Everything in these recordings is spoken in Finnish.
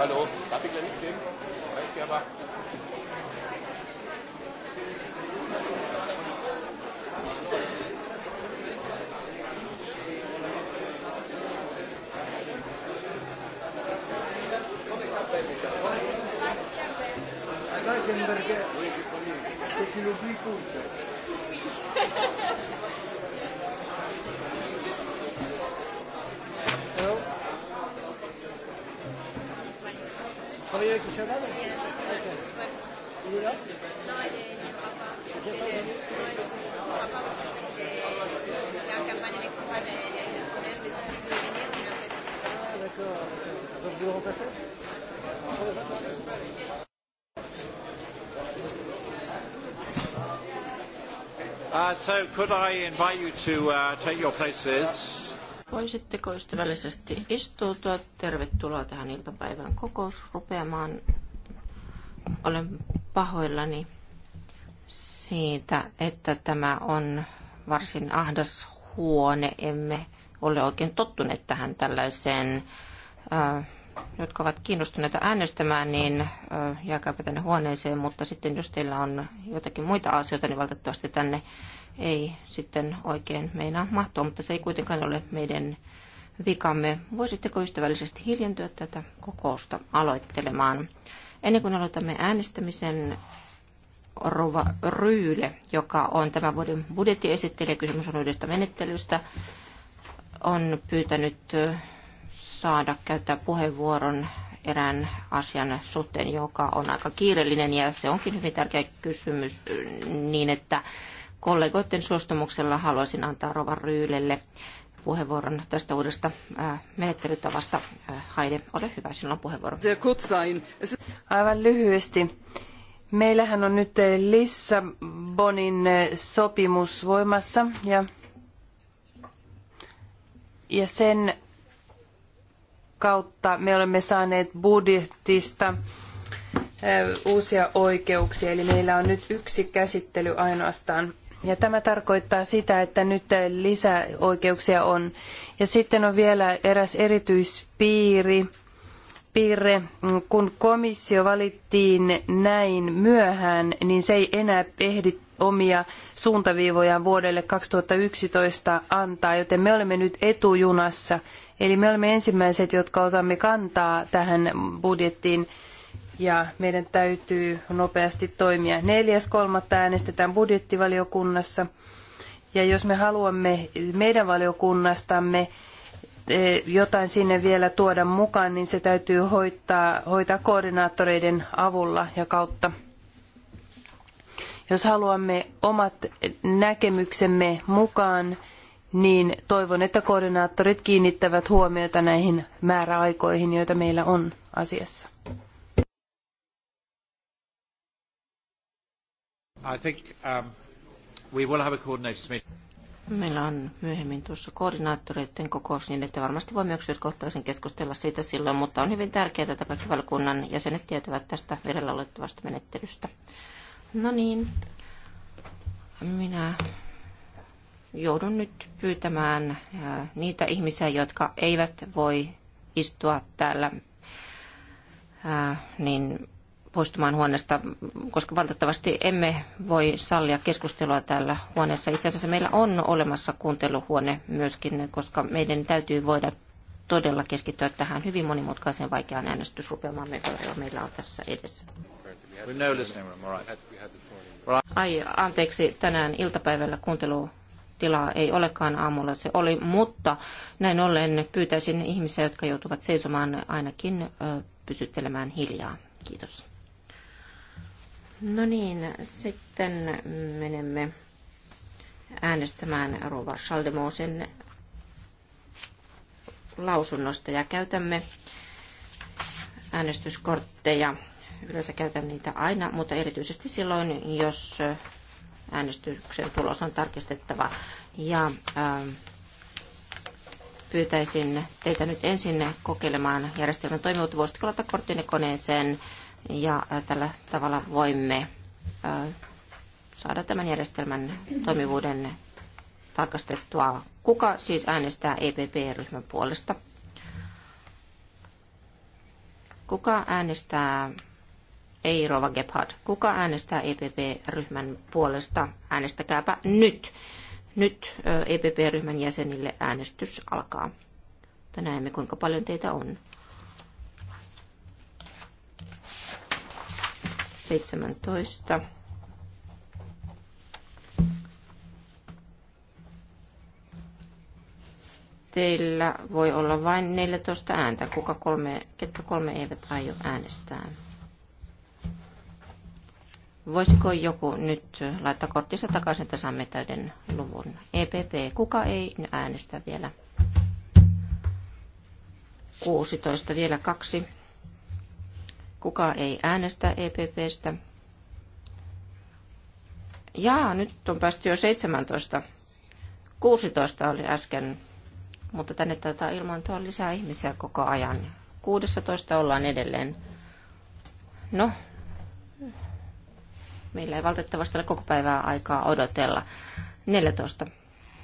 Hallo. Uh, so could I invite you to uh, take your places? Voisitteko ystävällisesti istuutua? Tervetuloa tähän iltapäivän kokous Olen pahoillani siitä, että tämä on varsin ahdas huone. Emme ole oikein tottuneet tähän tällaiseen äh, jotka ovat kiinnostuneita äänestämään, niin jääkääpä tänne huoneeseen, mutta sitten jos teillä on jotakin muita asioita, niin valitettavasti tänne ei sitten oikein meinaa mahtua, mutta se ei kuitenkaan ole meidän vikamme. Voisitteko ystävällisesti hiljentyä tätä kokousta aloittelemaan? Ennen kuin aloitamme äänestämisen, Rova Ryyle, joka on tämän vuoden budjettiesittelijä, kysymys on uudesta menettelystä, on pyytänyt saada käyttää puheenvuoron erään asian suhteen, joka on aika kiireellinen ja se onkin hyvin tärkeä kysymys niin, että kollegoiden suostumuksella haluaisin antaa Rova Ryylelle puheenvuoron tästä uudesta äh, menettelytavasta. Äh, Haide, ole hyvä, sinulla on puheenvuoro. Aivan lyhyesti. Meillähän on nyt äh, Lissabonin sopimus voimassa ja, ja sen kautta me olemme saaneet budjetista uusia oikeuksia. Eli meillä on nyt yksi käsittely ainoastaan ja tämä tarkoittaa sitä, että nyt lisäoikeuksia on. Ja sitten on vielä eräs erityispiiri, piirre, kun komissio valittiin näin myöhään, niin se ei enää ehdi omia suuntaviivojaan vuodelle 2011 antaa, joten me olemme nyt etujunassa. Eli me olemme ensimmäiset, jotka otamme kantaa tähän budjettiin ja meidän täytyy nopeasti toimia. 4.3. äänestetään budjettivaliokunnassa ja jos me haluamme meidän valiokunnastamme eh, jotain sinne vielä tuoda mukaan, niin se täytyy hoitaa, hoitaa koordinaattoreiden avulla ja kautta. Jos haluamme omat näkemyksemme mukaan, niin toivon, että koordinaattorit kiinnittävät huomiota näihin määräaikoihin, joita meillä on asiassa. Um, Meillä on myöhemmin tuossa koordinaattoreiden kokous, niin että varmasti voimme yksityiskohtaisen keskustella siitä silloin, mutta on hyvin tärkeää, että kaikki valkunnan jäsenet tietävät tästä vedellä olettavasta menettelystä. No niin, minä joudun nyt pyytämään niitä ihmisiä, jotka eivät voi istua täällä, niin poistumaan huoneesta, koska valitettavasti emme voi sallia keskustelua täällä huoneessa. Itse asiassa meillä on olemassa kuunteluhuone myöskin, koska meidän täytyy voida todella keskittyä tähän hyvin monimutkaiseen vaikeaan äänestysrupeamaan, joka meillä on tässä edessä. Ai, anteeksi, tänään iltapäivällä kuuntelu tilaa ei olekaan aamulla se oli, mutta näin ollen pyytäisin ihmisiä, jotka joutuvat seisomaan ainakin pysyttelemään hiljaa. Kiitos. No niin, sitten menemme äänestämään Rova Schaldemosen lausunnosta ja käytämme äänestyskortteja. Yleensä käytän niitä aina, mutta erityisesti silloin, jos äänestyksen tulos on tarkistettava. Ja ää, ähm, pyytäisin teitä nyt ensin kokeilemaan järjestelmän toimivuutta. Voisitko laittaa korttinne koneeseen? ja tällä tavalla voimme saada tämän järjestelmän toimivuuden tarkastettua. Kuka siis äänestää EPP-ryhmän puolesta? Kuka äänestää ei Rova Gebhard. Kuka äänestää EPP-ryhmän puolesta? Äänestäkääpä nyt. Nyt EPP-ryhmän jäsenille äänestys alkaa. Tänään näemme, kuinka paljon teitä on. 17. Teillä voi olla vain 14 ääntä, kuka kolme, ketkä kolme eivät aio äänestää. Voisiko joku nyt laittaa korttinsa takaisin, että saamme täyden luvun? EPP, kuka ei äänestä vielä? 16, vielä kaksi. Kuka ei äänestä EPPstä? Jaa, nyt on päästy jo 17. 16 oli äsken, mutta tänne taitaa ilmaantua lisää ihmisiä koko ajan. 16 ollaan edelleen. No, meillä ei valitettavasti ole koko päivää aikaa odotella. 14.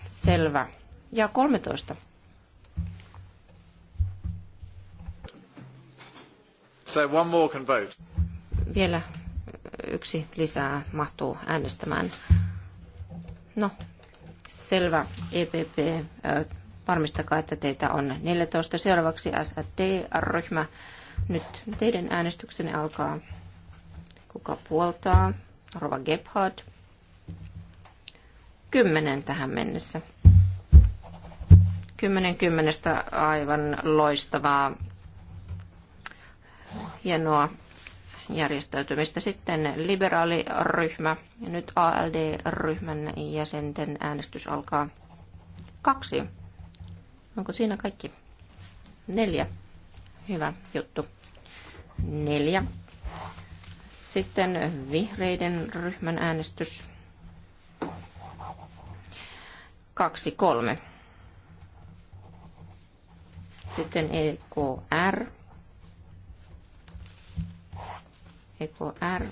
Selvä. Ja 13. So one more can vote. Vielä yksi lisää mahtuu äänestämään. No, selvä EPP. Varmistakaa, että teitä on 14. Seuraavaksi SD-ryhmä. Nyt teidän äänestyksenne alkaa. Kuka puoltaa? Rova Gebhard. Kymmenen tähän mennessä. Kymmenen kymmenestä aivan loistavaa hienoa järjestäytymistä. Sitten liberaaliryhmä, nyt ALD-ryhmän jäsenten äänestys alkaa. Kaksi. Onko siinä kaikki? Neljä. Hyvä juttu. Neljä. Sitten vihreiden ryhmän äänestys. Kaksi, kolme. Sitten EKR. R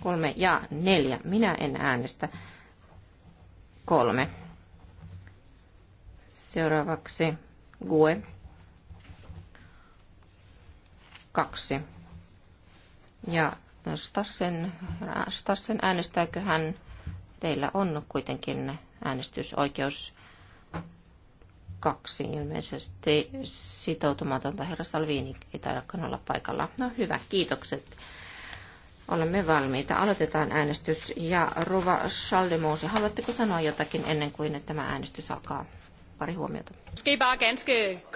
Kolme ja neljä. Minä en äänestä. Kolme. Seuraavaksi GUE. Kaksi. Ja Stassen, Stassen äänestääkö hän? Teillä on kuitenkin äänestysoikeus kaksi ilmeisesti sitoutumatonta herra Salvini ei taidakaan olla paikalla. No hyvä, kiitokset. Olemme valmiita. Aloitetaan äänestys. Ja Rova Schaldemose, haluatteko sanoa jotakin ennen kuin tämä äänestys alkaa? Pari huomiota.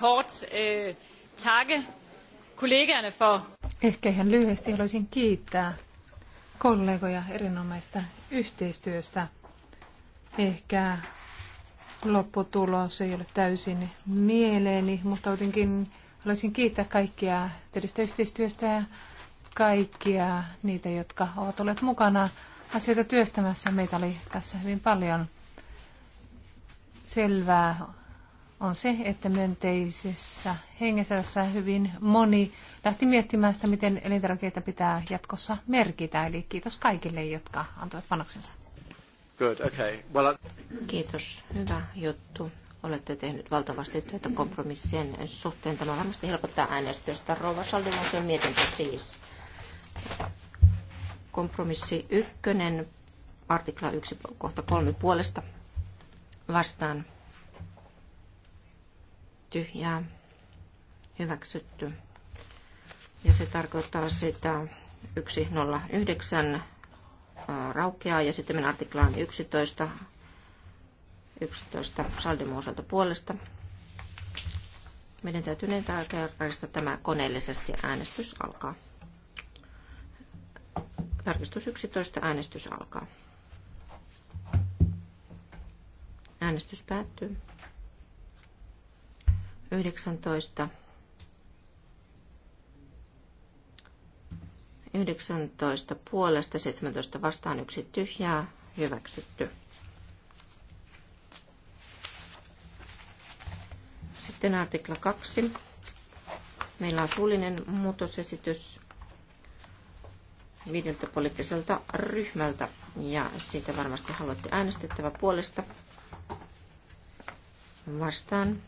kort øh, takke for... Ehkä ihan lyhyesti haluaisin kiittää kollegoja erinomaista yhteistyöstä. Ehkä lopputulos ei ole täysin mieleeni, mutta jotenkin haluaisin kiittää kaikkia teidän yhteistyöstä ja kaikkia niitä, jotka ovat olleet mukana asioita työstämässä. Meitä oli tässä hyvin paljon selvää on se, että myönteisessä hengessä hyvin moni lähti miettimään sitä, miten elintarvikeita pitää jatkossa merkitä. Eli kiitos kaikille, jotka antoivat panoksensa. Good, okay. Well, I... Kiitos, hyvä juttu. Olette tehnyt valtavasti työtä kompromissien suhteen. Tämä varmasti helpottaa äänestystä. Rouva Saldimonsen mietintö siis. Kompromissi ykkönen, artikla 1, kohta 3 puolesta vastaan. Tyhjää. Hyväksytty. Ja se tarkoittaa sitä 109 raukeaa ja sitten mennään artiklaan 11. 11 saldimuosolta puolesta. Meidän täytyy tarkistaa tämä koneellisesti. Äänestys alkaa. Tarkistus 11. Äänestys alkaa. Äänestys päättyy. 19 19 puolesta, 17 vastaan, yksi tyhjää, hyväksytty. Sitten artikla 2. Meillä on suullinen muutosesitys viidentä poliittiselta ryhmältä ja siitä varmasti haluatte äänestettävä puolesta vastaan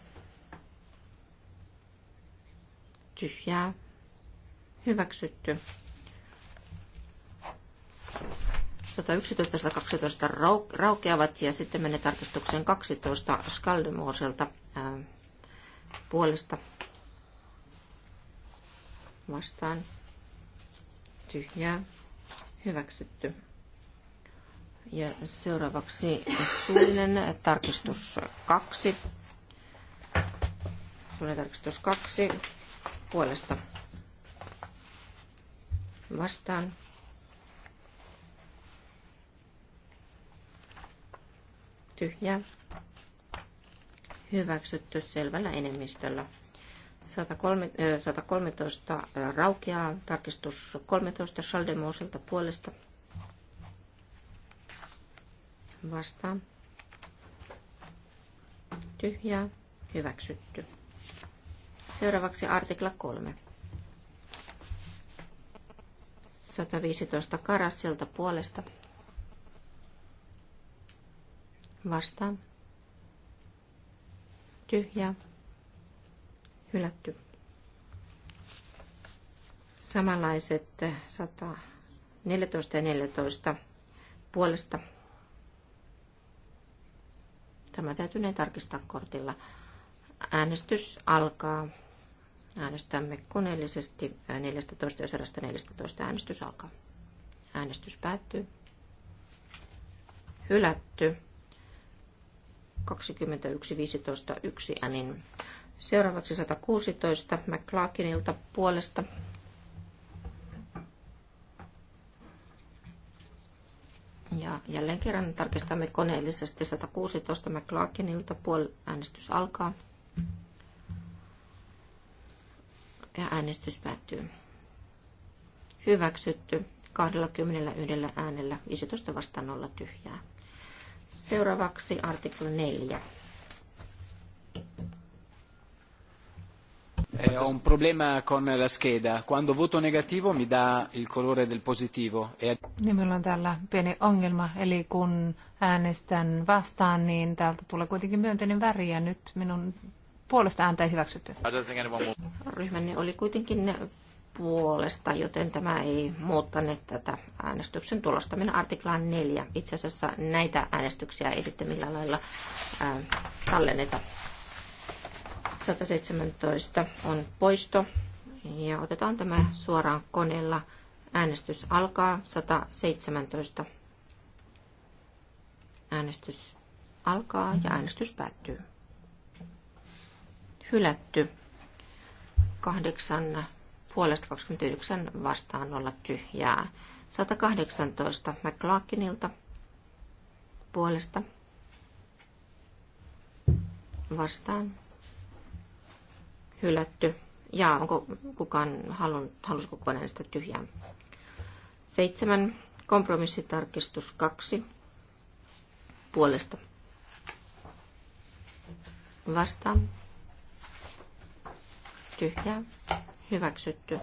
tyhjää hyväksytty. 111 112 raukeavat ja sitten menee tarkistukseen 12 Skaldemooselta puolesta vastaan tyhjää hyväksytty. Ja seuraavaksi suullinen tarkistus 2. Suullinen tarkistus 2 puolesta vastaan tyhjää. Hyväksytty selvällä enemmistöllä. 113 raukeaa, tarkistus 13 Schaldemoselta puolesta. Vastaan. Tyhjää, hyväksytty. Seuraavaksi artikla 3. 115 Karasilta puolesta vasta, tyhjä hylätty. Samanlaiset 114 ja 14 puolesta. Tämä täytyy tarkistaa kortilla. Äänestys alkaa. Äänestämme koneellisesti 14 ja 114 äänestys alkaa. Äänestys päättyy. Hylätty. 21.15.1 äänin. Seuraavaksi 116 McClarkinilta puolesta. Ja jälleen kerran tarkistamme koneellisesti 116 McLaakinilta. Puol- äänestys alkaa. Ja äänestys päättyy. Hyväksytty 21 äänellä, 15 vastaan 0 tyhjää. Seuraavaksi artikla 4. Eh, ho un problema con la scheda. Quando voto negativo mi dà il colore del positivo. E... Niin meillä on täällä pieni ongelma, eli kun äänestän vastaan, niin täältä tulee kuitenkin myönteinen väri ja nyt minun puolesta ääntä ei hyväksytty. Ryhmänne oli kuitenkin puolesta, joten tämä ei muuttane tätä äänestyksen tulosta. Minä artiklaan neljä. Itse asiassa näitä äänestyksiä ei sitten millään lailla ää, tallenneta. 117 on poisto ja otetaan tämä suoraan koneella. Äänestys alkaa 117. Äänestys alkaa ja äänestys päättyy. Hylätty. Kahdeksan puolesta 29 vastaan 0 tyhjää. 118 McLaughlinilta puolesta vastaan hylätty. Ja onko kukaan halun, halusiko kukaan sitä tyhjää? Seitsemän. Kompromissitarkistus kaksi. Puolesta. Vastaan. Tyhjää hyväksytty.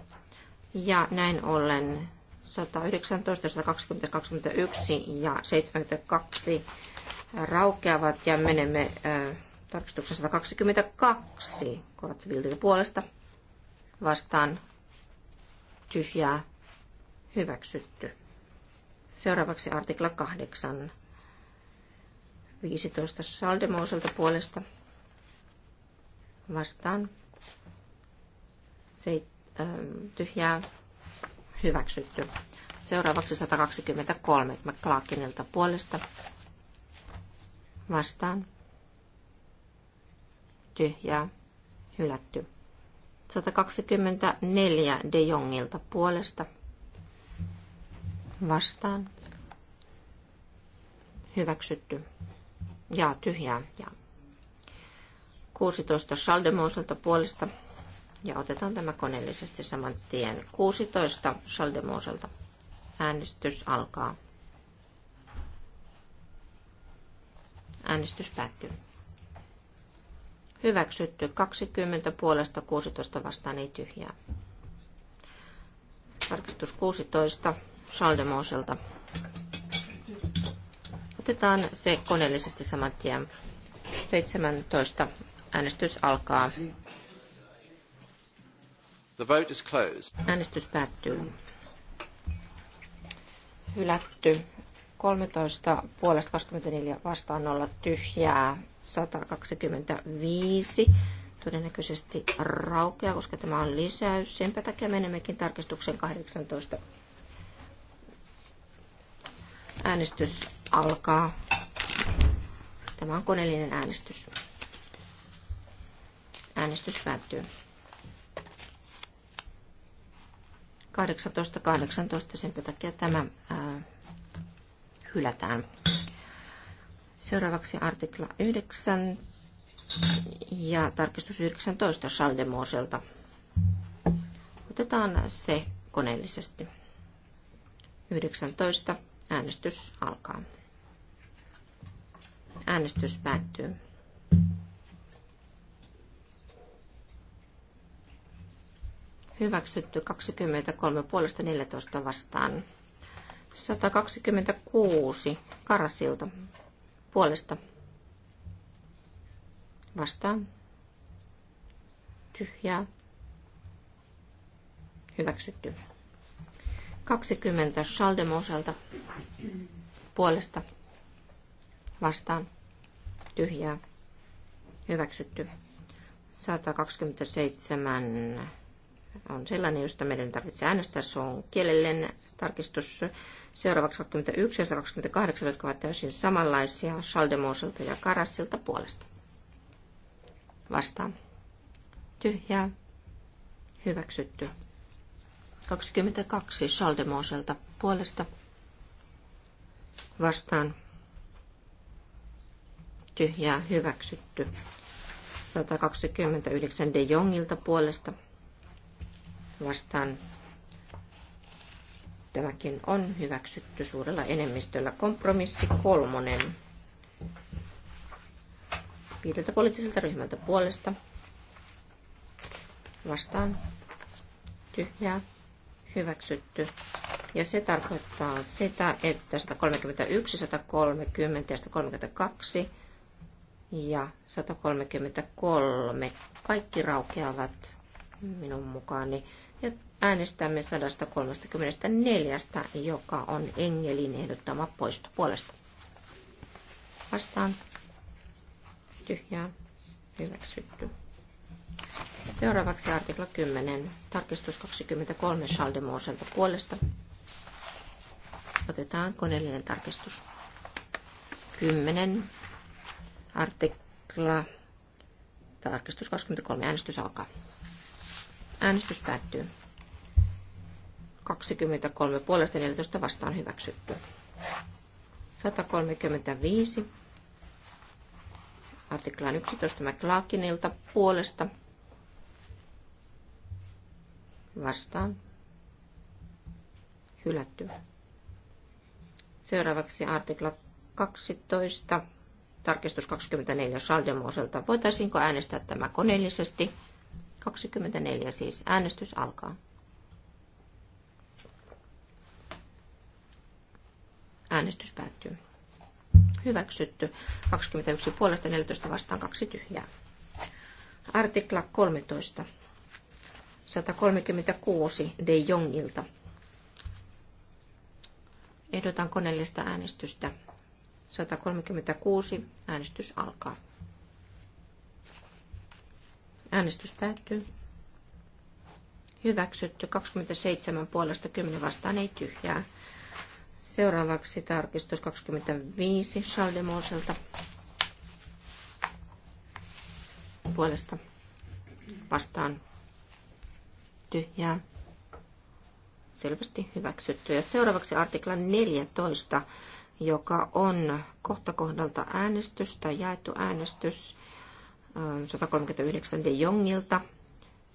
Ja näin ollen 119, 120, 21 ja 72 raukeavat ja menemme äh, tarkistuksen 122 Koratsivildin puolesta vastaan tyhjää hyväksytty. Seuraavaksi artikla 8. 15 Saldemouselta puolesta vastaan se, äh, tyhjää hyväksytty. Seuraavaksi 123 McClarkinilta puolesta vastaan. Tyhjää hylätty. 124 De Jongilta puolesta vastaan. Hyväksytty. Ja tyhjää. Ja 16 Schaldemoselta puolesta ja otetaan tämä koneellisesti saman tien. 16 Saldemoselta. Äänestys alkaa. Äänestys päättyy. Hyväksytty 20 puolesta 16 vastaan ei tyhjää. Tarkistus 16 Saldemoselta. Otetaan se koneellisesti saman tien. 17 äänestys alkaa. The vote is closed. Äänestys päättyy. Hylätty. 13 puolesta 24 vastaan 0 tyhjää. 125 todennäköisesti raukeaa, koska tämä on lisäys. Senpä takia menemmekin tarkistukseen 18. Äänestys alkaa. Tämä on koneellinen äänestys. Äänestys päättyy. 18.18. sen takia tämä ää, hylätään. Seuraavaksi artikla 9 ja tarkistus 19 Saldemoselta. Otetaan se koneellisesti. 19. Äänestys alkaa. Äänestys päättyy. hyväksytty 23 puolesta 14 vastaan. 126 Karasilta puolesta vastaan. Tyhjää. Hyväksytty. 20 Schaldemoselta puolesta vastaan. Tyhjää. Hyväksytty. 127 on sellainen, josta meidän tarvitsee äänestää. Se on kielellinen tarkistus. Seuraavaksi 21 ja 28, jotka ovat täysin samanlaisia Schaldemoselta ja Karassilta puolesta. Vastaan. Tyhjää. Hyväksytty. 22 Schaldemoselta puolesta. Vastaan. Tyhjää. Hyväksytty. 129 De Jongilta puolesta vastaan. Tämäkin on hyväksytty suurella enemmistöllä. Kompromissi kolmonen. Viideltä poliittiselta ryhmältä puolesta. Vastaan. Tyhjää. Hyväksytty. Ja se tarkoittaa sitä, että 131, 130 ja 132 ja 133 kaikki raukeavat minun mukaani. Ja äänestämme 134, joka on Engelin ehdottama poisto puolesta. Vastaan. Tyhjää. Hyväksytty. Seuraavaksi artikla 10, tarkistus 23 Schaldemoselta puolesta. Otetaan koneellinen tarkistus. 10, artikla, tarkistus 23, äänestys alkaa. Äänestys päättyy. 23 puolesta 14 vastaan hyväksytty. 135. Artiklaan 11 McLaakinilta puolesta vastaan hylätty. Seuraavaksi artikla 12, tarkistus 24 Saldemoselta. Voitaisiinko äänestää tämä koneellisesti? 24 siis. Äänestys alkaa. Äänestys päättyy. Hyväksytty. 21 puolesta 14 vastaan kaksi tyhjää. Artikla 13. 136 De Jongilta. Ehdotan koneellista äänestystä. 136. Äänestys alkaa. Äänestys päättyy. Hyväksytty 27 puolesta 10 vastaan ei tyhjää. Seuraavaksi tarkistus 25 Schaldemoselta puolesta vastaan tyhjää. Selvästi hyväksytty. Ja seuraavaksi artikla 14, joka on kohtakohdalta äänestys tai jaettu äänestys. 139 de Jongilta.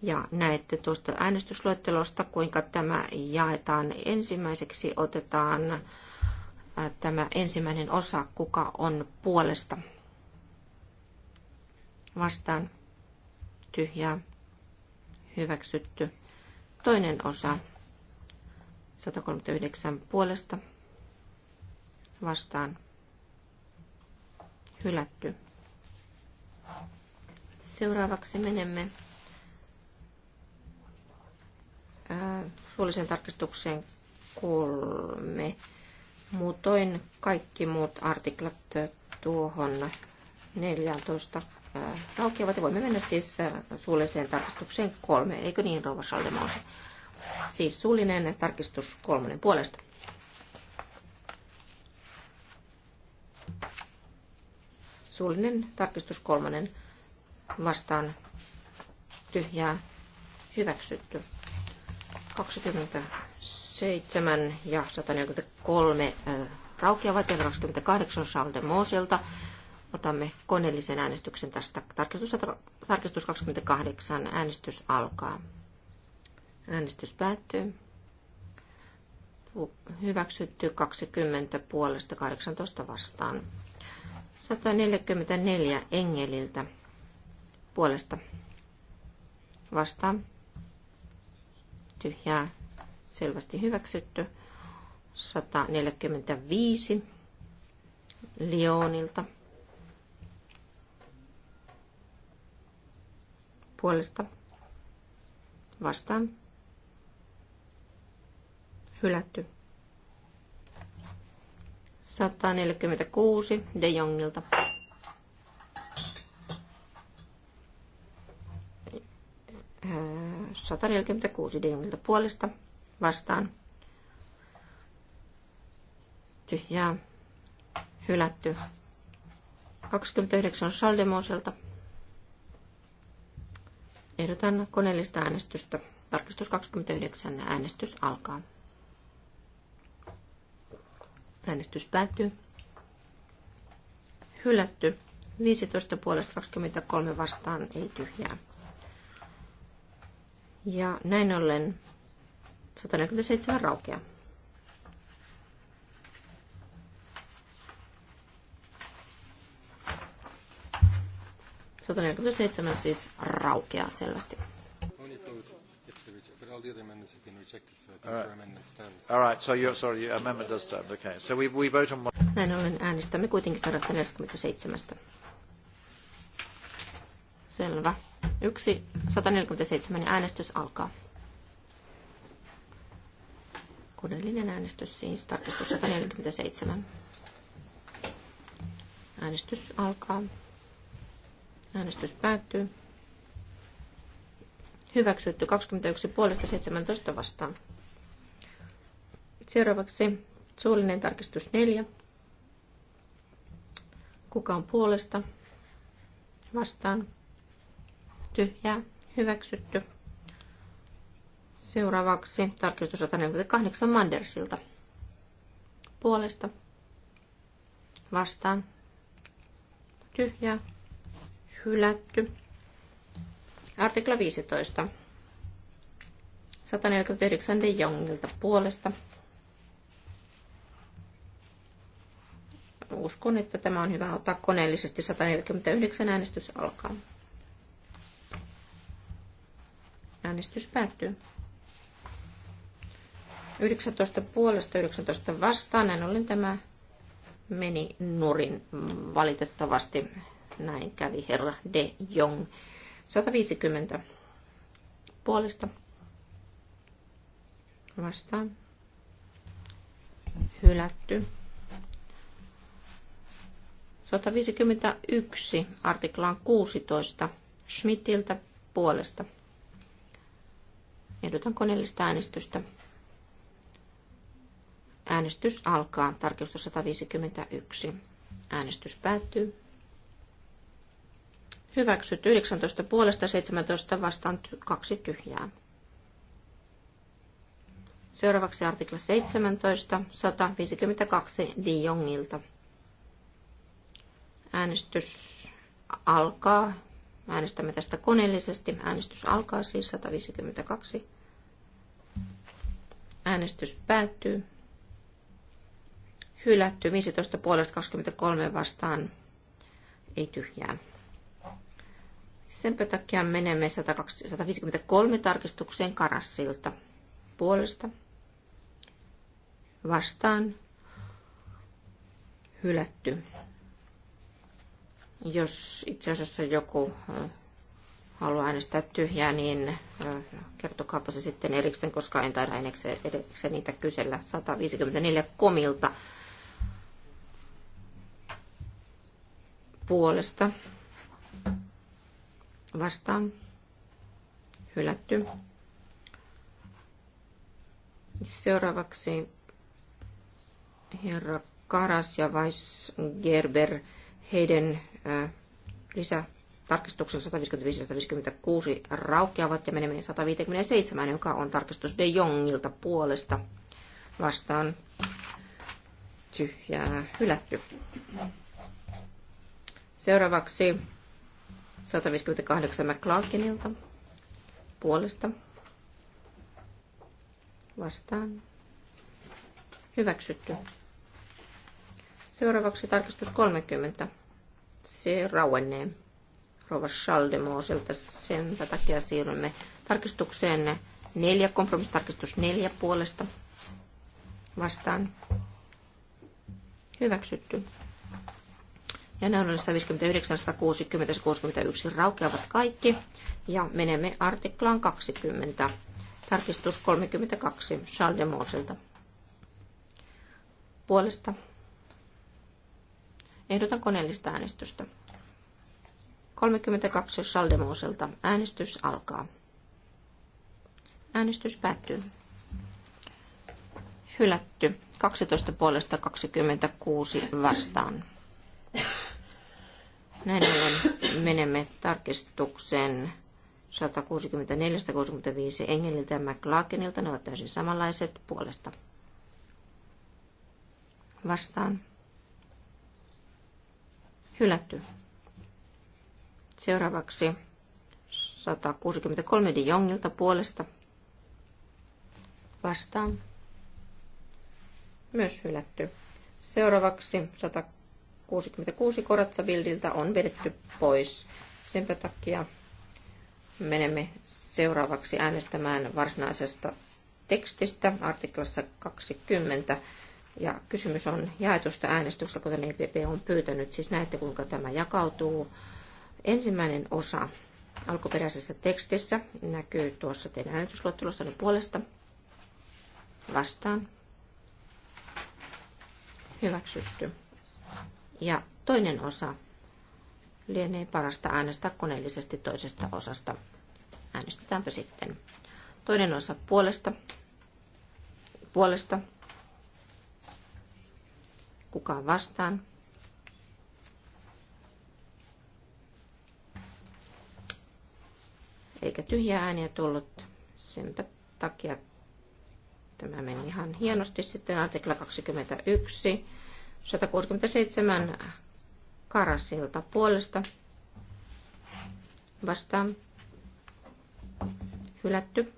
Ja näette tuosta äänestysluettelosta, kuinka tämä jaetaan ensimmäiseksi. Otetaan äh, tämä ensimmäinen osa, kuka on puolesta. Vastaan tyhjää, hyväksytty. Toinen osa, 139 puolesta, vastaan, hylätty. Seuraavaksi menemme suulliseen tarkistukseen kolme. Muutoin kaikki muut artiklat tuohon 14 raukeavat ja voimme mennä siis suulliseen tarkistukseen kolme. Eikö niin, Rouva Schaldemose? Siis suullinen tarkistus kolmonen puolesta. Suullinen tarkistus kolmonen vastaan tyhjää hyväksytty. 27 ja 143 äh, raukeavat ja 28 Charles de Moselta. Otamme koneellisen äänestyksen tästä. Tarkistus, tarkistus 28. Äänestys alkaa. Äänestys päättyy. Hyväksytty 20 puolesta 18 vastaan. 144 Engeliltä puolesta vastaan tyhjää selvästi hyväksytty. 145 Lionilta puolesta vastaan hylätty. 146 De Jongilta 146 Dingiltä puolesta vastaan. Tyhjää. Hylätty. 29 Saldemoselta. Ehdotan koneellista äänestystä. Tarkistus 29. Äänestys alkaa. Äänestys päättyy. Hylätty. 15 puolesta 23 vastaan ei tyhjää. Ja näin ollen 147 raukea. siis raukeaa selvästi. All right, so sorry, amendment does stand. Okay, so we, we vote on... Näin ollen äänestämme kuitenkin 147. Selvä. Yksi 147 äänestys alkaa. Kodellinen äänestys siis, tarkistus 147. Äänestys alkaa. Äänestys päättyy. Hyväksytty 21 puolesta 17 vastaan. Seuraavaksi suullinen tarkistus 4. Kuka on puolesta? Vastaan tyhjää, hyväksytty. Seuraavaksi tarkistus 148 Mandersilta. Puolesta. Vastaan. Tyhjää. Hylätty. Artikla 15. 149 De Jongilta puolesta. Uskon, että tämä on hyvä ottaa koneellisesti. 149 äänestys alkaa. Äänestys päättyy. 19 puolesta 19 vastaan. Näin ollen tämä meni nurin valitettavasti. Näin kävi herra De Jong. 150 puolesta vastaan. Hylätty. 151 artiklaan 16 Schmidtiltä puolesta Ehdotan koneellista äänestystä. Äänestys alkaa. Tarkistus 151. Äänestys päättyy. Hyväksytty 19 puolesta 17 vastaan kaksi tyhjää. Seuraavaksi artikla 17, 152 Di Jongilta. Äänestys alkaa. Äänestämme tästä koneellisesti. Äänestys alkaa siis 152. Äänestys päättyy. Hylätty 15 puolesta 23 vastaan. Ei tyhjää. Sen takia menemme 153 tarkistukseen Karassilta puolesta vastaan hylätty. Jos itse asiassa joku haluaa äänestää tyhjää, niin kertokaapa se sitten erikseen, koska en taida erikseen, erikseen niitä kysellä. 154 komilta puolesta vastaan hylätty. Seuraavaksi herra Karas ja Weiss Gerber, heidän lisä tarkistuksen 155-156 raukeavat ja menemme 157, joka on tarkistus De Jongilta puolesta vastaan tyhjää hylätty. Seuraavaksi 158 McClarkinilta puolesta vastaan hyväksytty. Seuraavaksi tarkistus 30. Se rauennee Rova Schaldemoselta. Sen takia siirrymme tarkistukseen neljä, kompromissitarkistus neljä puolesta vastaan. Hyväksytty. Ja näin on 159, 160 61 raukeavat kaikki. Ja menemme artiklaan 20. Tarkistus 32 Schaldemoselta. Moselta. Puolesta. Ehdotan koneellista äänestystä. 32 Schaldemoselta. Äänestys alkaa. Äänestys päättyy. Hylätty. 12 puolesta 26 vastaan. Näin ollen menemme tarkistukseen 164-65 Engeliltä ja McLaakenilta. Ne ovat täysin samanlaiset puolesta. Vastaan. Hylätty. Seuraavaksi 163 de Jongilta puolesta vastaan. Myös hylätty. Seuraavaksi 166 Koratsabildilta on vedetty pois. Sen takia menemme seuraavaksi äänestämään varsinaisesta tekstistä artiklassa 20. Ja kysymys on jaetusta äänestyksestä, kuten EPP on pyytänyt. Siis näette, kuinka tämä jakautuu. Ensimmäinen osa alkuperäisessä tekstissä näkyy tuossa teidän äänestysluettelossanne puolesta vastaan. Hyväksytty. Ja toinen osa lienee parasta äänestää koneellisesti toisesta osasta. Äänestetäänpä sitten. Toinen osa puolesta. Puolesta. Kukaan vastaan. eikä tyhjää ääniä tullut. Senpä takia tämä meni ihan hienosti. Sitten artikla 21, 167 Karasilta puolesta vastaan hylätty.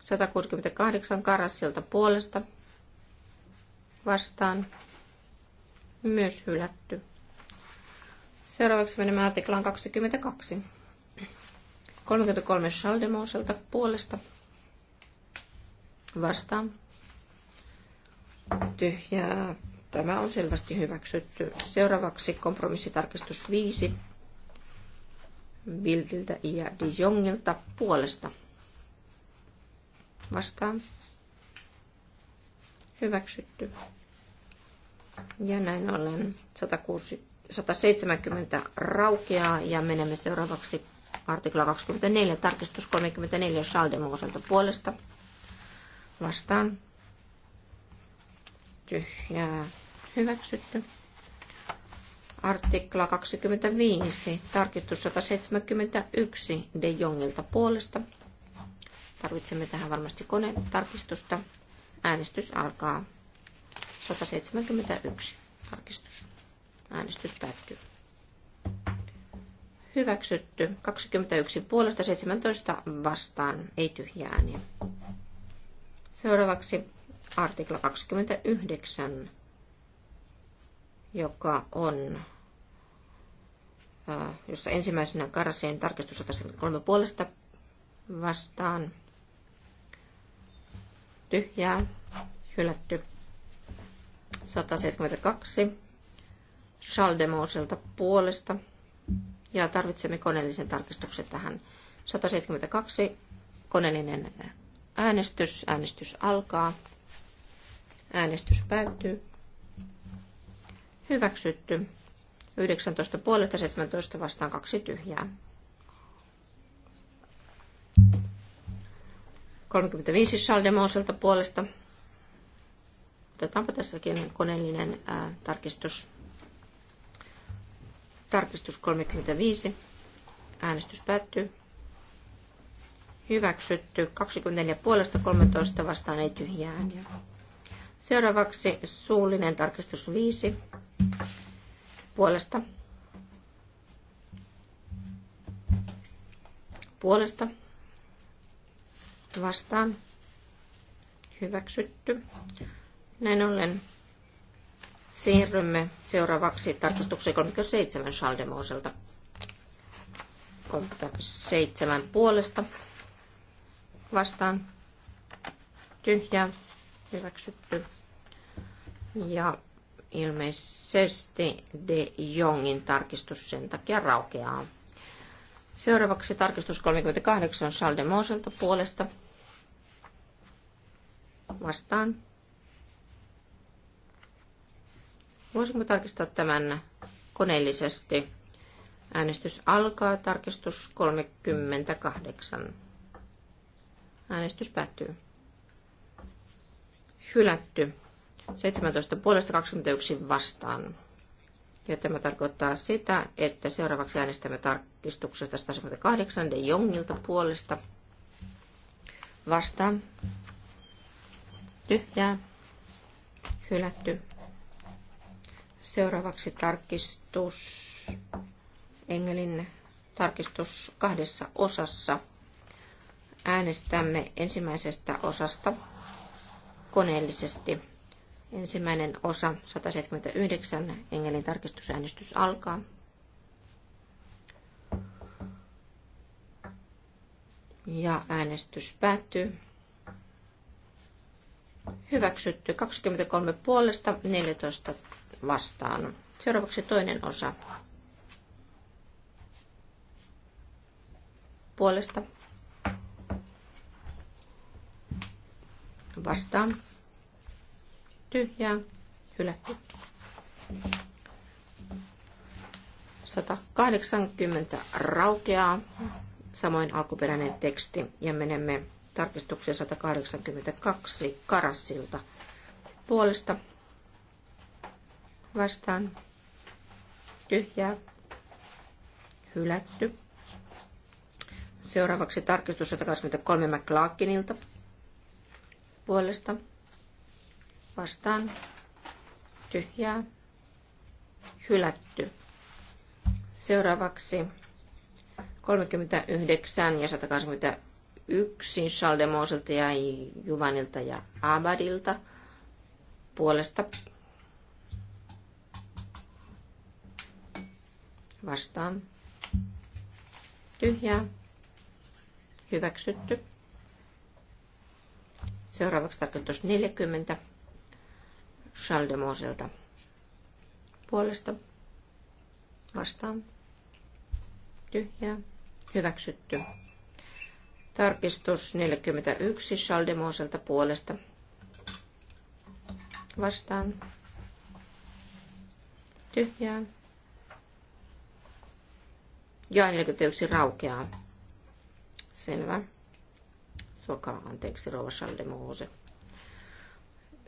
168 Karassilta puolesta vastaan myös hylätty. Seuraavaksi menemme artiklaan 22. 33 Schaldemoselta puolesta vastaan. Tyhjää. Tämä on selvästi hyväksytty. Seuraavaksi kompromissitarkistus 5 Viltiltä ja De Jongilta puolesta vastaan. Hyväksytty. Ja näin ollen 170 raukeaa ja menemme seuraavaksi Artikla 24, tarkistus 34 Schaldemoselta puolesta. Vastaan. Tyhjää. Hyväksytty. Artikla 25, tarkistus 171 De Jongilta puolesta. Tarvitsemme tähän varmasti konetarkistusta. Äänestys alkaa. 171 tarkistus. Äänestys päättyy hyväksytty. 21 puolesta 17 vastaan, ei tyhjää ääniä. Seuraavaksi artikla 29, joka on jossa ensimmäisenä Karasien tarkistus 173 puolesta vastaan tyhjää, hylätty 172 Charles puolesta ja tarvitsemme koneellisen tarkistuksen tähän. 172 koneellinen äänestys. Äänestys alkaa. Äänestys päättyy. Hyväksytty. 19 puolesta 17 vastaan kaksi tyhjää. 35 Saldemoselta puolesta. Otetaanpa tässäkin koneellinen ää, tarkistus. Tarkistus 35. Äänestys päättyy. Hyväksytty. 24 puolesta 13 vastaan ei tyhjää Seuraavaksi suullinen tarkistus 5 puolesta. Puolesta vastaan hyväksytty. Näin ollen Siirrymme seuraavaksi tarkastukseen 37 Schaldemoselta. 37 puolesta vastaan Tyhjä, hyväksytty. Ja ilmeisesti De Jongin tarkistus sen takia raukeaa. Seuraavaksi tarkistus 38 Schaldemoselta Moselta puolesta. Vastaan Voisimme tarkistaa tämän koneellisesti. Äänestys alkaa. Tarkistus 38. Äänestys päättyy. Hylätty. 17 puolesta 21 vastaan. Ja tämä tarkoittaa sitä, että seuraavaksi äänestämme tarkistuksesta 108 de Jongilta puolesta. Vastaan. Tyhjää. Hylätty. Seuraavaksi tarkistus, Engelin tarkistus kahdessa osassa. Äänestämme ensimmäisestä osasta koneellisesti. Ensimmäinen osa 179, Engelin tarkistusäänestys alkaa. Ja äänestys päättyy. Hyväksytty 23 puolesta, 14 vastaan. Seuraavaksi toinen osa. Puolesta vastaan. Tyhjää, hylätty. 180 raukeaa, samoin alkuperäinen teksti, ja menemme tarkistukseen 182 Karassilta puolesta vastaan tyhjää hylätty. Seuraavaksi tarkistus 123 McLaakinilta puolesta vastaan tyhjää hylätty. Seuraavaksi 39 ja 121 Schaldemoselta ja Juvanilta ja Abadilta puolesta vastaan tyhjää hyväksytty. Seuraavaksi tarkoitus 40 Charles puolesta vastaan tyhjää hyväksytty. Tarkistus 41 Saldemoselta puolesta. Vastaan. Tyhjää. Joo, 41 raukeaa. Selvä. Soka, anteeksi, Rova Chaldemose.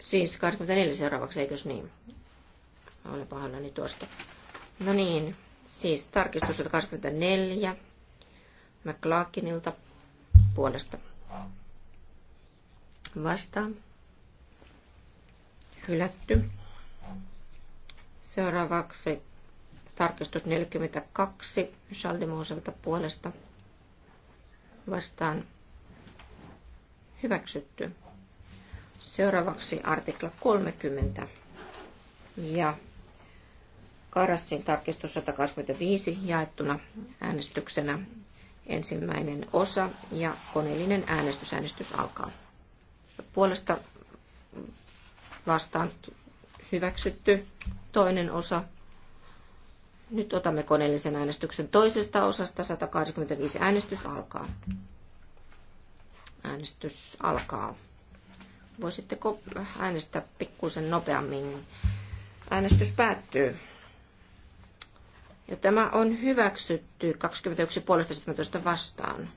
Siis 24 seuraavaksi, eikös niin? Olen pahoillani tuosta. No niin, siis tarkistus 24. McLaakinilta puolesta. Vastaan. Hylätty. Seuraavaksi Tarkistus 42 Schaldemoselta puolesta vastaan hyväksytty. Seuraavaksi artikla 30 ja Karassin tarkistus 125 jaettuna äänestyksenä ensimmäinen osa ja koneellinen äänestys. Äänestys alkaa. Puolesta vastaan hyväksytty toinen osa nyt otamme koneellisen äänestyksen toisesta osasta. 185 äänestys alkaa. Äänestys alkaa. Voisitteko äänestää pikkuisen nopeammin? Äänestys päättyy. Ja tämä on hyväksytty 21 puolesta 17 vastaan.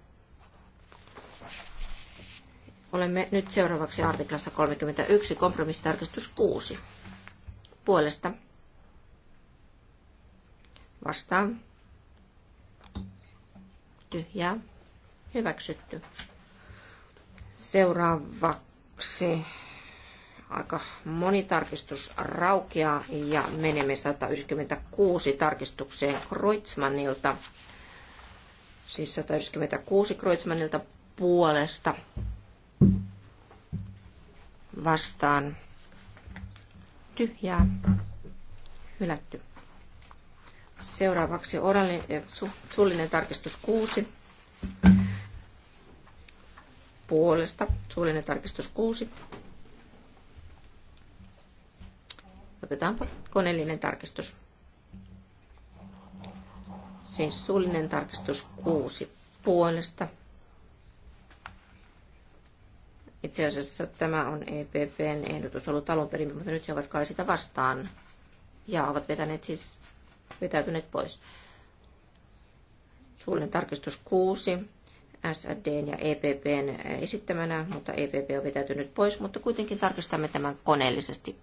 Olemme nyt seuraavaksi artiklassa 31, kompromissitarkistus 6. Puolesta Vastaan. Tyhjää. Hyväksytty. Seuraavaksi aika moni tarkistus raukeaa ja menemme 196 tarkistukseen Kreutzmannilta. Siis 196 Kreutzmannilta puolesta vastaan tyhjää, hylätty. Seuraavaksi orallinen, su, suullinen tarkistus 6. Puolesta suullinen tarkistus 6. Otetaanpa koneellinen tarkistus. Siis suullinen tarkistus 6 puolesta. Itse asiassa tämä on EPPn ehdotus ollut alun perin, mutta nyt he ovat kai sitä vastaan. Ja ovat vetäneet siis vetäytyneet pois. Suullinen tarkistus 6, SDn ja EPPn esittämänä, mutta EPP on vetäytynyt pois, mutta kuitenkin tarkistamme tämän koneellisesti.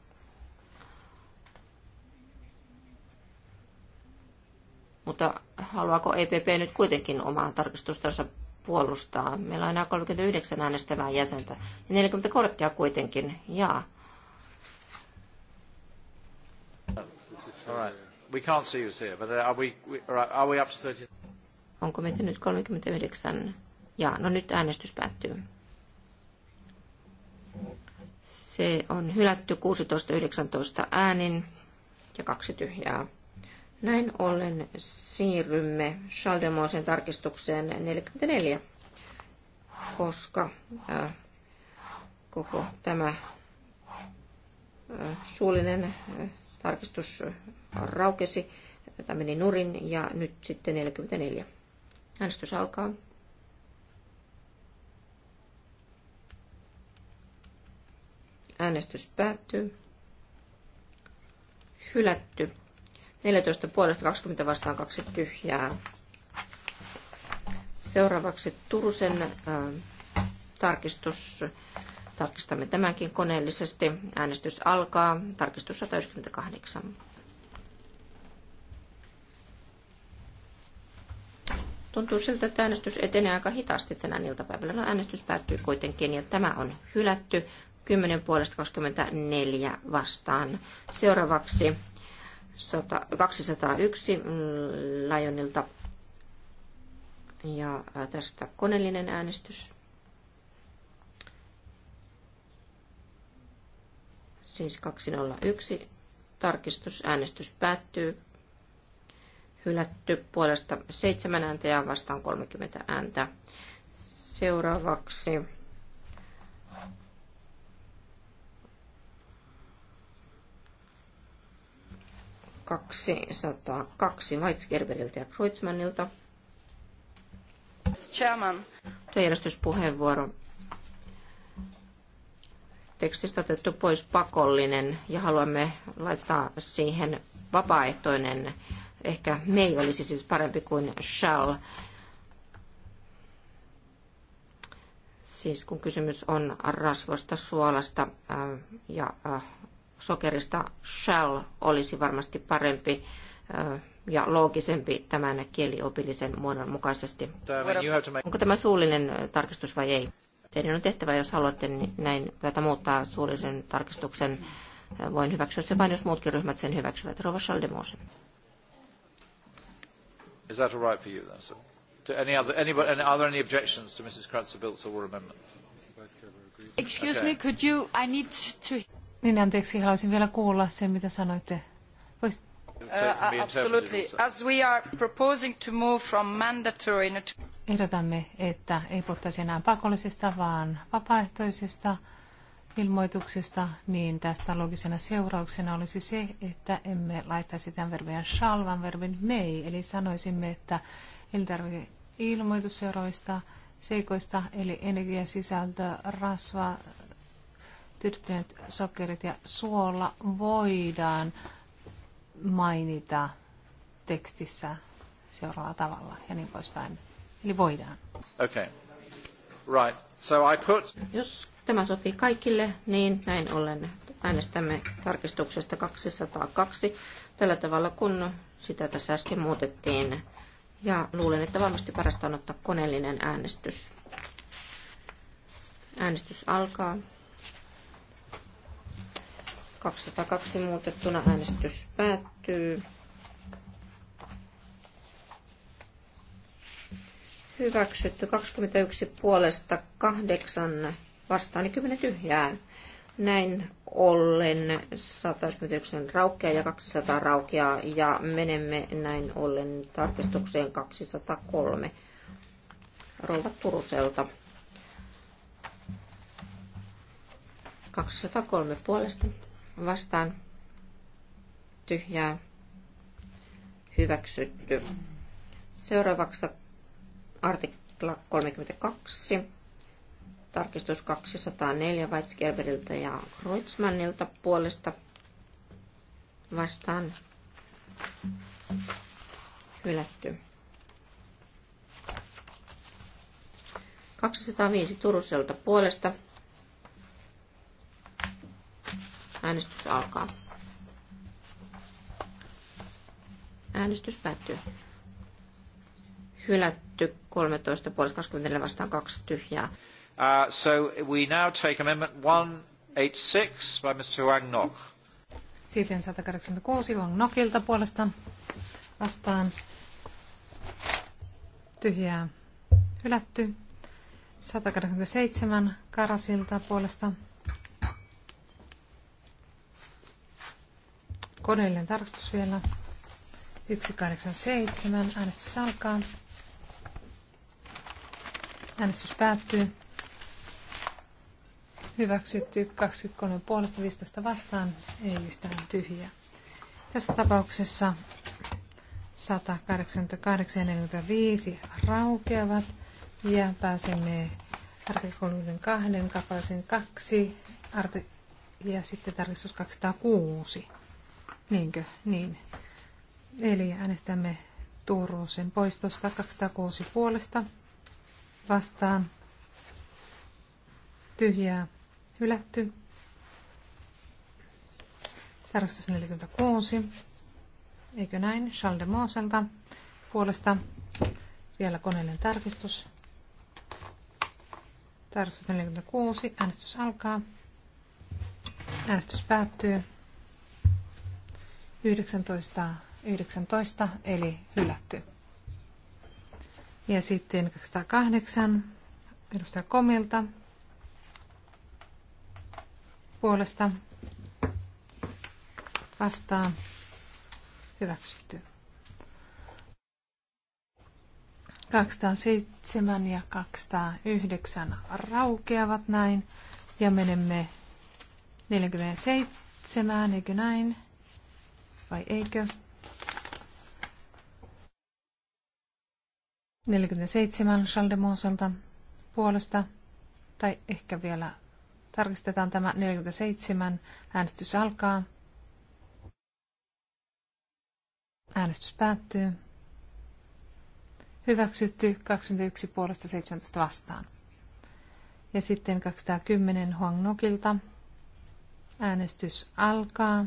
Mutta haluaako EPP nyt kuitenkin omaa tarkistustansa puolustaa? Meillä on enää 39 äänestävää jäsentä ja 40 korttia kuitenkin. Jaa. All right. We can't see who's here, but uh, are we, are we up to 30? Onko meitä nyt 39? Ja no nyt äänestys päättyy. Se on hylätty 16-19 äänin ja kaksi tyhjää. Näin ollen siirrymme Schaldemosen tarkistukseen 44, koska äh, koko tämä äh, suullinen äh, tarkistus äh, raukesi, tai meni nurin, ja nyt sitten 44. Äänestys alkaa. Äänestys päättyy. Hylätty. 14 puolesta 20 vastaan kaksi tyhjää. Seuraavaksi Turusen äh, tarkistus. Tarkistamme tämänkin koneellisesti. Äänestys alkaa. Tarkistus 198. Tuntuu siltä, että äänestys etenee aika hitaasti tänään iltapäivällä. No, äänestys päättyy kuitenkin ja tämä on hylätty 10 puolesta 24 vastaan. Seuraavaksi 100, 201 Lajonilta ja tästä koneellinen äänestys. Siis 201 tarkistusäänestys päättyy hylätty puolesta 7 ääntä ja vastaan 30 ääntä. Seuraavaksi kaksi kaksi Weizgerberiltä ja Kreutzmannilta. Chairman. Työjärjestyspuheenvuoro. Tekstistä otettu pois pakollinen ja haluamme laittaa siihen vapaaehtoinen Ehkä May olisi siis parempi kuin shall. Siis kun kysymys on rasvosta, suolasta äh, ja äh, sokerista, shall olisi varmasti parempi äh, ja loogisempi tämän kieliopillisen muodon mukaisesti. Onko tämä suullinen tarkistus vai ei? Teidän on tehtävä, jos haluatte niin näin tätä muuttaa suullisen tarkistuksen. Voin hyväksyä sen vain, jos muutkin ryhmät sen hyväksyvät. Rova Schaldemosen. Is that all right for you then? sir? to any other, anybody, any, are there any objections to Mrs. Kratzer-Biltz or amendment? Excuse okay. me, could you, I need to... Niin anteeksi, haluaisin vielä kuulla sen, mitä sanoitte. Voisit Uh, uh absolutely. As we are proposing to move from mandatory... Ehdotamme, että ei puhuttaisi enää pakollisesta, vaan vapaaehtoisesta ilmoituksista, niin tästä logisena seurauksena olisi se, että emme laittaisi tämän shall, vaan verbin mei, eli sanoisimme, että elintarvikeilmoitus seuraavista seikoista, eli energiasisältö, rasva, tyrtyneet sokerit ja suola voidaan mainita tekstissä seuraavalla tavalla ja niin poispäin. Eli voidaan. Okay. Right. So I put... Jos tämä sopii kaikille, niin näin ollen äänestämme tarkistuksesta 202 tällä tavalla, kun sitä tässä äsken muutettiin. Ja luulen, että varmasti parasta on ottaa koneellinen äänestys. Äänestys alkaa. 202 muutettuna äänestys päättyy. Hyväksytty 21 puolesta 8 vastaan niin kymmenen tyhjää. Näin ollen 199 raukea ja 200 raukea ja menemme näin ollen tarkistukseen 203 rouva Turuselta. 203 puolesta vastaan tyhjää hyväksytty. Seuraavaksi artikla 32 Tarkistus 204 Weizgerberiltä ja Kreutzmannilta puolesta vastaan hylätty. 205 Turuselta puolesta. Äänestys alkaa. Äänestys päättyy. Hylätty 13 puolesta 24 vastaan 2 tyhjää. Uh, so we now take amendment 186 by Mr. Huang Nok. Sitten 186 Huang Nokilta puolesta vastaan tyhjää hylätty. 187 Karasilta puolesta koneellinen tarkastus vielä. 187 äänestys alkaa. Äänestys päättyy hyväksytty 23 puolesta 15 vastaan, ei yhtään tyhjää. Tässä tapauksessa 188 ja 45 raukeavat ja pääsemme artikoluiden kahden kappaleen kaksi ja sitten tarkistus 206. Niinkö? Niin. Eli äänestämme Tuuruusen poistosta 206 puolesta vastaan tyhjää Hylätty. Tarkastus 46. Eikö näin? Charles de Mooselta puolesta. Vielä koneellinen tarkistus. Tarkastus 46. Äänestys alkaa. Äänestys päättyy. 19, 19 eli hylätty. Ja sitten 208 edustaja Komilta puolesta vastaan hyväksytty. 207 ja 209 raukeavat näin ja menemme 47, eikö näin? Vai eikö? 47 Chaldemonselta puolesta, tai ehkä vielä Tarkistetaan tämä 47. Äänestys alkaa. Äänestys päättyy. Hyväksytty 21 puolesta 17 vastaan. Ja sitten 210 Huang Nokilta. Äänestys alkaa.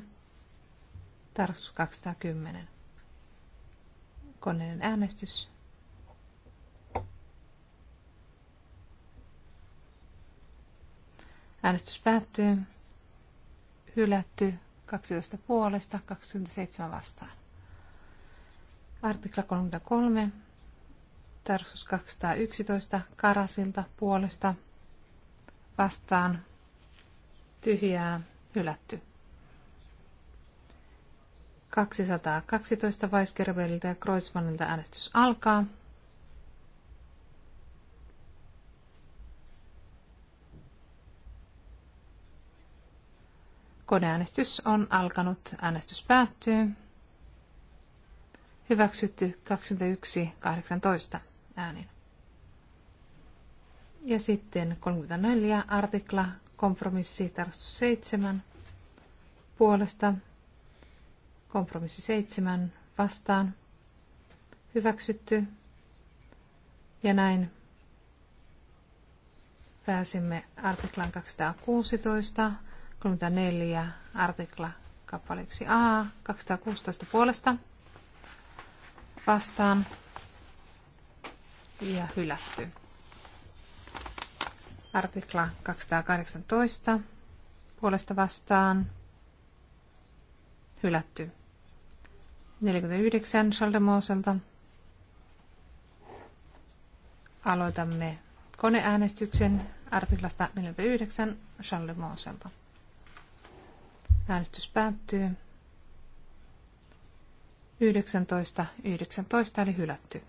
Tarkistus 210. Koneen äänestys. Äänestys päättyy. Hylätty 12 puolesta, 27 vastaan. Artikla 33, tarkistus 211, Karasilta puolesta vastaan, tyhjää, hylätty. 212 Weisgerveliltä ja Kreuzmannilta äänestys alkaa. Koneäänestys on alkanut. Äänestys päättyy. Hyväksytty 21.18 äänin. Ja sitten 34 artikla, kompromissi, tarkastus 7 puolesta, kompromissi 7 vastaan, hyväksytty. Ja näin pääsimme artiklan 216 34 artikla kappaleeksi A, 216 puolesta vastaan ja hylätty. Artikla 218 puolesta vastaan hylätty. 49 Schaldemoselta. Aloitamme koneäänestyksen artiklasta 49 Charles Äänestys päättyy. 19, 19 eli hylätty.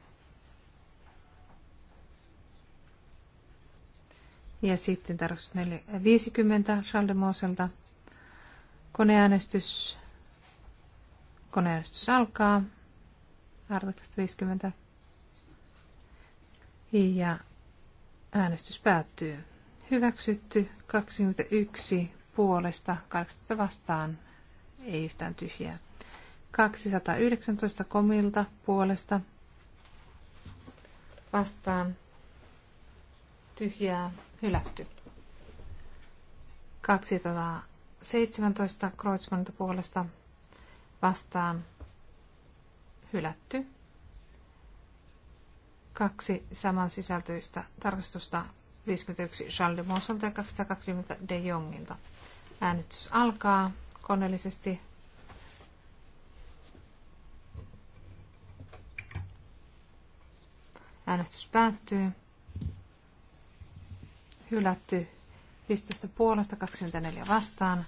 Ja sitten tarkoitus 50 Schaldemoselta. Koneäänestys. Koneäänestys alkaa. Artiklasta 50. Ja äänestys päättyy. Hyväksytty 21 puolesta, 18 vastaan, ei yhtään tyhjää. 219 komilta puolesta vastaan tyhjää hylätty. 217 Kreutzmannilta puolesta vastaan hylätty. Kaksi samansisältöistä tarkastusta 51 Charles de Monsolta ja 220 de Jongilta. Äänestys alkaa koneellisesti. Äänestys päättyy. Hylätty 15 puolesta 24 vastaan.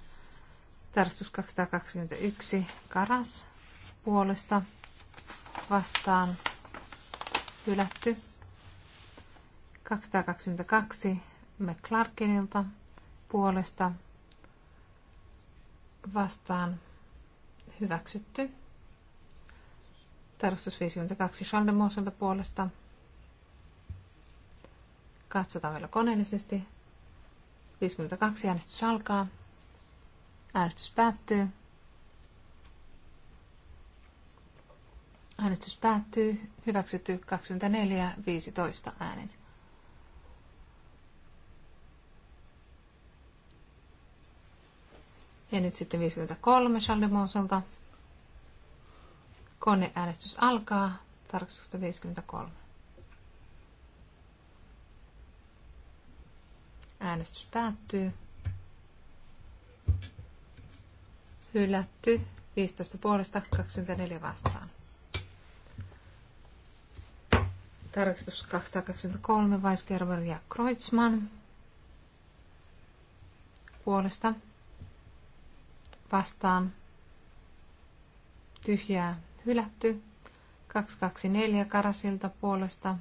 Tarkastus 221 Karas puolesta vastaan. Hylätty 222 McClarkinilta puolesta vastaan hyväksytty. Tarkastus 52 Schaldemoselta puolesta. Katsotaan vielä koneellisesti. 52 äänestys alkaa. Äänestys päättyy. Äänestys päättyy. Hyväksytty 24-15 äänen. Ja nyt sitten 53 Chaldemonselta. Koneäänestys alkaa. Tarkastusta 53. Äänestys päättyy. Hylätty 15 puolesta 24 vastaan. Tarkastus 223 Weisgerber ja Kreutzmann puolesta vastaan tyhjää hylätty. 224 Karasilta puolesta.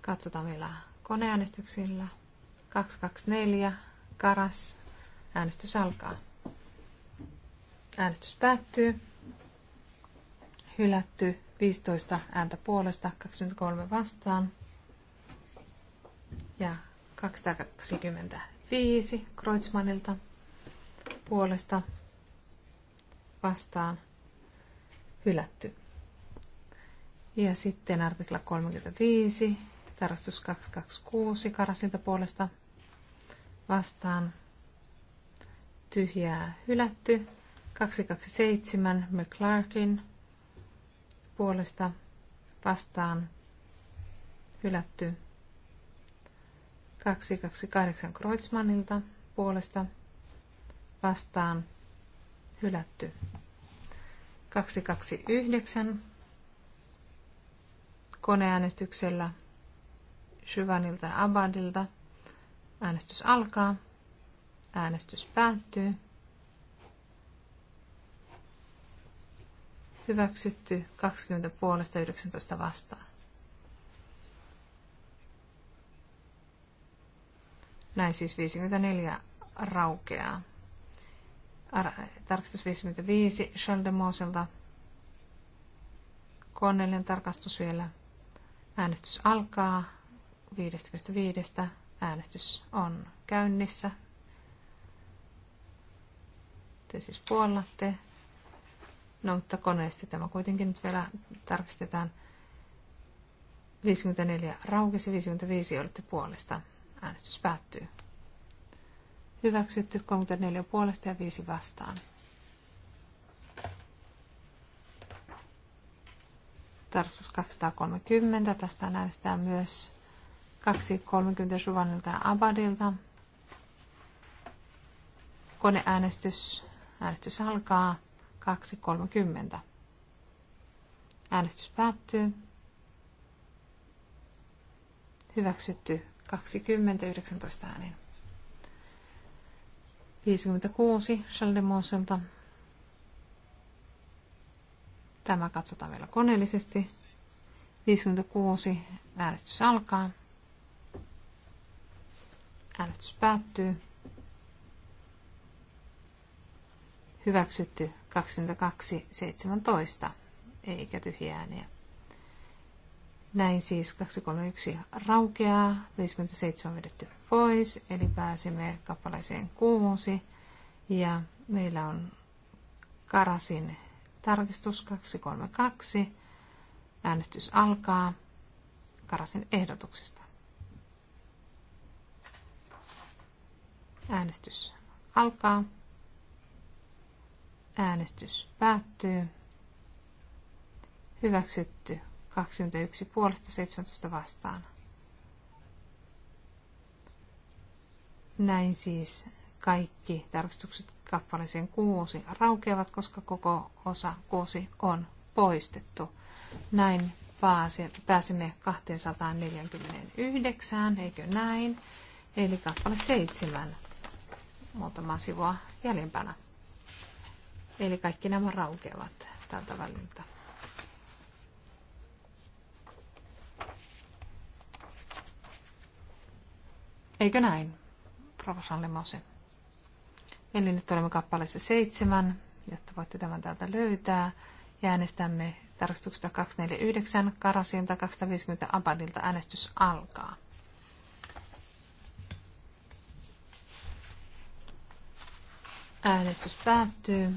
Katsotaan vielä koneäänestyksillä. 224 Karas. Äänestys alkaa. Äänestys päättyy. Hylätty 15 ääntä puolesta, 23 vastaan. Ja 225 Kreutzmannilta puolesta vastaan hylätty. Ja sitten artikla 35, tarkastus 226 Karasilta puolesta vastaan tyhjää hylätty. 227 McClarkin puolesta vastaan hylätty. 228 Kreutzmannilta puolesta vastaan hylätty. 229 koneäänestyksellä Syvanilta ja Abadilta. Äänestys alkaa. Äänestys päättyy. Hyväksytty 20 puolesta 19 vastaan. Näin siis 54 raukeaa tarkastus 55 Schaldemoselta. Koneellinen tarkastus vielä. Äänestys alkaa. 55. Äänestys on käynnissä. Te siis puollatte. No, mutta koneesti tämä kuitenkin nyt vielä tarkistetaan. 54 raukesi, 55 olette puolesta. Äänestys päättyy. Hyväksytty 34 puolesta ja 5 vastaan. Tarkistus 230. Tästä näistä myös 230 suvannilta ja Abadilta. Koneäänestys. Äänestys alkaa 2.30. Äänestys päättyy. Hyväksytty 20.19 äänin. 56 Chaldemoselta. Tämä katsotaan vielä koneellisesti. 56 äänestys alkaa. Äänestys päättyy. Hyväksytty 22.17, eikä ääniä. Näin siis 231 raukeaa, 57 vedetty pois, eli pääsimme kappaleeseen 6. Ja meillä on Karasin tarkistus 232. Äänestys alkaa Karasin ehdotuksesta. Äänestys alkaa. Äänestys päättyy. Hyväksytty 21 puolesta 17 vastaan. Näin siis kaikki tarkistukset kappaleeseen 6 raukeavat, koska koko osa 6 on poistettu. Näin pääsimme 249, eikö näin? Eli kappale 7 muutama sivua jäljempänä. Eli kaikki nämä raukeavat tältä väliltä. Eikö näin, professori Lemose? Eli nyt olemme kappaleessa seitsemän, jotta voitte tämän täältä löytää. Ja äänestämme tarkistuksesta 249, Karasilta 250, Abadilta äänestys alkaa. Äänestys päättyy.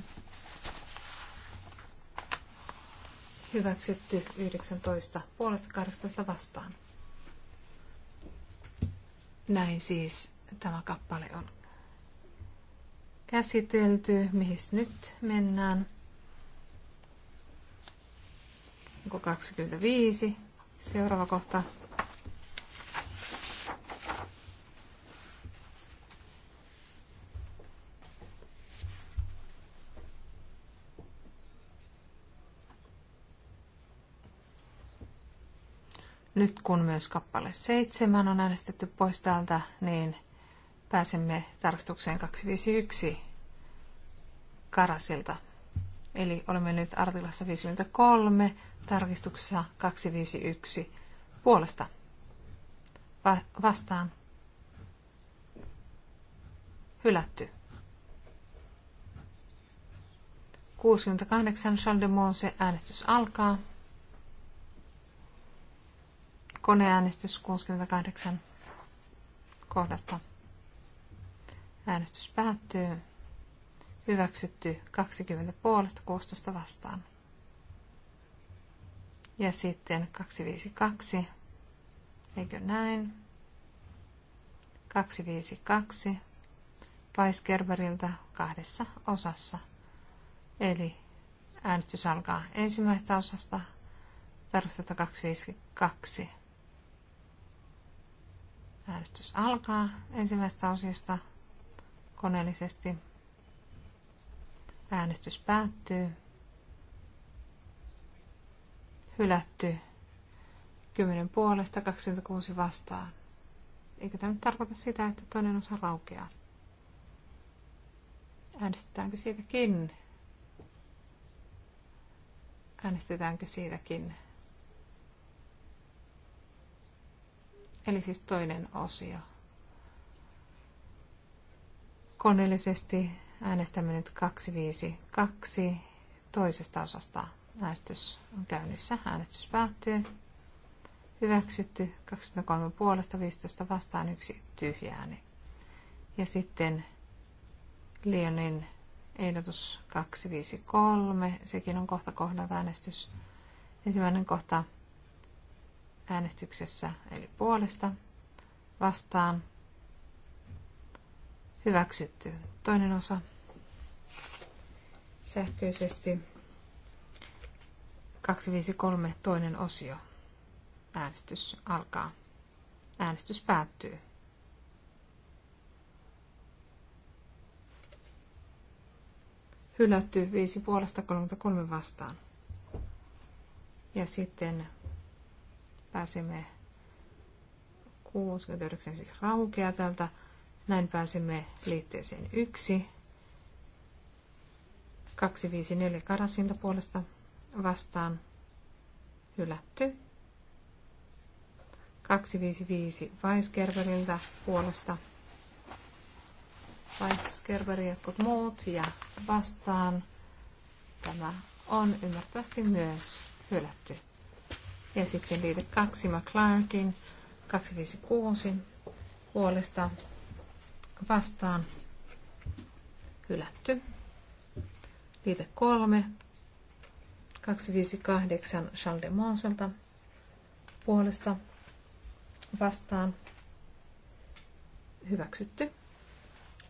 Hyväksytty 19 puolesta 18 vastaan. Näin siis tämä kappale on käsitelty, mihin nyt mennään. Onko 25? Seuraava kohta Nyt kun myös kappale 7 on äänestetty pois täältä, niin pääsemme tarkistukseen 251 Karasilta. Eli olemme nyt artilassa 53, tarkistuksessa 251 puolesta. Va- vastaan. Hylätty. 68 Charles de Monse äänestys alkaa. Koneäänestys 68 kohdasta. Äänestys päättyy. Hyväksytty 20 puolesta 16 vastaan. Ja sitten 252. Eikö näin? 252. Paiskerberiltä kahdessa osassa. Eli äänestys alkaa ensimmäistä osasta perustetta 252. Äänestys alkaa ensimmäisestä osiosta koneellisesti. Äänestys päättyy. Hylätty. 10 puolesta 26 vastaan. Eikö tämä nyt tarkoita sitä, että toinen osa raukeaa? Äänestetäänkö siitäkin? Äänestetäänkö siitäkin? Eli siis toinen osio. Koneellisesti äänestämme nyt 252 toisesta osasta. Äänestys on käynnissä. Äänestys päättyy. Hyväksytty 23 puolesta 15 vastaan yksi tyhjääni. Ja sitten Lionin ehdotus 253. Sekin on kohta kohdalta äänestys. Ensimmäinen kohta äänestyksessä, eli puolesta, vastaan, hyväksytty. Toinen osa sähköisesti 253 toinen osio. Äänestys alkaa. Äänestys päättyy. Hylätty 5 puolesta 33 vastaan. Ja sitten Pääsimme 69 siis raukeaa täältä. Näin pääsimme liitteeseen 1. 254 karasinta puolesta vastaan hylätty. 255 Weisgerberiltä puolesta. Weisgerberi ja muut ja vastaan. Tämä on ymmärtävästi myös hylätty. Ja sitten liite 2 McClarkin 256 puolesta vastaan hylätty. Liite 3 258 Charles de Monselta puolesta vastaan hyväksytty.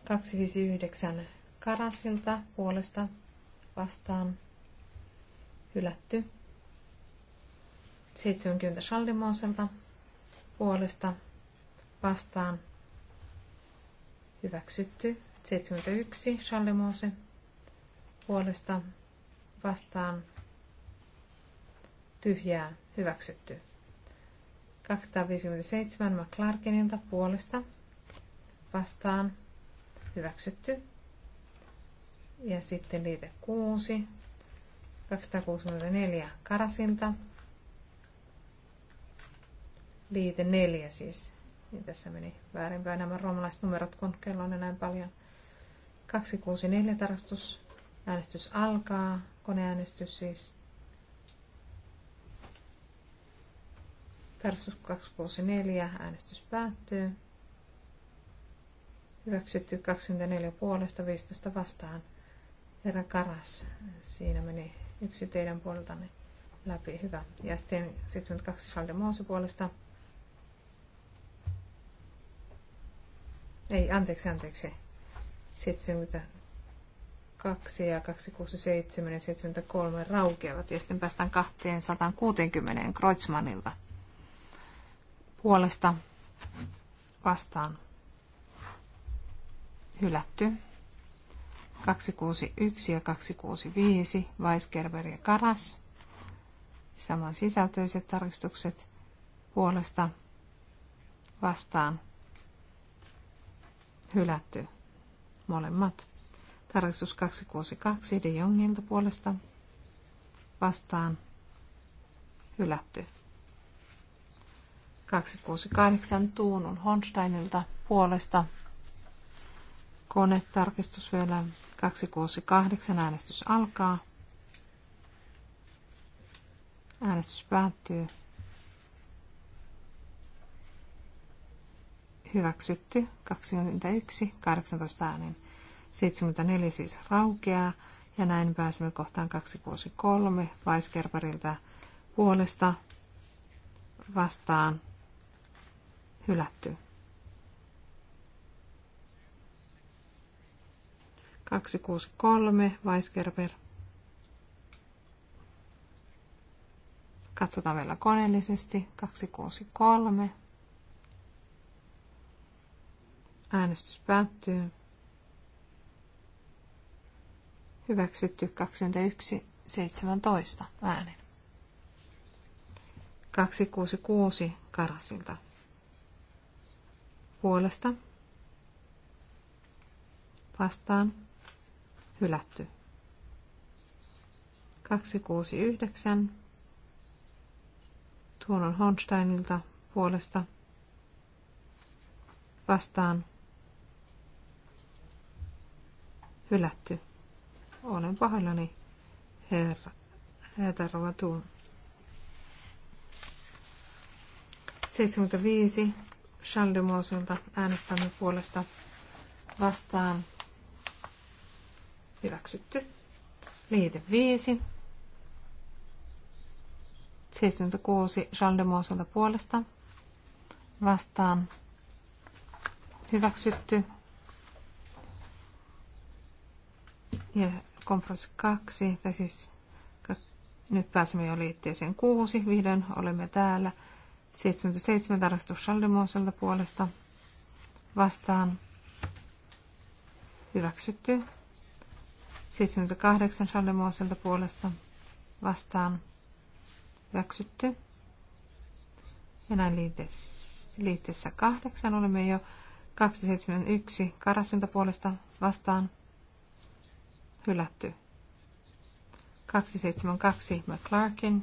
259 Karasilta puolesta vastaan hylätty. 70 Shaldimoselta puolesta vastaan hyväksytty. 71 Shaldimose puolesta vastaan tyhjää hyväksytty. 257 McClarkinilta puolesta vastaan hyväksytty. Ja sitten liite 6, 264 Karasilta liite neljä siis. Ja niin tässä meni väärinpäin nämä romalaiset numerot, kun kello on näin paljon. 264 tarastus. Äänestys alkaa. Koneäänestys siis. Tarastus 264. Äänestys päättyy. Hyväksytty 24 puolesta 15 vastaan. Herra Karas, siinä meni yksi teidän puoleltanne läpi. Hyvä. Ja sitten 72 Charles puolesta Ei, anteeksi, anteeksi. 72 ja 267 ja 73 raukeavat ja sitten päästään 260 Kreutzmannilta puolesta vastaan hylätty. 261 ja 265, Weisgerber ja Karas. Saman sisältöiset tarkistukset puolesta vastaan hylätty molemmat. Tarkistus 262 De Jongilta puolesta vastaan hylätty. 268 Tuunun Honsteinilta puolesta. Konetarkistus vielä 268 äänestys alkaa. Äänestys päättyy. hyväksytty 21, 18 äänen. 74 siis raukeaa ja näin pääsemme kohtaan 263 Weiskerberiltä puolesta vastaan hylätty. 263 Weisgerber. Katsotaan vielä koneellisesti. 263. Äänestys päättyy. Hyväksytty 21, 17 äänen. 266 Karasilta. Puolesta. Vastaan. Hylätty. 269 Tuonon Honsteinilta puolesta vastaan hylätty. Olen pahoillani, herra, herra Rovatuun. 75 Chaldemoselta äänestämme puolesta vastaan hyväksytty. Liite 5. 76 Chaldemoselta puolesta vastaan hyväksytty. Ja kompromissi kaksi, tai siis nyt pääsemme jo liitteeseen kuusi, vihdoin olemme täällä. 77 tarkastus Schaldemoselta puolesta vastaan hyväksytty. 78 Schaldemoselta puolesta vastaan hyväksytty. Ja näin liitteessä, liitteessä kahdeksan olemme jo 271 Karasilta puolesta vastaan hylätty. 272 McClarkin.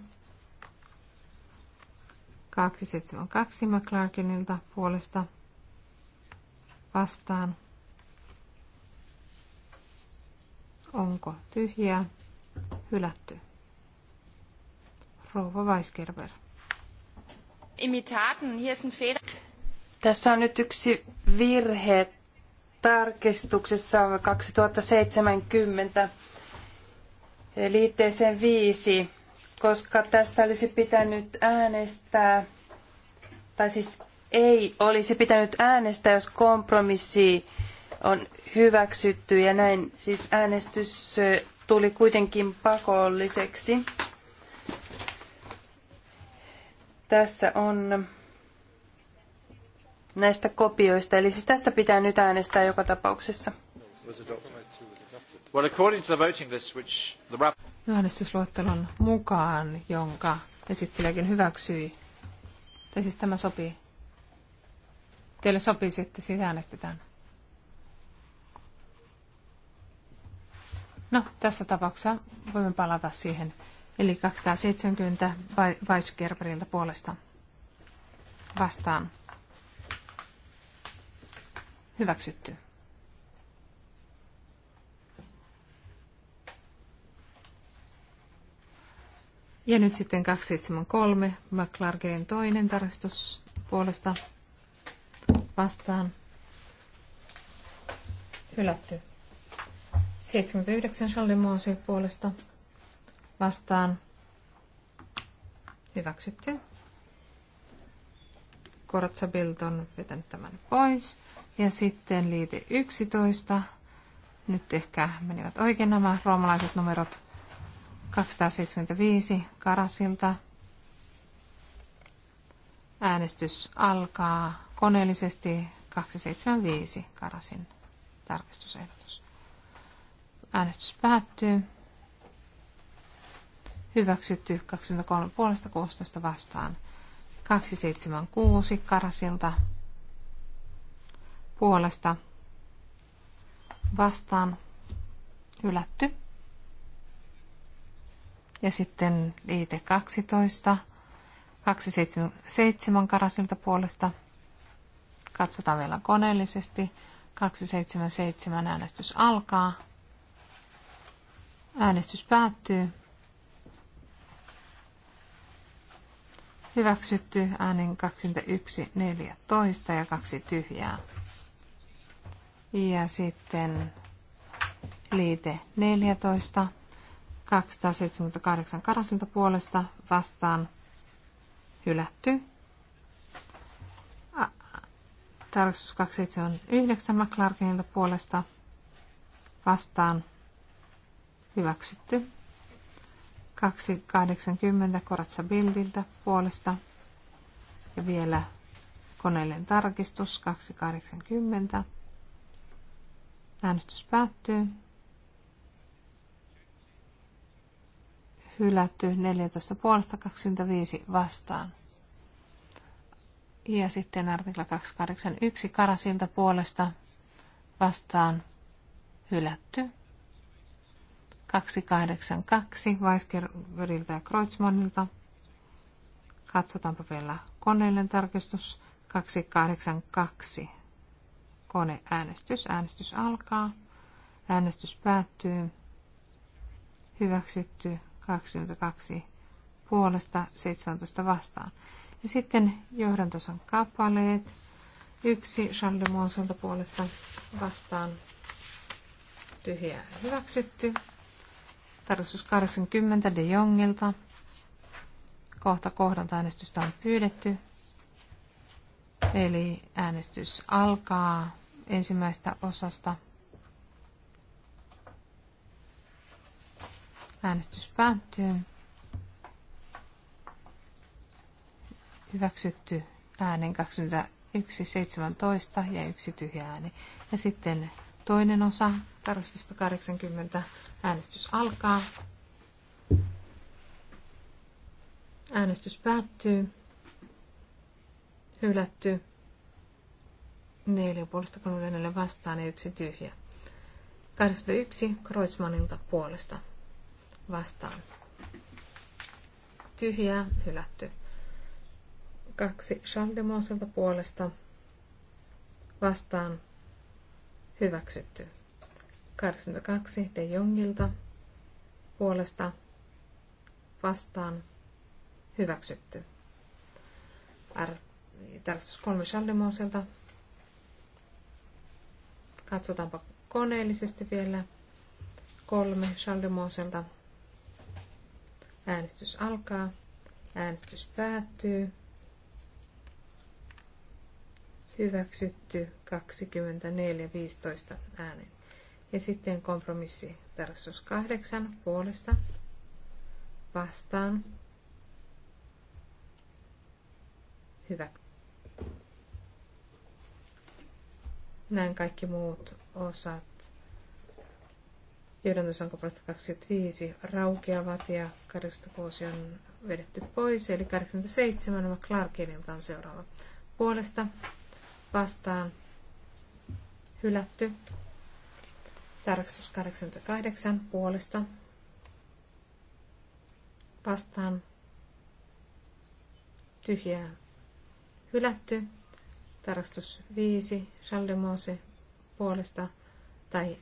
272 McClarkinilta puolesta vastaan. Onko tyhjää? Hylätty. Rouva Weisgerber. Imitaten, hier ist ein Tässä on nyt yksi virhe tarkistuksessa 2070 liitteeseen 5, koska tästä olisi pitänyt äänestää, tai siis ei olisi pitänyt äänestää, jos kompromissi on hyväksytty ja näin siis äänestys tuli kuitenkin pakolliseksi. Tässä on näistä kopioista. Eli siis tästä pitää nyt äänestää joka tapauksessa. Äänestysluettelon mukaan, jonka esittelijäkin hyväksyi, tai siis tämä sopii. Teille sopii sitten, siitä äänestetään. No, tässä tapauksessa voimme palata siihen. Eli 270 Weisgerberiltä puolesta vastaan Hyväksytty. Ja nyt sitten 273, McClargenin toinen tarkistus puolesta vastaan. Hylätty. 79 Charlie Moose puolesta vastaan. Hyväksytty. Korotsa Bilton vetänyt tämän pois. Ja sitten liite 11. Nyt ehkä menivät oikein nämä roomalaiset numerot. 275 Karasilta. Äänestys alkaa koneellisesti 275 Karasin tarkistusehdotus. Äänestys päättyy. Hyväksytty 23 puolesta 16 vastaan. 276 Karasilta puolesta vastaan hylätty. Ja sitten liite 12, 277 karasilta puolesta. Katsotaan vielä koneellisesti. 277 äänestys alkaa. Äänestys päättyy. Hyväksytty äänen 21, 14 ja kaksi tyhjää. Ja sitten liite 14, 278 Karasilta puolesta vastaan hylätty. Tarkastus 279 McLarkinilta puolesta vastaan hyväksytty. 280 Koratsa Bildiltä puolesta ja vielä koneellinen tarkistus 280 Äänestys päättyy. Hylätty 14 puolesta 25 vastaan. Ja sitten artikla 281 Karasilta puolesta vastaan hylätty. 282 Weisgerveriltä ja Kreutzmannilta. Katsotaanpa vielä koneellinen tarkistus. 282 koneäänestys. Äänestys alkaa. Äänestys päättyy. Hyväksytty 22 puolesta 17 vastaan. Ja sitten johdantosan kappaleet. Yksi Charles Monsolta puolesta vastaan tyhjä hyväksytty. Tarkastus 80 De Jongilta. Kohta kohdalta äänestystä on pyydetty. Eli äänestys alkaa ensimmäistä osasta. Äänestys päättyy. Hyväksytty äänen 21.17 ja yksi tyhjä ääni. Ja sitten toinen osa, tarkastusta 80, äänestys alkaa. Äänestys päättyy hylätty. Neljä puolesta kolme vastaan ja niin yksi tyhjä. 21 Kreutzmannilta puolesta vastaan. Tyhjää, hylätty. Kaksi Chaldemoselta puolesta vastaan, hyväksytty. 82 De Jongilta puolesta vastaan, hyväksytty. R tarkastus kolme Chaldemoselta. Katsotaanpa koneellisesti vielä kolme Chaldemoselta. Äänestys alkaa. Äänestys päättyy. Hyväksytty 24-15 äänen. Ja sitten kompromissi tarkastus 8 puolesta vastaan. Hyvä, Näin kaikki muut osat johdantosankapuolesta 25 raukeavat ja 86 on vedetty pois. Eli 87 nämä Clarkinilta on seuraava puolesta vastaan hylätty. Tarkastus 88 puolesta vastaan tyhjää hylätty tarastus 5, Charles de Mose puolesta tai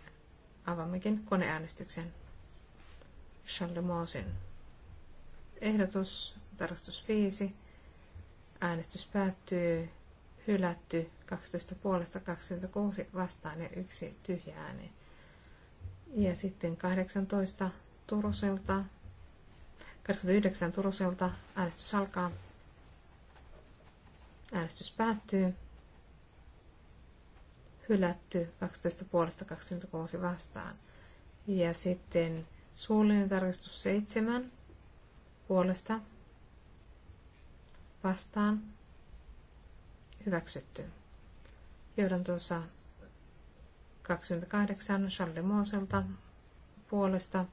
avammekin koneäänestyksen Charles de Mosen. Ehdotus, tarastus 5, äänestys päättyy, hylätty 12 puolesta 26 vastaan ja yksi tyhjä ääni. Ja sitten 18 Turuselta, 29 Turuselta äänestys alkaa. Äänestys päättyy hylätty 12.5.26 puolesta vastaan. Ja sitten suullinen tarkastus 7 puolesta vastaan hyväksytty. Johdan tuossa 28 Charles Mooselta puolesta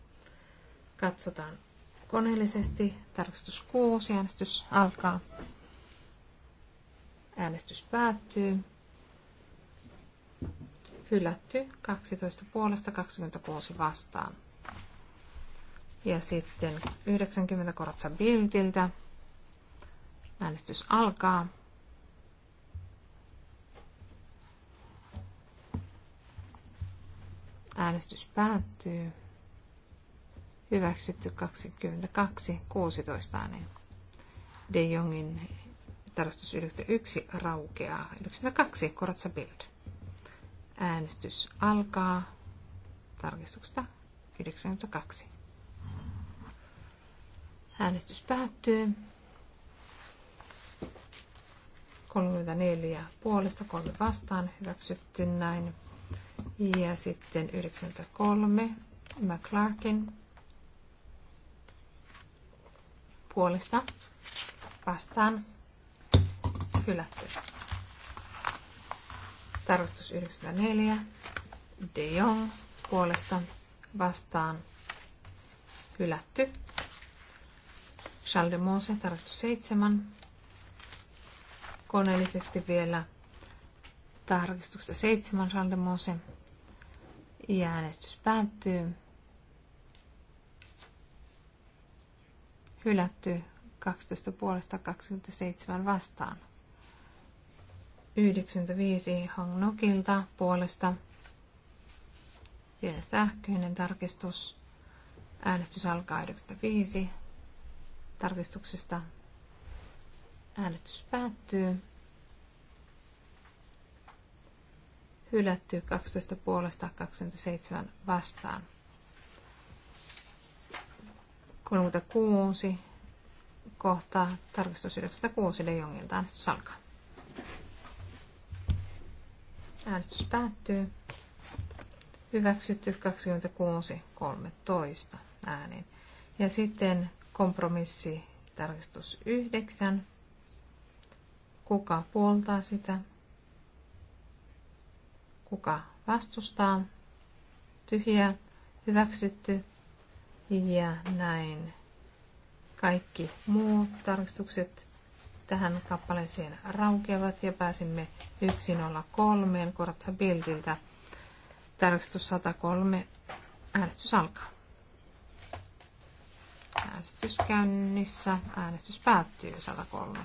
katsotaan koneellisesti. Tarkastus 6, äänestys alkaa. Äänestys päättyy hylätty 12 puolesta 26 vastaan. Ja sitten 90 korotsa Biltiltä. Äänestys alkaa. Äänestys päättyy. Hyväksytty 22, 16 ääneen. De Jongin tarastus 91 raukeaa. 92 korotsa Bild. Äänestys alkaa tarkistuksesta 92. Äänestys päättyy. 34 puolesta, 3 vastaan hyväksytty näin. Ja sitten 93 McClarkin puolesta vastaan hylätty. Tarkastus 94. De Jong puolesta vastaan hylätty. Charles de Mose, tarkastus 7. Koneellisesti vielä tarkistuksesta 7 Charles de Mose. Ja äänestys päättyy. Hylätty 12 puolesta 27 vastaan. 95 Hangnokilta puolesta. Vielä sähköinen tarkistus. Äänestys alkaa 95 tarkistuksesta. Äänestys päättyy. Hylätty 12 puolesta 27 vastaan. 36 kohta tarkistus 96 Leijongilta äänestys alkaa. Äänestys päättyy. Hyväksytty 26.13 äänin. Ja sitten kompromissi tarkistus 9. Kuka puoltaa sitä? Kuka vastustaa? Tyhjä, hyväksytty ja näin kaikki muut tarkistukset tähän kappaleeseen raukeavat ja pääsimme yksin olla kolmeen Koratsa Bildiltä. Tarkistus 103. Äänestys alkaa. Äänestys käynnissä. Äänestys päättyy 103.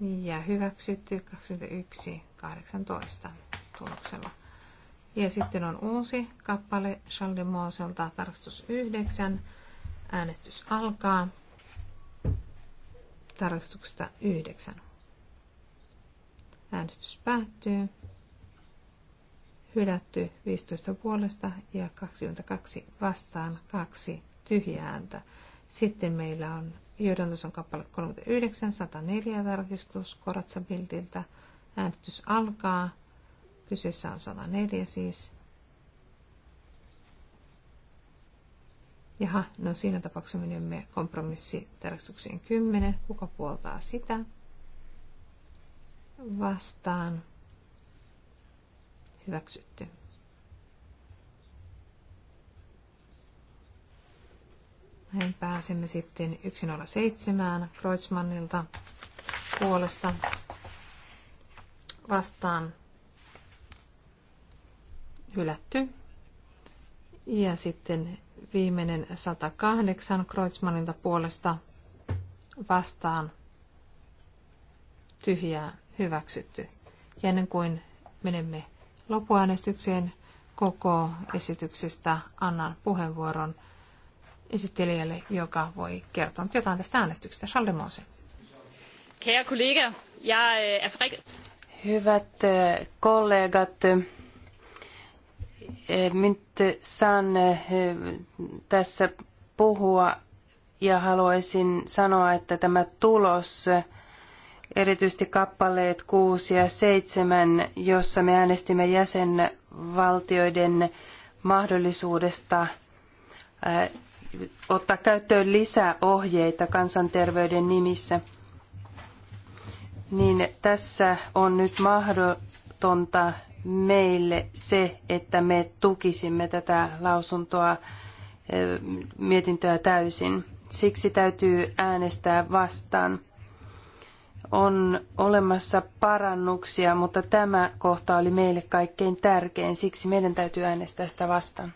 Ja hyväksytty 21, 18 tuloksella. Ja sitten on uusi kappale Charles de Moselta, 9. Äänestys alkaa tarkastuksesta yhdeksän. Äänestys päättyy. Hylätty 15 puolesta ja 22 vastaan kaksi tyhjää ääntä. Sitten meillä on johdantoson kappale 39, 104 tarkistus Koratsa-bildiltä. Äänestys alkaa. Kyseessä on 104 siis. Jaha, no siinä tapauksessa menemme kompromissitarkastukseen 10. Kuka puoltaa sitä? Vastaan. Hyväksytty. Näin pääsemme sitten 107 Kreutzmannilta puolesta vastaan hylätty. Ja sitten viimeinen 108 Kreutzmannilta puolesta vastaan tyhjää hyväksytty. Ja ennen kuin menemme lopuäänestykseen koko esityksestä, annan puheenvuoron esittelijälle, joka voi kertoa jotain tästä äänestyksestä. Charles Mose. Øh, er Hyvät äh, kollegat, nyt saan eh, tässä puhua ja haluaisin sanoa, että tämä tulos, erityisesti kappaleet 6 ja 7, jossa me äänestimme jäsenvaltioiden mahdollisuudesta eh, ottaa käyttöön lisää ohjeita kansanterveyden nimissä, niin tässä on nyt mahdotonta meille se, että me tukisimme tätä lausuntoa mietintöä täysin. Siksi täytyy äänestää vastaan. On olemassa parannuksia, mutta tämä kohta oli meille kaikkein tärkein, siksi meidän täytyy äänestää sitä vastaan.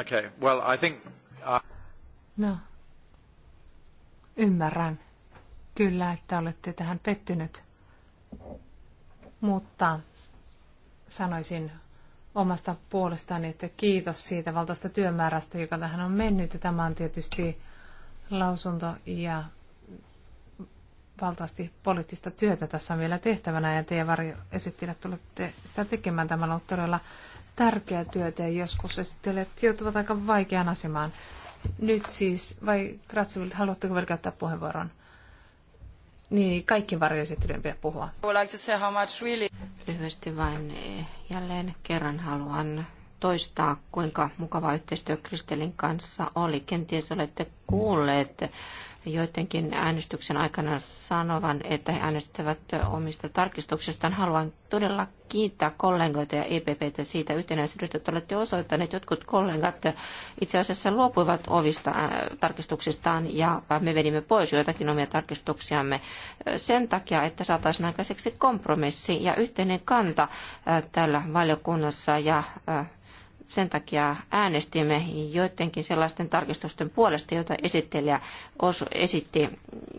Okay, well, I think... Uh, no, ymmärrän. Kyllä, että olette tähän pettynyt. Mutta sanoisin omasta puolestani, että kiitos siitä valtaista työmäärästä, joka tähän on mennyt. Ja tämä on tietysti lausunto ja valtaasti poliittista työtä tässä on vielä tehtävänä ja teidän että tulette sitä tekemään. Tämä on ollut todella tärkeä työtä ja joskus esittelijät joutuvat aika vaikeaan asemaan. Nyt siis, vai Kratsevilt, haluatteko vielä käyttää puheenvuoron? Niin, kaikki varjoesittelyyn pitää puhua. Lyhyesti vain eh, jälleen kerran haluan toistaa, kuinka mukava yhteistyö Kristelin kanssa oli. Kenties olette kuulleet joidenkin äänestyksen aikana sanovan, että he äänestävät omista tarkistuksistaan. Haluan todella kiittää kollegoita ja EPPtä siitä yhtenäisyydestä, että olette osoittaneet. Jotkut kollegat itse asiassa luopuivat ovista tarkistuksistaan ja me vedimme pois joitakin omia tarkistuksiamme sen takia, että saataisiin aikaiseksi kompromissi ja yhteinen kanta tällä valiokunnassa ja sen takia äänestimme joidenkin sellaisten tarkistusten puolesta, joita esittelijä Osu esitti.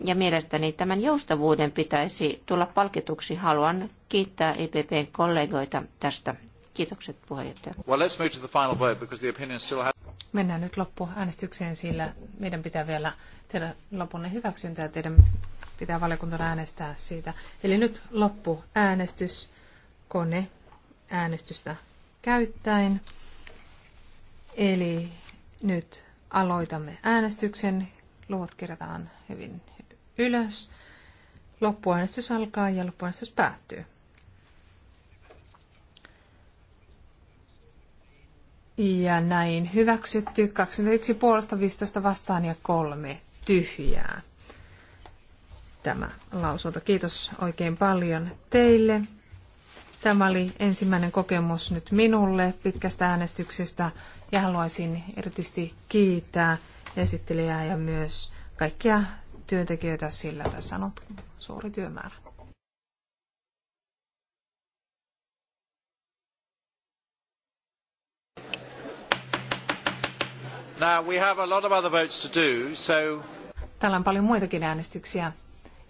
Ja mielestäni tämän joustavuuden pitäisi tulla palkituksi. Haluan kiittää EPPn kollegoita tästä. Kiitokset puheenjohtaja. Well, let's move to the final vote the still has... Mennään nyt loppuäänestykseen, sillä meidän pitää vielä tehdä lopunne hyväksyntä ja teidän pitää valiokunta äänestää siitä. Eli nyt loppuäänestys kone äänestystä käyttäen. Eli nyt aloitamme äänestyksen. Luvut kirjataan hyvin ylös. Loppuäänestys alkaa ja loppuäänestys päättyy. Ja näin hyväksytty 21 puolesta 15 vastaan ja kolme tyhjää. Tämä lausunto. Kiitos oikein paljon teille. Tämä oli ensimmäinen kokemus nyt minulle pitkästä äänestyksestä ja haluaisin erityisesti kiittää esittelijää ja myös kaikkia työntekijöitä, sillä tässä on suuri työmäärä. Now we have a lot of other votes to do, so... Täällä on paljon muitakin äänestyksiä,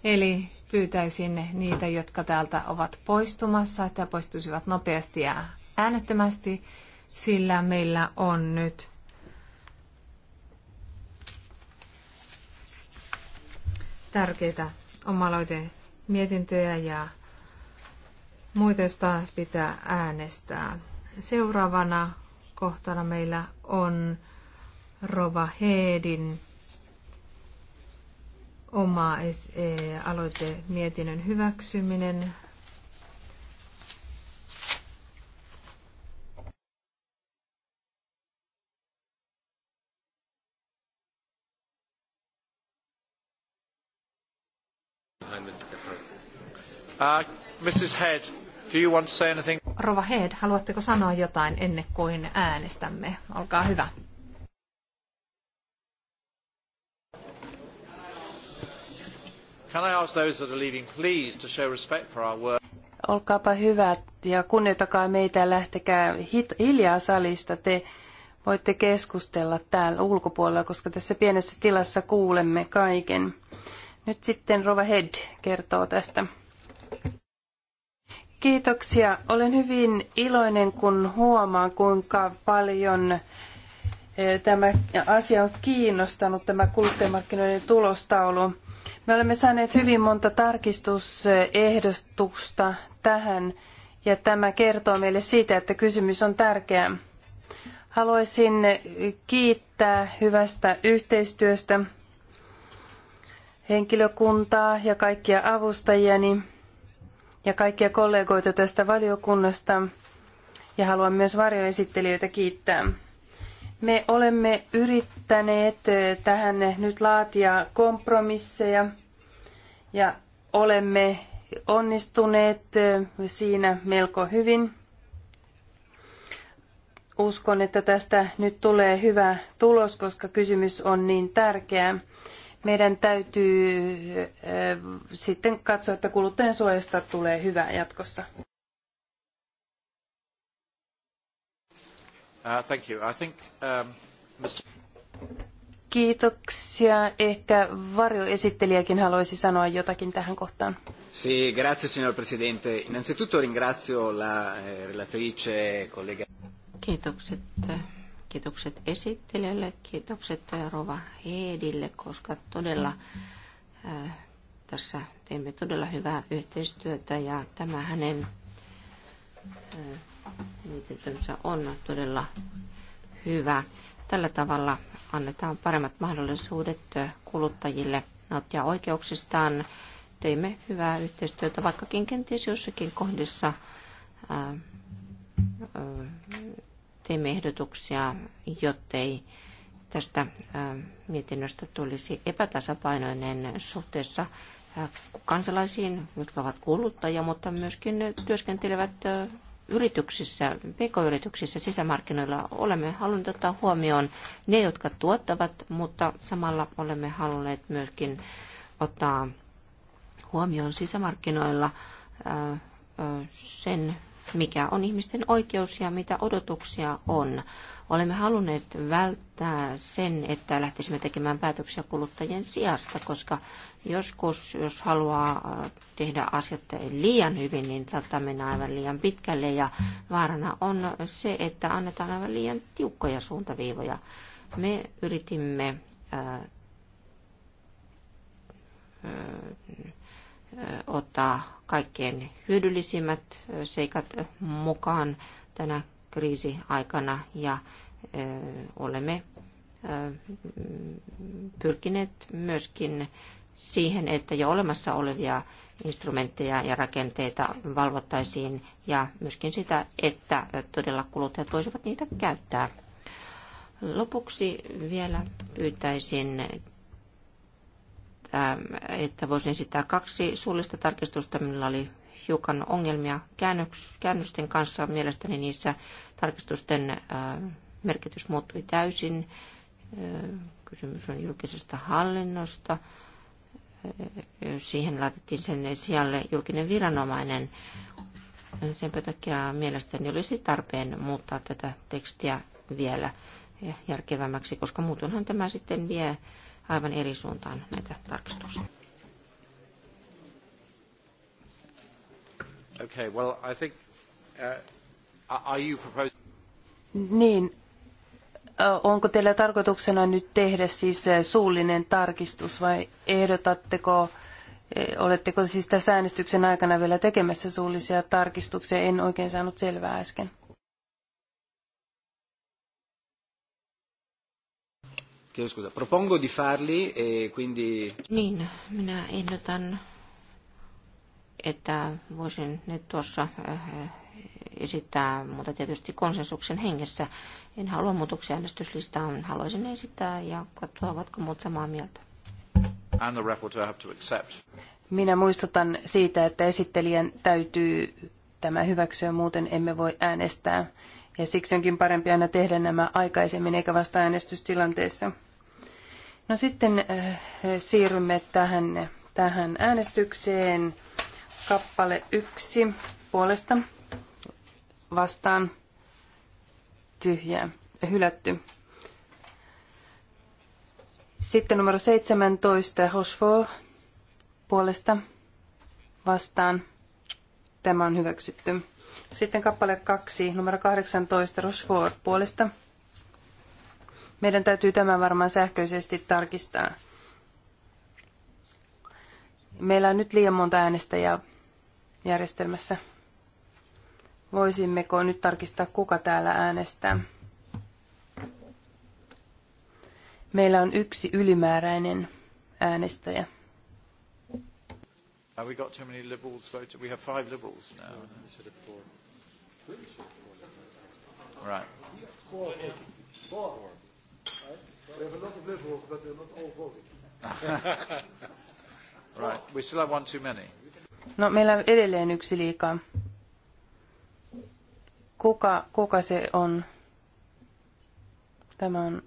eli pyytäisin niitä, jotka täältä ovat poistumassa, että poistuisivat nopeasti ja äänettömästi sillä meillä on nyt tärkeitä omaloite mietintöjä ja muita, joista pitää äänestää. Seuraavana kohtana meillä on Rova Heedin oma aloite mietinnön hyväksyminen Uh, Mrs. Rova Head, haluatteko sanoa jotain ennen kuin äänestämme? Olkaa hyvä. Can I ask those that are leaving, please, to show respect for our work? Olkaapa hyvät ja kunnioitakaa meitä ja lähtekää hiljaa salista. Te voitte keskustella täällä ulkopuolella, koska tässä pienessä tilassa kuulemme kaiken. Nyt sitten Rova Head kertoo tästä. Kiitoksia. Olen hyvin iloinen, kun huomaan, kuinka paljon eh, tämä asia on kiinnostanut, tämä kuluttajamarkkinoiden tulostaulu. Me olemme saaneet hyvin monta tarkistusehdotusta tähän, ja tämä kertoo meille siitä, että kysymys on tärkeä. Haluaisin kiittää hyvästä yhteistyöstä henkilökuntaa ja kaikkia avustajiani. Niin ja kaikkia kollegoita tästä valiokunnasta ja haluan myös varjoesittelijöitä kiittää. Me olemme yrittäneet eh, tähän nyt laatia kompromisseja ja olemme onnistuneet eh, siinä melko hyvin. Uskon, että tästä nyt tulee hyvä tulos, koska kysymys on niin tärkeä meidän täytyy sitten katsoa, että kuluttajan suojasta tulee hyvä jatkossa. Uh, thank you. I think, um, Kiitoksia. Ehkä varjoesittelijäkin haluaisi sanoa jotakin tähän kohtaan. Sì, grazie signor Presidente. Innanzitutto ringrazio la eh, relatrice collega. Kiitokset Kiitokset esittelijälle, kiitokset Rova Heedille, koska todella äh, tässä teemme todella hyvää yhteistyötä ja tämä hänen äh, mietintönsä on todella hyvä. Tällä tavalla annetaan paremmat mahdollisuudet äh, kuluttajille nauttia oikeuksistaan. Teimme hyvää yhteistyötä, vaikkakin kenties jossakin kohdissa äh, äh teemme ehdotuksia, jottei tästä mietinnöstä tulisi epätasapainoinen suhteessa kansalaisiin, jotka ovat kuluttajia, mutta myöskin työskentelevät yrityksissä, pk-yrityksissä, sisämarkkinoilla olemme halunneet ottaa huomioon ne, jotka tuottavat, mutta samalla olemme halunneet myöskin ottaa huomioon sisämarkkinoilla sen mikä on ihmisten oikeus ja mitä odotuksia on. Olemme halunneet välttää sen, että lähtisimme tekemään päätöksiä kuluttajien sijasta, koska joskus, jos haluaa äh, tehdä asiat liian hyvin, niin saattaa mennä aivan liian pitkälle. Ja vaarana on se, että annetaan aivan liian tiukkoja suuntaviivoja. Me yritimme ää, äh, ää, äh, ottaa kaikkein hyödyllisimmät seikat mukaan tänä kriisiaikana ja olemme pyrkineet myöskin siihen, että jo olemassa olevia instrumentteja ja rakenteita valvottaisiin ja myöskin sitä, että todella kuluttajat voisivat niitä käyttää. Lopuksi vielä pyytäisin että, ähm, että voisin esittää kaksi suullista tarkistusta, millä oli hiukan ongelmia käännösten kanssa. Mielestäni niissä tarkistusten ähm, merkitys muuttui täysin. Äh, kysymys on julkisesta hallinnosta. Äh, siihen laitettiin sen sijalle julkinen viranomainen. Sen takia mielestäni olisi tarpeen muuttaa tätä tekstiä vielä järkevämmäksi, koska muutenhan tämä sitten vie aivan eri suuntaan näitä tarkistuksia. Okay, well, I think, uh, are you proposing... Niin, uh, onko teillä tarkoituksena nyt tehdä siis uh, suullinen tarkistus vai ehdotatteko, uh, oletteko siis tässä äänestyksen aikana vielä tekemässä suullisia tarkistuksia? En oikein saanut selvää äsken. Chiedo scusa, propongo di farli e quindi... Niin, minä ehdotan, että voisin nyt tuossa eh, esittää, mutta tietysti konsensuksen hengessä. En halua muutoksia äänestyslistaan, haluaisin esittää ja katsoa, ovatko muut samaa mieltä. And the rapporteur have to accept. Minä muistutan siitä, että esittelijän täytyy tämä hyväksyä, muuten emme voi äänestää. Ja siksi onkin parempi aina tehdä nämä aikaisemmin eikä vasta äänestystilanteessa. No sitten äh, siirrymme tähän, tähän äänestykseen. Kappale yksi puolesta vastaan tyhjää, hylätty. Sitten numero 17, Hosfo puolesta vastaan. Tämä on hyväksytty. Sitten kappale 2, numero 18, Rochefort puolesta meidän täytyy tämä varmaan sähköisesti tarkistaa. Meillä on nyt liian monta äänestäjää järjestelmässä. Voisimmeko nyt tarkistaa, kuka täällä äänestää? Meillä on yksi ylimääräinen äänestäjä. Have we got too many liberals voted? We have five liberals now. Right. Four. Four. Four. We have a lot of liberals, but they're not all voting. right, we still have one too many. No, meillä on edelleen yksi liikaa. Kuka, kuka se on? Tämä on...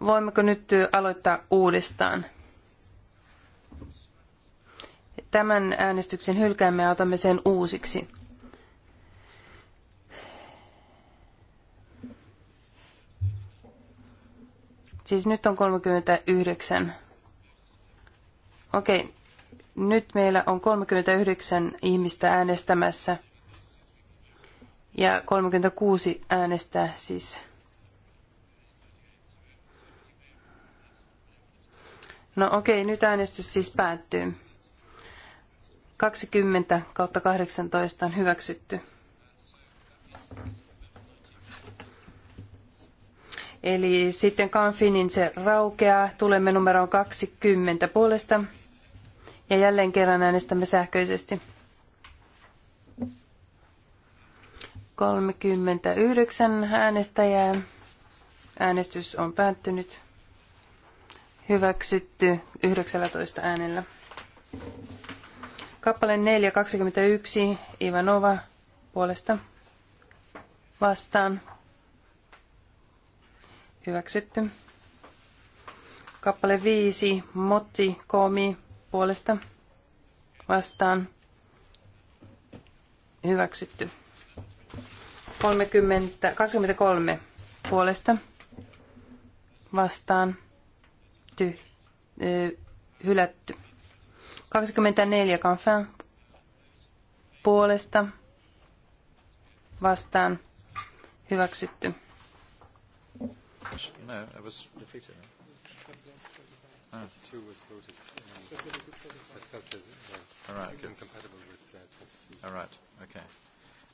Voimmeko nyt aloittaa uudestaan? Tämän äänestyksen hylkäämme ja otamme sen uusiksi. Siis nyt on 39. Okei, nyt meillä on 39 ihmistä äänestämässä ja 36 äänestää siis. No okei, nyt äänestys siis päättyy. 20 kautta 18 on hyväksytty. Eli sitten Kanfinin se raukeaa. Tulemme numeroon 20 puolesta. Ja jälleen kerran äänestämme sähköisesti. 39 äänestäjää. Äänestys on päättynyt. Hyväksytty 19 äänellä. Kappale 4, 21, Ivanova puolesta vastaan Hyväksytty. Kappale 5. Motti Komi puolesta vastaan. Hyväksytty. 30, 23 puolesta vastaan. Ty, hylätty. 24 kanfään puolesta vastaan hyväksytty. No, it was defeated. No? Ah. was voted. Pascal All right, with uh, All right, okay.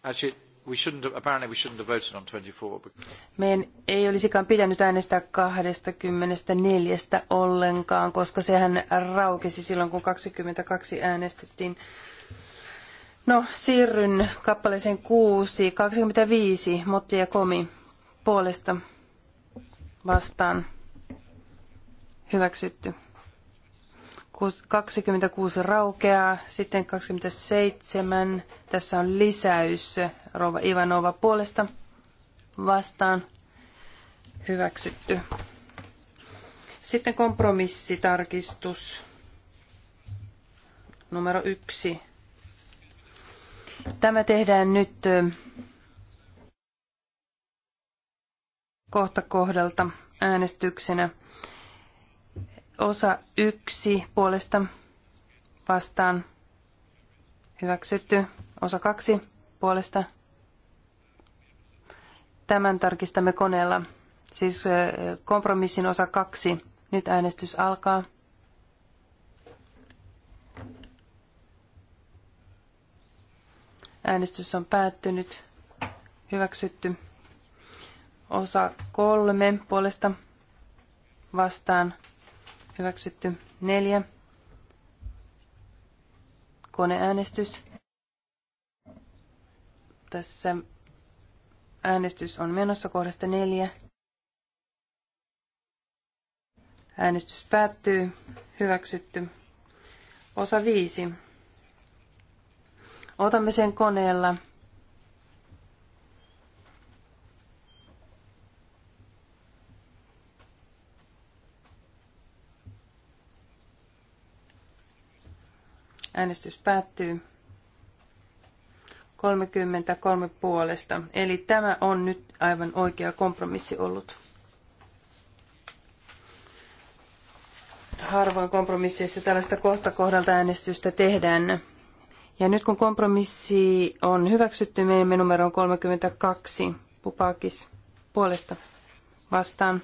Actually, we shouldn't have, apparently we shouldn't have voted on 24. Meidän ei olisikaan pitänyt äänestää 24 ollenkaan, koska sehän raukesi silloin, kun 22 äänestettiin. No, siirryn kappaleeseen 6, 25, Motti ja Komi puolesta vastaan hyväksytty. 26 raukeaa, sitten 27, tässä on lisäys Rova Ivanova puolesta vastaan hyväksytty. Sitten kompromissitarkistus numero yksi. Tämä tehdään nyt kohta kohdalta äänestyksenä. Osa yksi puolesta vastaan hyväksytty. Osa kaksi puolesta. Tämän tarkistamme koneella. Siis kompromissin osa kaksi. Nyt äänestys alkaa. Äänestys on päättynyt. Hyväksytty. Osa kolme puolesta vastaan hyväksytty neljä. Koneäänestys. Tässä äänestys on menossa kohdasta neljä. Äänestys päättyy. Hyväksytty. Osa viisi. Otamme sen koneella. Äänestys päättyy. 33 puolesta. Eli tämä on nyt aivan oikea kompromissi ollut. Harvoin kompromisseista tällaista kohta kohdalta äänestystä tehdään. Ja nyt kun kompromissi on hyväksytty, menemme numeroon 32. Pupakis puolesta vastaan.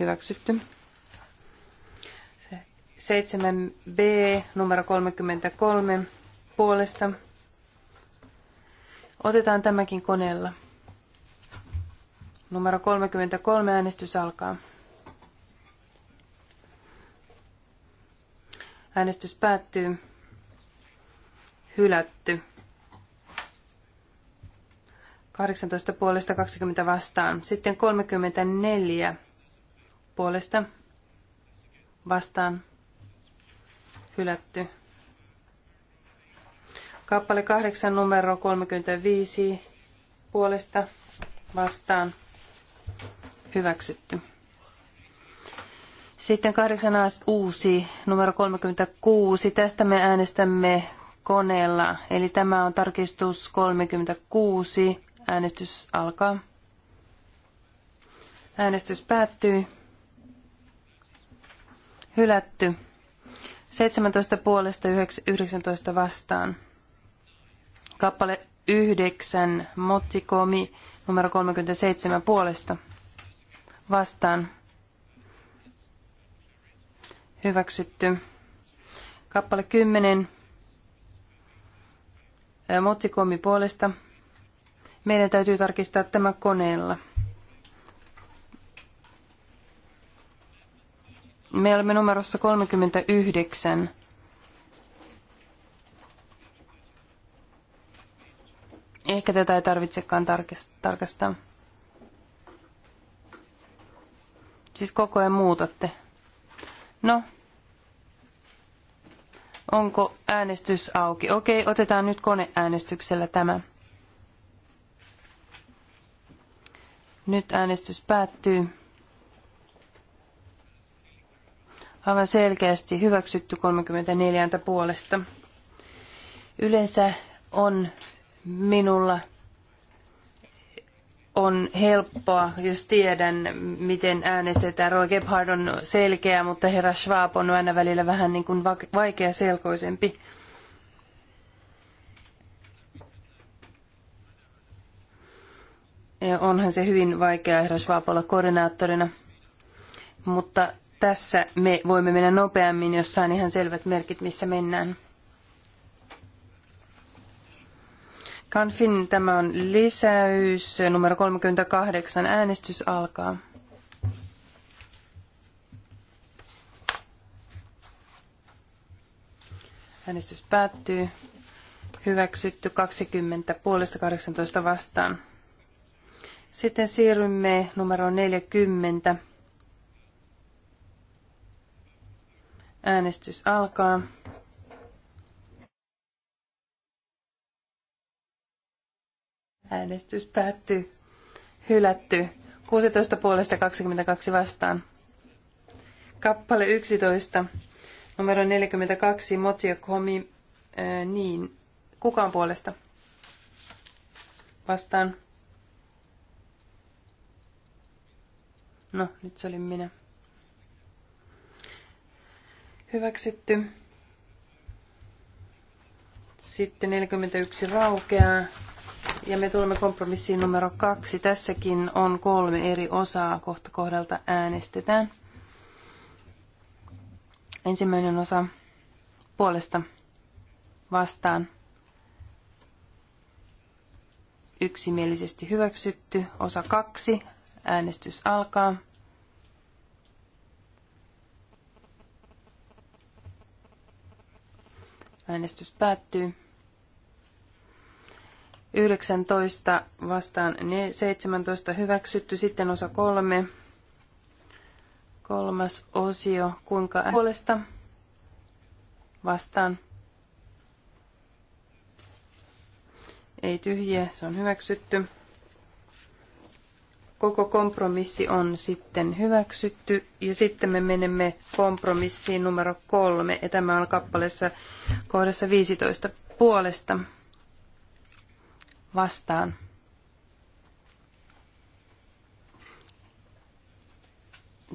Hyväksytty. 7b numero 33 puolesta. Otetaan tämäkin koneella. Numero 33 äänestys alkaa. Äänestys päättyy. Hylätty. 18 puolesta 20 vastaan. Sitten 34 puolesta vastaan hylätty. Kappale 8 numero 35 puolesta vastaan hyväksytty. Sitten 8 uusi numero 36. Tästä me äänestämme koneella. Eli tämä on tarkistus 36. Äänestys alkaa. Äänestys päättyy. Hylätty. 17 puolesta 19 vastaan. Kappale 9, Mottikomi, numero 37 puolesta vastaan. Hyväksytty. Kappale 10, Mottikomi puolesta. Meidän täytyy tarkistaa tämä koneella. Me olemme numerossa 39. Ehkä tätä ei tarvitsekaan tarkastaa. Siis koko ajan muutatte. No. Onko äänestys auki? Okei, otetaan nyt koneäänestyksellä tämä. Nyt äänestys päättyy. aivan selkeästi hyväksytty 34 puolesta. Yleensä on minulla on helppoa, jos tiedän, miten äänestetään. Roy Gebhard on selkeä, mutta herra Schwab on aina välillä vähän niin kuin vaikea selkoisempi. Ja onhan se hyvin vaikea herra Schwab olla koordinaattorina, mutta tässä me voimme mennä nopeammin, jos saan ihan selvät merkit, missä mennään. Kanfin tämä on lisäys. Numero 38 äänestys alkaa. Äänestys päättyy. Hyväksytty 20 puolesta 18 vastaan. Sitten siirrymme numero 40. Äänestys alkaa. Äänestys päättyy. Hylätty. 16 puolesta 22 vastaan. Kappale 11. Numero 42. Motio Komi. Äh, niin. Kukaan puolesta? Vastaan. No, nyt se oli minä. Hyväksytty. Sitten 41 raukeaa. Ja me tulemme kompromissiin numero kaksi. Tässäkin on kolme eri osaa. Kohta kohdalta äänestetään. Ensimmäinen osa puolesta vastaan. Yksimielisesti hyväksytty. Osa kaksi. Äänestys alkaa. Äänestys päättyy. 19 vastaan 17 hyväksytty. Sitten osa kolme. Kolmas osio. Kuinka puolesta vastaan. Ei tyhjiä, se on hyväksytty koko kompromissi on sitten hyväksytty. Ja sitten me menemme kompromissiin numero kolme, ja tämä on kappaleessa kohdassa 15 puolesta vastaan.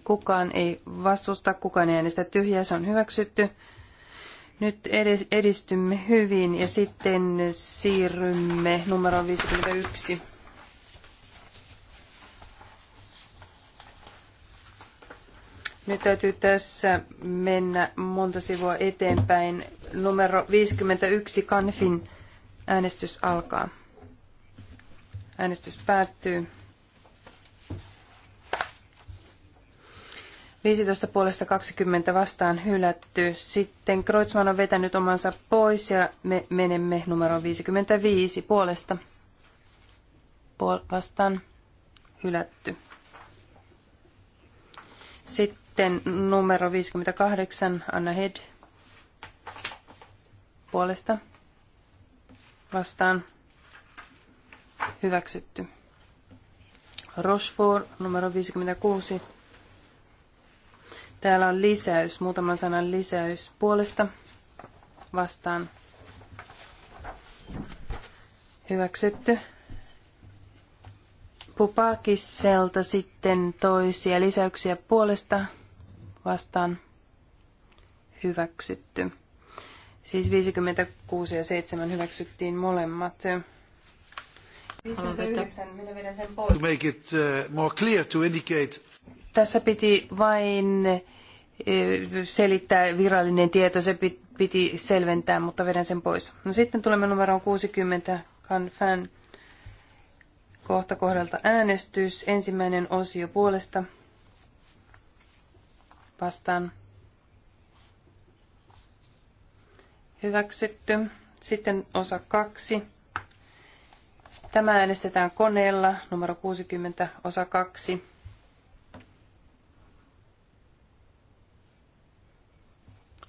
Kukaan ei vastusta, kukaan ei äänestä tyhjää, se on hyväksytty. Nyt edistymme hyvin ja sitten siirrymme numero 51 Nyt täytyy tässä mennä monta sivua eteenpäin. Numero 51 Kanfin äänestys alkaa. Äänestys päättyy. 15 puolesta 20 vastaan hylätty. Sitten Kreutzmann on vetänyt omansa pois ja me menemme numero 55 puolesta Puol- vastaan hylätty. Sitten sitten numero 58, Anna Head puolesta vastaan hyväksytty. Rochefort numero 56. Täällä on lisäys, muutaman sanan lisäys puolesta vastaan hyväksytty. Pupakiselta sitten toisia lisäyksiä puolesta vastaan hyväksytty. Siis 56 ja 7 hyväksyttiin molemmat. 59, minä vedän sen pois. Make it uh, more clear to indicate. Tässä piti vain eh, selittää virallinen tieto, se piti selventää, mutta vedän sen pois. No sitten tulemme numeroon 60, Kanfan kohta kohdalta äänestys, ensimmäinen osio puolesta vastaan hyväksytty. Sitten osa kaksi. Tämä äänestetään koneella, numero 60, osa kaksi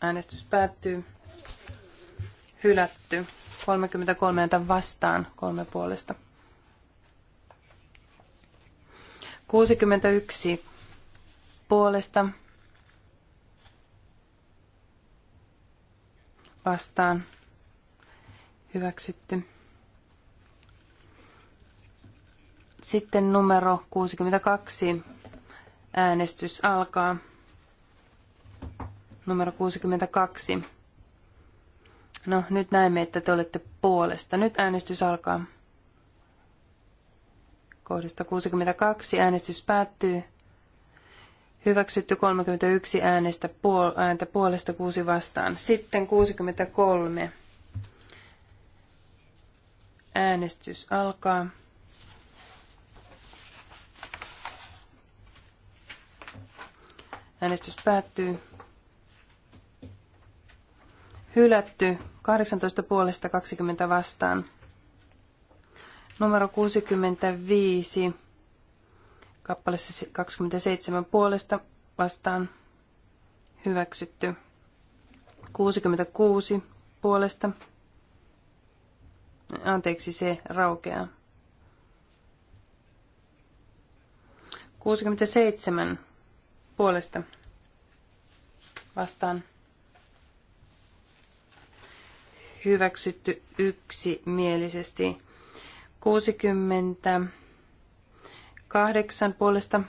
Äänestys päättyy. Hylätty. 33 vastaan, kolme puolesta. 61 puolesta vastaan hyväksytty. Sitten numero 62. Äänestys alkaa. Numero 62. No, nyt näemme, että te olette puolesta. Nyt äänestys alkaa. Kohdasta 62 äänestys päättyy. Hyväksytty 31 äänestä puol- ääntä puolesta kuusi vastaan. Sitten 63. Äänestys alkaa. Äänestys päättyy. Hylätty 18 puolesta 20 vastaan. Numero 65 kappaleessa 27 puolesta vastaan hyväksytty. 66 puolesta. Anteeksi, se raukeaa. 67 puolesta vastaan hyväksytty yksimielisesti. 60 kahdeksan puolesta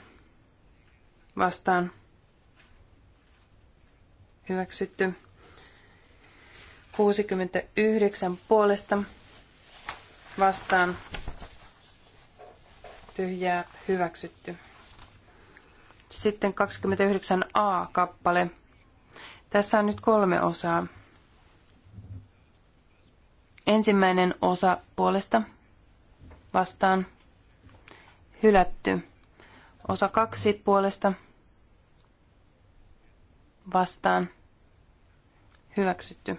vastaan hyväksytty. 69 puolesta vastaan tyhjää hyväksytty. Sitten 29a-kappale. Tässä on nyt kolme osaa. Ensimmäinen osa puolesta vastaan hylätty. Osa kaksi puolesta vastaan hyväksytty.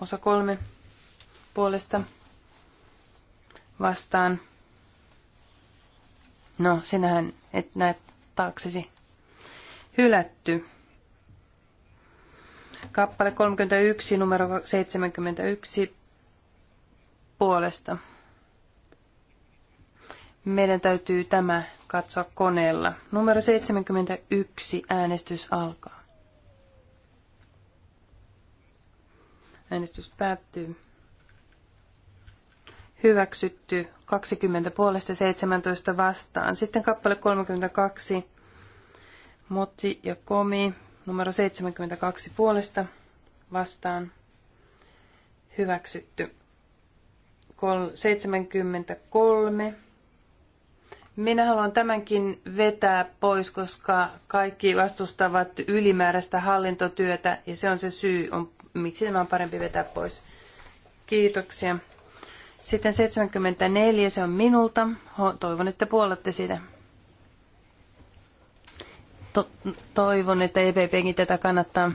Osa kolme puolesta vastaan. No, sinähän et näe taaksesi. Hylätty. Kappale 31, numero 71 puolesta meidän täytyy tämä katsoa koneella. Numero 71 äänestys alkaa. Äänestys päättyy. Hyväksytty 20 puolesta 17 vastaan. Sitten kappale 32. Moti ja Komi numero 72 puolesta vastaan. Hyväksytty 73 minä haluan tämänkin vetää pois, koska kaikki vastustavat ylimääräistä hallintotyötä ja se on se syy, on, miksi tämä on parempi vetää pois. Kiitoksia. Sitten 74, se on minulta. Toivon, että puolatte sitä. To- toivon, että EPPkin tätä kannattaa.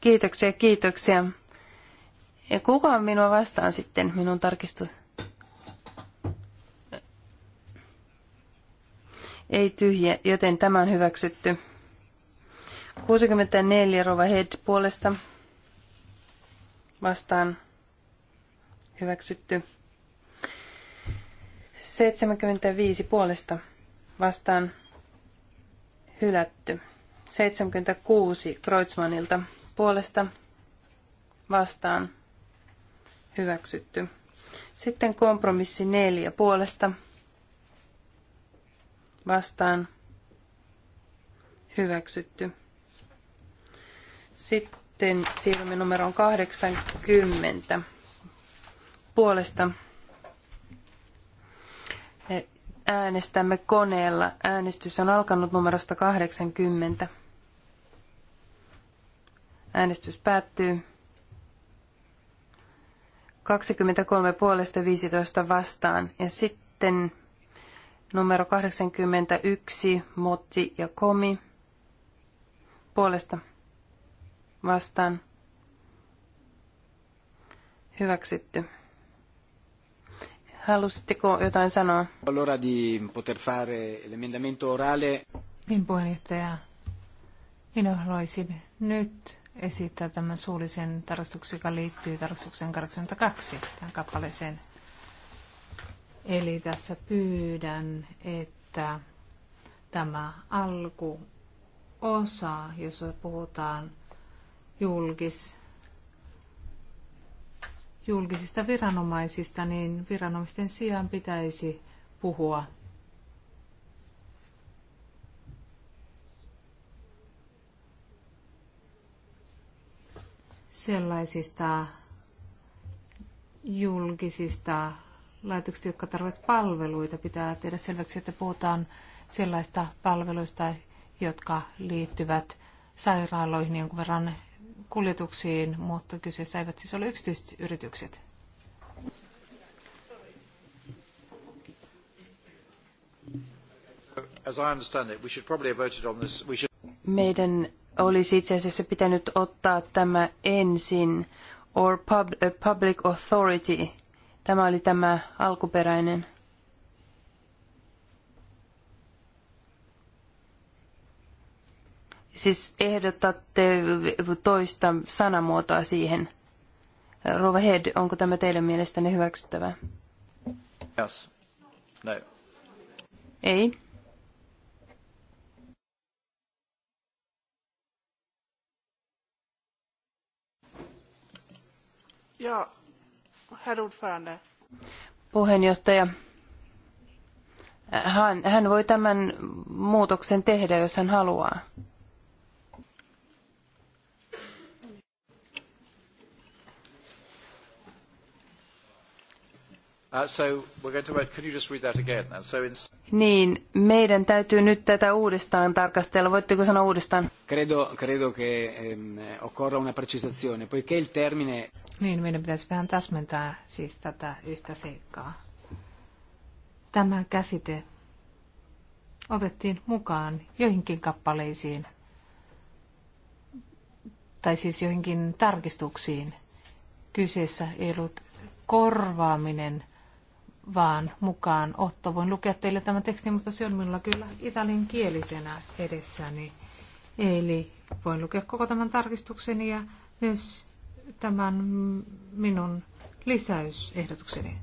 Kiitoksia, kiitoksia. Ja kuka on minua vastaan sitten, minun tarkistus? ei tyhjä, joten tämä on hyväksytty. 64 Rova Head puolesta vastaan hyväksytty. 75 puolesta vastaan hylätty. 76 Kreutzmannilta puolesta vastaan hyväksytty. Sitten kompromissi 4 puolesta vastaan hyväksytty. Sitten siirrymme numeroon 80 puolesta. Äänestämme koneella. Äänestys on alkanut numerosta 80. Äänestys päättyy. 23 puolesta 15 vastaan. Ja sitten Numero 81, Motti ja Komi. Puolesta vastaan. Hyväksytty. Halusitteko jotain sanoa? Allora di poter fare l'emendamento orale. Niin puheenjohtaja, minä haluaisin nyt esittää tämän suullisen tarkastuksen, joka liittyy tarkastuksen 82 tämän kappaleeseen Eli tässä pyydän, että tämä alkuosa, jos puhutaan julkis, julkisista viranomaisista, niin viranomaisten sijaan pitäisi puhua sellaisista julkisista laitokset, jotka tarvitsevat palveluita. Pitää tehdä selväksi, että puhutaan sellaista palveluista, jotka liittyvät sairaaloihin jonkun verran kuljetuksiin, mutta kyseessä eivät siis ole yksityiset yritykset. Meidän olisi itse asiassa pitänyt ottaa tämä ensin, or pub, a eh, public authority Tämä oli tämä alkuperäinen. Siis ehdotatte toista sanamuotoa siihen. Rova Head, onko tämä teidän mielestänne hyväksyttävää? Yes. No. Ei. Ja, herr ordförande. Puheenjohtaja, hän, hän voi tämän muutoksen tehdä, jos hän haluaa. Niin, meidän täytyy nyt tätä uudestaan tarkastella. Voitteko sanoa uudestaan? Credo, credo che ehm, occorra una precisazione, poiché il termine... Niin, meidän pitäisi vähän täsmentää siis tätä yhtä seikkaa. Tämä käsite otettiin mukaan joihinkin kappaleisiin, tai siis joihinkin tarkistuksiin. Kyseessä ei ollut korvaaminen – vaan mukaan otto. Voin lukea teille tämän tekstin, mutta se on minulla kyllä italiankielisenä edessäni. Eli voin lukea koko tämän tarkistukseni ja myös tämän minun lisäysehdotukseni.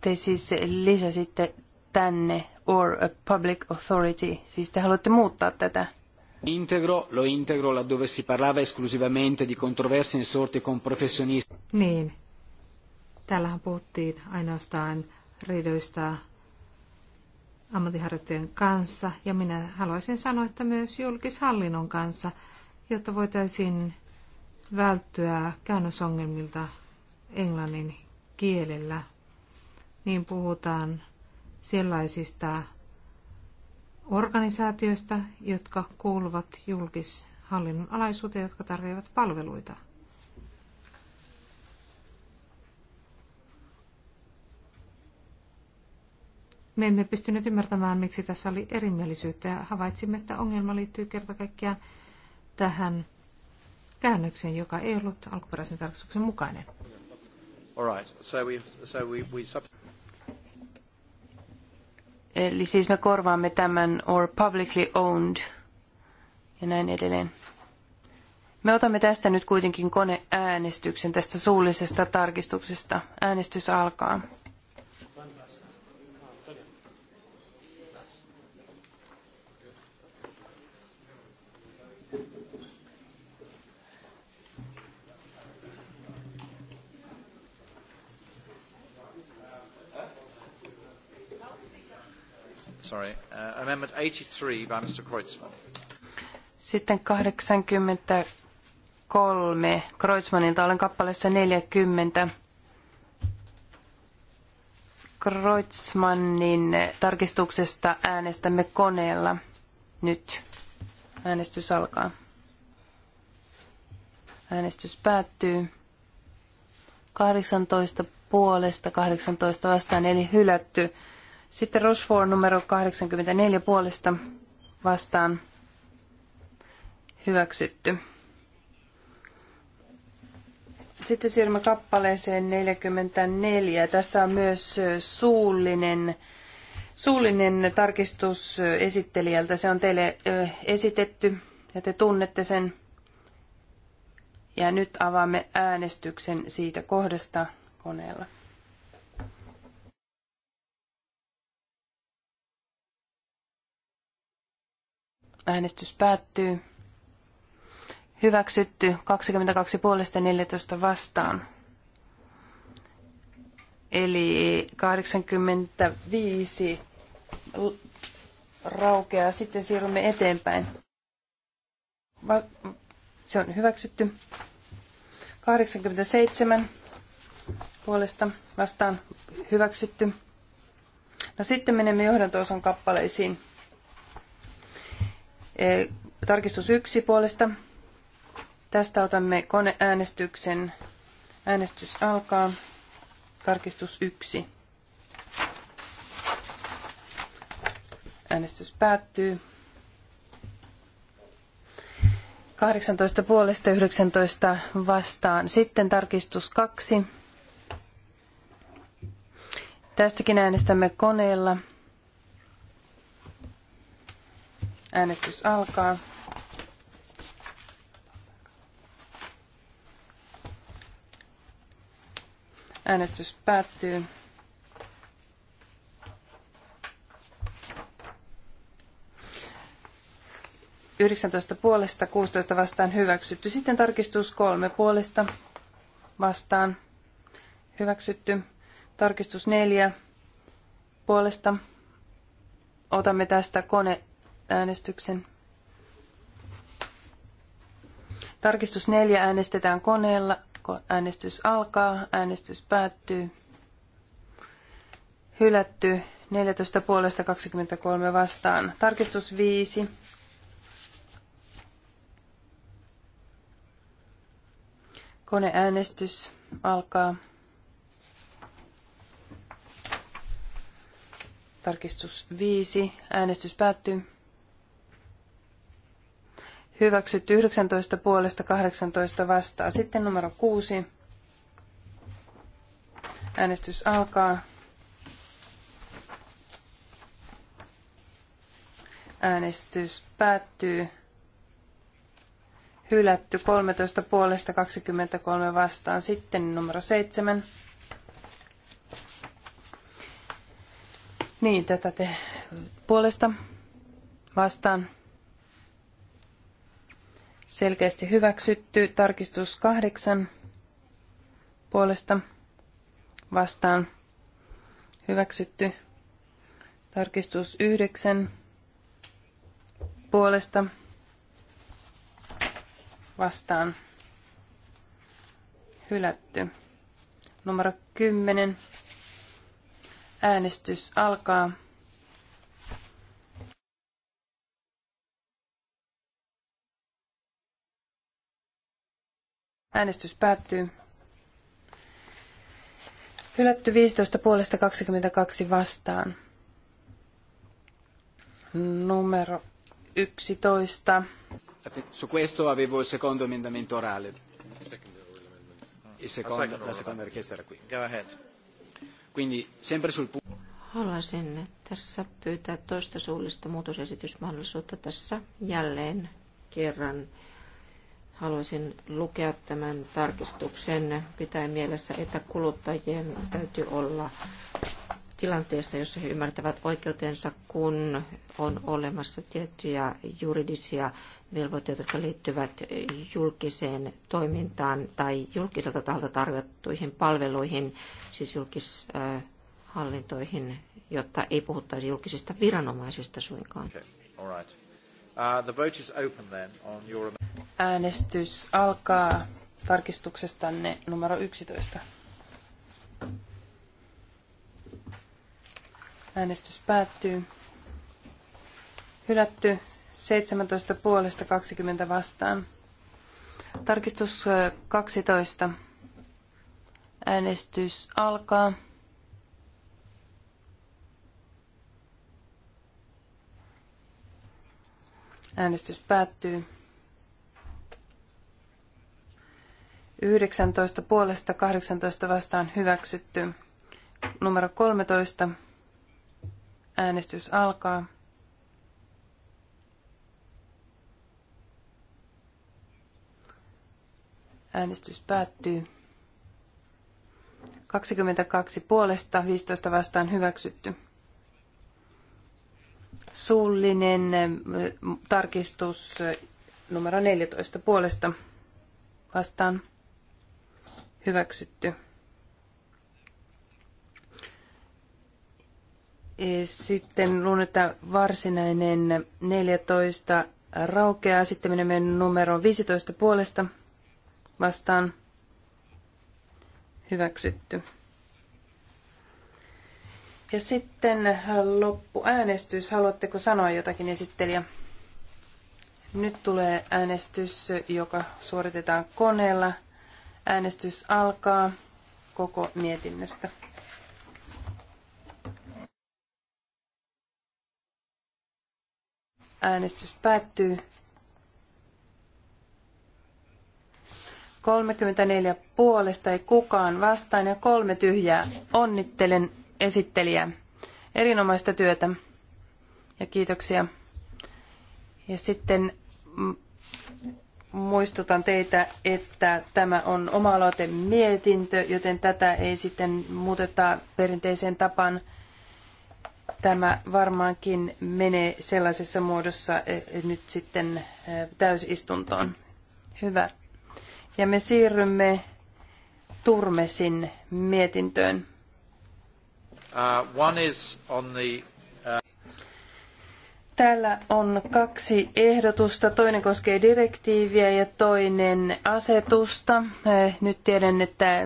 Te siis lisäsitte tänne or a public authority, siis te haluatte muuttaa tätä. Integro, lo integro laddove si parlava esclusivamente di controversie insorte con professionisti. Niin, Täällähän puhuttiin ainoastaan riidoista ammattiharjoittajien kanssa ja minä haluaisin sanoa, että myös julkishallinnon kanssa, jotta voitaisiin välttyä käännösongelmilta englannin kielellä, niin puhutaan sellaisista organisaatioista, jotka kuuluvat julkishallinnon alaisuuteen, jotka tarvitsevat palveluita Me emme pystyneet ymmärtämään, miksi tässä oli erimielisyyttä ja havaitsimme, että ongelma liittyy kerta kaikkiaan tähän käännökseen, joka ei ollut alkuperäisen tarkastuksen mukainen. Eli siis me korvaamme tämän or publicly owned ja näin edelleen. Me otamme tästä nyt kuitenkin koneäänestyksen tästä suullisesta tarkistuksesta. Äänestys alkaa. sorry. Uh, amendment 83 by Mr. Kreutzmann. Sitten 83 Kreutzmannilta olen kappaleessa 40. Kreutzmannin tarkistuksesta äänestämme koneella nyt. Äänestys alkaa. Äänestys päättyy. 18 puolesta, 18 vastaan, eli hylätty. Sitten Rochefort numero 84 puolesta vastaan hyväksytty. Sitten siirrymme kappaleeseen 44. Tässä on myös suullinen, suullinen tarkistus esittelijältä. Se on teille esitetty ja te tunnette sen. Ja nyt avaamme äänestyksen siitä kohdasta koneella. Äänestys päättyy. Hyväksytty 22 puolesta 14 vastaan. Eli 85 raukeaa. Sitten siirrymme eteenpäin. se on hyväksytty. 87 puolesta vastaan hyväksytty. No sitten menemme johdantoosan kappaleisiin. Eh, tarkistus yksi puolesta. Tästä otamme koneäänestyksen. Äänestys alkaa. Tarkistus yksi. Äänestys päättyy. 18 puolesta 19 vastaan. Sitten tarkistus kaksi. Tästäkin äänestämme koneella. Äänestys alkaa. Äänestys päättyy. Yhdeksäntoista puolesta, 16 vastaan hyväksytty. Sitten tarkistus kolme puolesta vastaan hyväksytty. Tarkistus neljä puolesta. Otamme tästä kone äänestyksen. Tarkistus 4 äänestetään koneella. Äänestys alkaa, äänestys päättyy. Hylätty 14 puolesta 23 vastaan. Tarkistus 5. Koneäänestys alkaa. Tarkistus 5. Äänestys päättyy hyväksytty 19 puolesta 18 vastaan. Sitten numero 6. Äänestys alkaa. Äänestys päättyy. Hylätty 13 puolesta 23 vastaan. Sitten numero 7. Niin, tätä te puolesta vastaan selkeästi hyväksytty. Tarkistus kahdeksan puolesta vastaan hyväksytty. Tarkistus yhdeksän puolesta vastaan hylätty. Numero kymmenen Äänestys alkaa. Äänestys päättyy. Hylätty 15 puolesta 22 vastaan. Numero 11. Su questo avevo il secondo emendamento orale. Il secondo, la seconda richiesta era qui. Go ahead. Quindi sempre sul punto. Haluaisin tässä pyytää toista suullista muutosesitysmahdollisuutta tässä jälleen kerran haluaisin lukea tämän tarkistuksen pitää mielessä, että kuluttajien täytyy olla tilanteessa, jossa he ymmärtävät oikeutensa, kun on olemassa tiettyjä juridisia velvoitteita, jotka liittyvät julkiseen toimintaan tai julkiselta taholta tarjottuihin palveluihin, siis julkishallintoihin, jotta ei puhuttaisi julkisista viranomaisista suinkaan. Okay. All right. uh, the vote is open then on your... Äänestys alkaa tarkistuksestanne numero 11. Äänestys päättyy. Hylätty 17 puolesta 20 vastaan. Tarkistus 12. Äänestys alkaa. Äänestys päättyy. 19 puolesta 18 vastaan hyväksytty. Numero 13. Äänestys alkaa. Äänestys päättyy. 22 puolesta 15 vastaan hyväksytty. Suullinen tarkistus numero 14 puolesta vastaan Hyväksytty. E, sitten että varsinainen 14 raukeaa. Sitten menemme numeroon 15 puolesta vastaan. Hyväksytty. Ja sitten loppuäänestys. Haluatteko sanoa jotakin esittelijä? Nyt tulee äänestys, joka suoritetaan koneella. Äänestys alkaa koko mietinnöstä. Äänestys päättyy. 34 puolesta ei kukaan vastaan ja kolme tyhjää. Onnittelen esittelijää. Erinomaista työtä ja kiitoksia. Ja sitten muistutan teitä, että tämä on oma mietintö, joten tätä ei sitten muuteta perinteiseen tapaan. Tämä varmaankin menee sellaisessa muodossa e, e, nyt sitten e, täysistuntoon. Hyvä. Ja me siirrymme Turmesin mietintöön. Uh, one is on the Täällä on kaksi ehdotusta. Toinen koskee direktiiviä ja toinen asetusta. Eh, nyt tiedän, että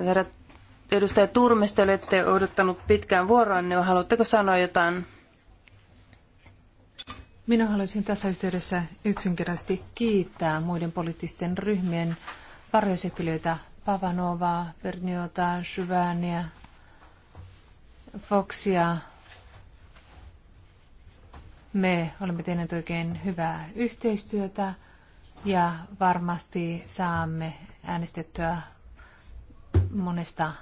edustaja Turmes, te olette odottanut pitkään vuoroon, niin haluatteko sanoa jotain? Minä haluaisin tässä yhteydessä yksinkertaisesti kiittää muiden poliittisten ryhmien varjoesittelijöitä Pavanovaa, Verniota, Syvääniä, Foxia, me olemme tehneet oikein hyvää yhteistyötä ja varmasti saamme äänestettyä monesta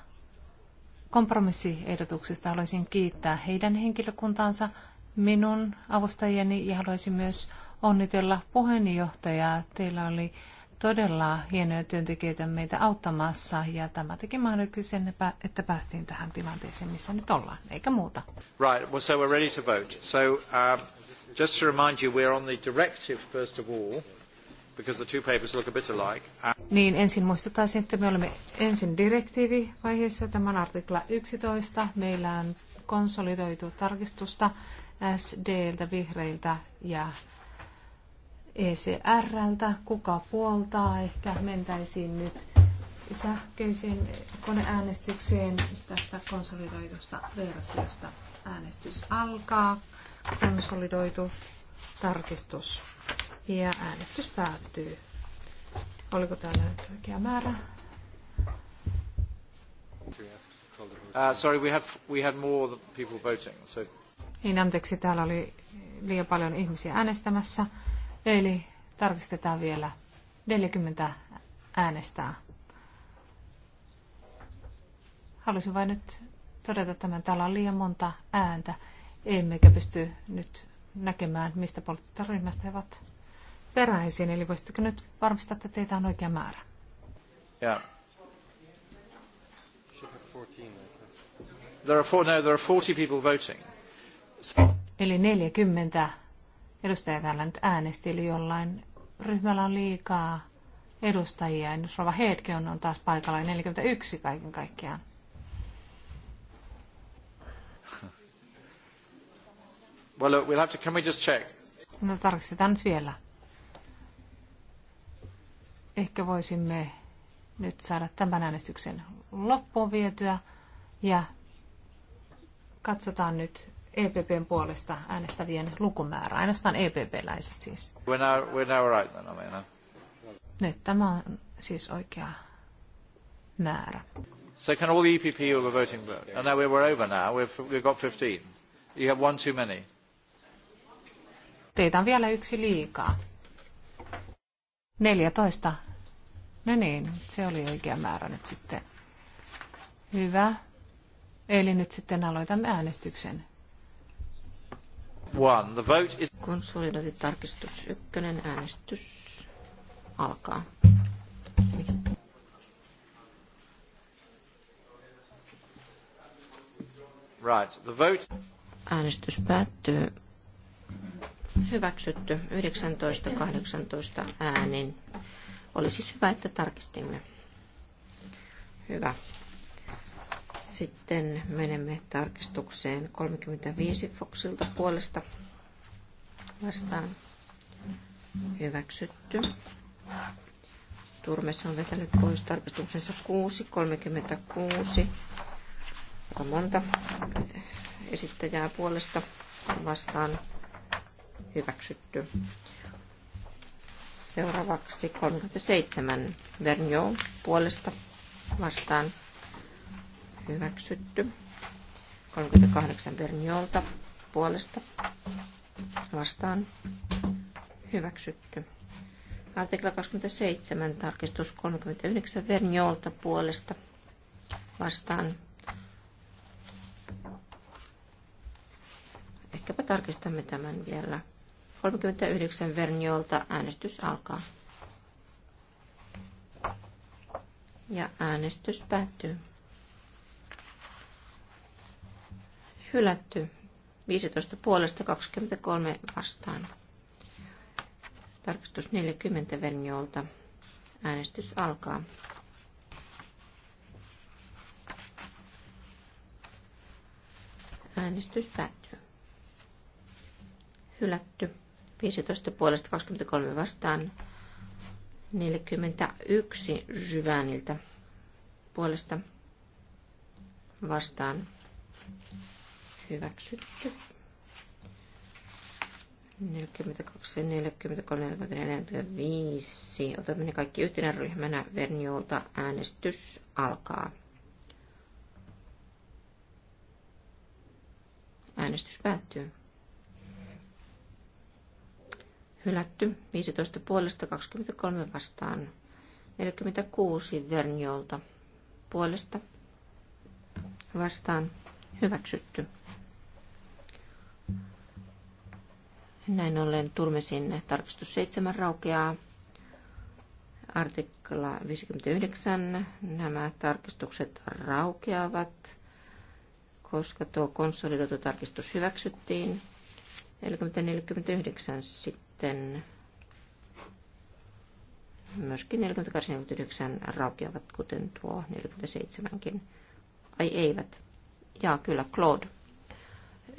kompromissiehdotuksesta. Haluaisin kiittää heidän henkilökuntaansa, minun avustajieni ja haluaisin myös onnitella puheenjohtajaa. Teillä oli todella hienoja työntekijöitä meitä auttamassa ja tämä teki mahdolliseksi sen, että päästiin tähän tilanteeseen, missä nyt ollaan, eikä muuta. Right, well, so we're ready to vote. So, uh... Just to remind you, we're on the directive first of all, because the two papers look a bit alike. Niin, ensin muistuttaisin, että me olemme ensin direktiivivaiheessa. Tämän artikla 11. Meillä on konsolidoitu tarkistusta SDltä, vihreiltä ja ECRltä. Kuka puoltaa? Ehkä mentäisiin nyt sähköisen koneäänestykseen tästä konsolidoidusta versiosta. Äänestys alkaa konsolidoitu tarkistus. Ja äänestys päättyy. Oliko täällä nyt oikea määrä? Uh, sorry, we had, we had more people voting. So... Niin, anteeksi, täällä oli liian paljon ihmisiä äänestämässä. Eli tarkistetaan vielä 40 äänestää. Haluaisin vain nyt todeta tämän, täällä on liian monta ääntä emmekä pysty nyt näkemään, mistä poliittisesta ryhmästä he ovat peräisin. Eli voisitteko nyt varmistaa, että teitä on oikea määrä? Yeah. There are, four, no, there are 40 people voting. So... Eli 40 edustajaa täällä nyt äänesti, eli jollain ryhmällä on liikaa edustajia. Jos Rova Heedke on, on taas paikalla, 41 kaiken kaikkiaan. Well, look, we'll have to, can we just check? No tarkistetaan nyt vielä. Ehkä voisimme nyt saada tämän äänestyksen loppuun vietyä ja katsotaan nyt EPPn puolesta äänestävien lukumäärä, ainoastaan EPP-läiset siis. We're now, we're now right, then, I mean, Nyt tämä on siis oikea määrä. So can all the EPP who were voting vote? And oh, now we're over now. We've, we've got 15. You have one too many. Teitä on vielä yksi liikaa. 14. No niin, se oli oikea määrä nyt sitten. Hyvä. Eli nyt sitten aloitamme äänestyksen. One. The vote is... Konsolidointitarkistus ykkönen. Äänestys alkaa. Right. The vote... Äänestys päättyy hyväksytty 19-18 äänin. Oli siis hyvä, että tarkistimme. Hyvä. Sitten menemme tarkistukseen 35 Foxilta puolesta vastaan hyväksytty. Turmes on vetänyt pois tarkistuksensa 6, 36, aika monta esittäjää puolesta vastaan hyväksytty. Seuraavaksi 37 Vernio puolesta vastaan hyväksytty. 38 Verniolta puolesta vastaan hyväksytty. Artikla 27, tarkistus 39 Verniolta puolesta vastaan Ehkäpä tarkistamme tämän vielä. 39 Verniolta äänestys alkaa. Ja äänestys päättyy. Hylätty. 15 puolesta 23 vastaan. Tarkistus 40 Verniolta. Äänestys alkaa. Äänestys päättyy hylätty. 15 puolesta 23 vastaan. 41 syvääniltä puolesta vastaan hyväksytty. 42, 43, 44, 45. Otamme ne kaikki yhtenä ryhmänä. Verniolta äänestys alkaa. Äänestys päättyy. Hylätty 15 puolesta 23 vastaan. 46 Verniolta puolesta vastaan hyväksytty. Näin ollen Turmesin tarkistus 7 raukeaa. Artikla 59. Nämä tarkistukset raukeavat, koska tuo konsolidoitu tarkistus hyväksyttiin. 4049 sitten sitten myöskin 48-49 raukeavat, kuten tuo 47kin. Ai eivät. Jaa, kyllä, Claude.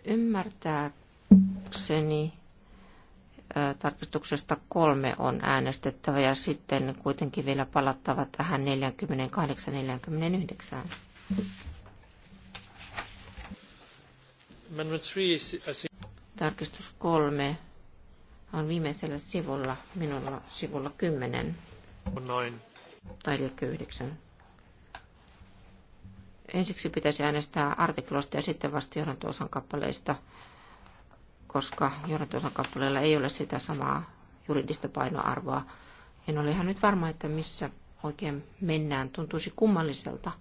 Ymmärtääkseni ä, tarkistuksesta kolme on äänestettävä ja sitten kuitenkin vielä palattava tähän 48-49. Tarkistus kolme on viimeisellä sivulla, minulla sivulla 10. On noin. Tai liekö 9. Ensiksi pitäisi äänestää artiklosta ja sitten vasta johdanto kappaleista, koska johdanto kappaleilla ei ole sitä samaa juridista painoarvoa. En ole ihan nyt varma, että missä oikein mennään. Tuntuisi kummalliselta.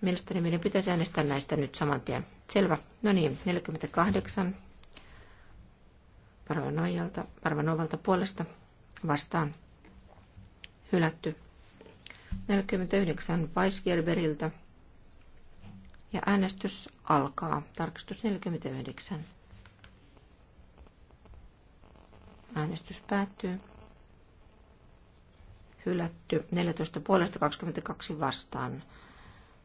Mielestäni meidän pitäisi äänestää näistä nyt saman tien. Selvä. No niin, 48 Parvanoijalta, Parvanovalta puolesta vastaan hylätty. 49 Weisgerberiltä ja äänestys alkaa. Tarkistus 49. Äänestys päättyy. Hylätty 14 puolesta 22 vastaan.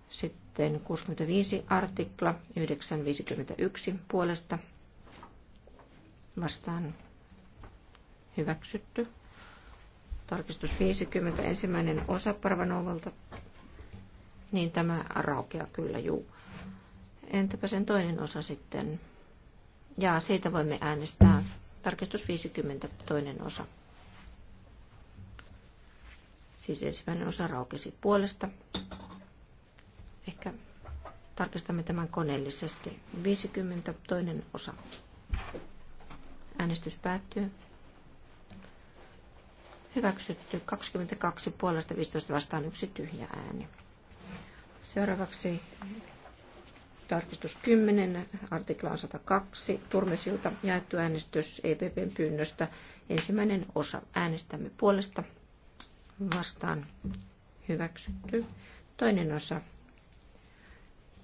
Sitten 65 artikla 951 puolesta vastaan hyväksytty. Tarkistus 50, ensimmäinen osa Parvanovalta. Niin tämä raukeaa kyllä, juu. Entäpä sen toinen osa sitten? Ja siitä voimme äänestää. Tarkistus 50, toinen osa. Siis ensimmäinen osa raukesi puolesta. Ehkä tarkistamme tämän koneellisesti. 50, toinen osa. Äänestys päättyy. Hyväksytty 22 puolesta 15 vastaan yksi tyhjä ääni. Seuraavaksi tarkistus 10, artikla 102, Turmesilta jaettu äänestys EPPn pyynnöstä. Ensimmäinen osa äänestämme puolesta vastaan hyväksytty. Toinen osa.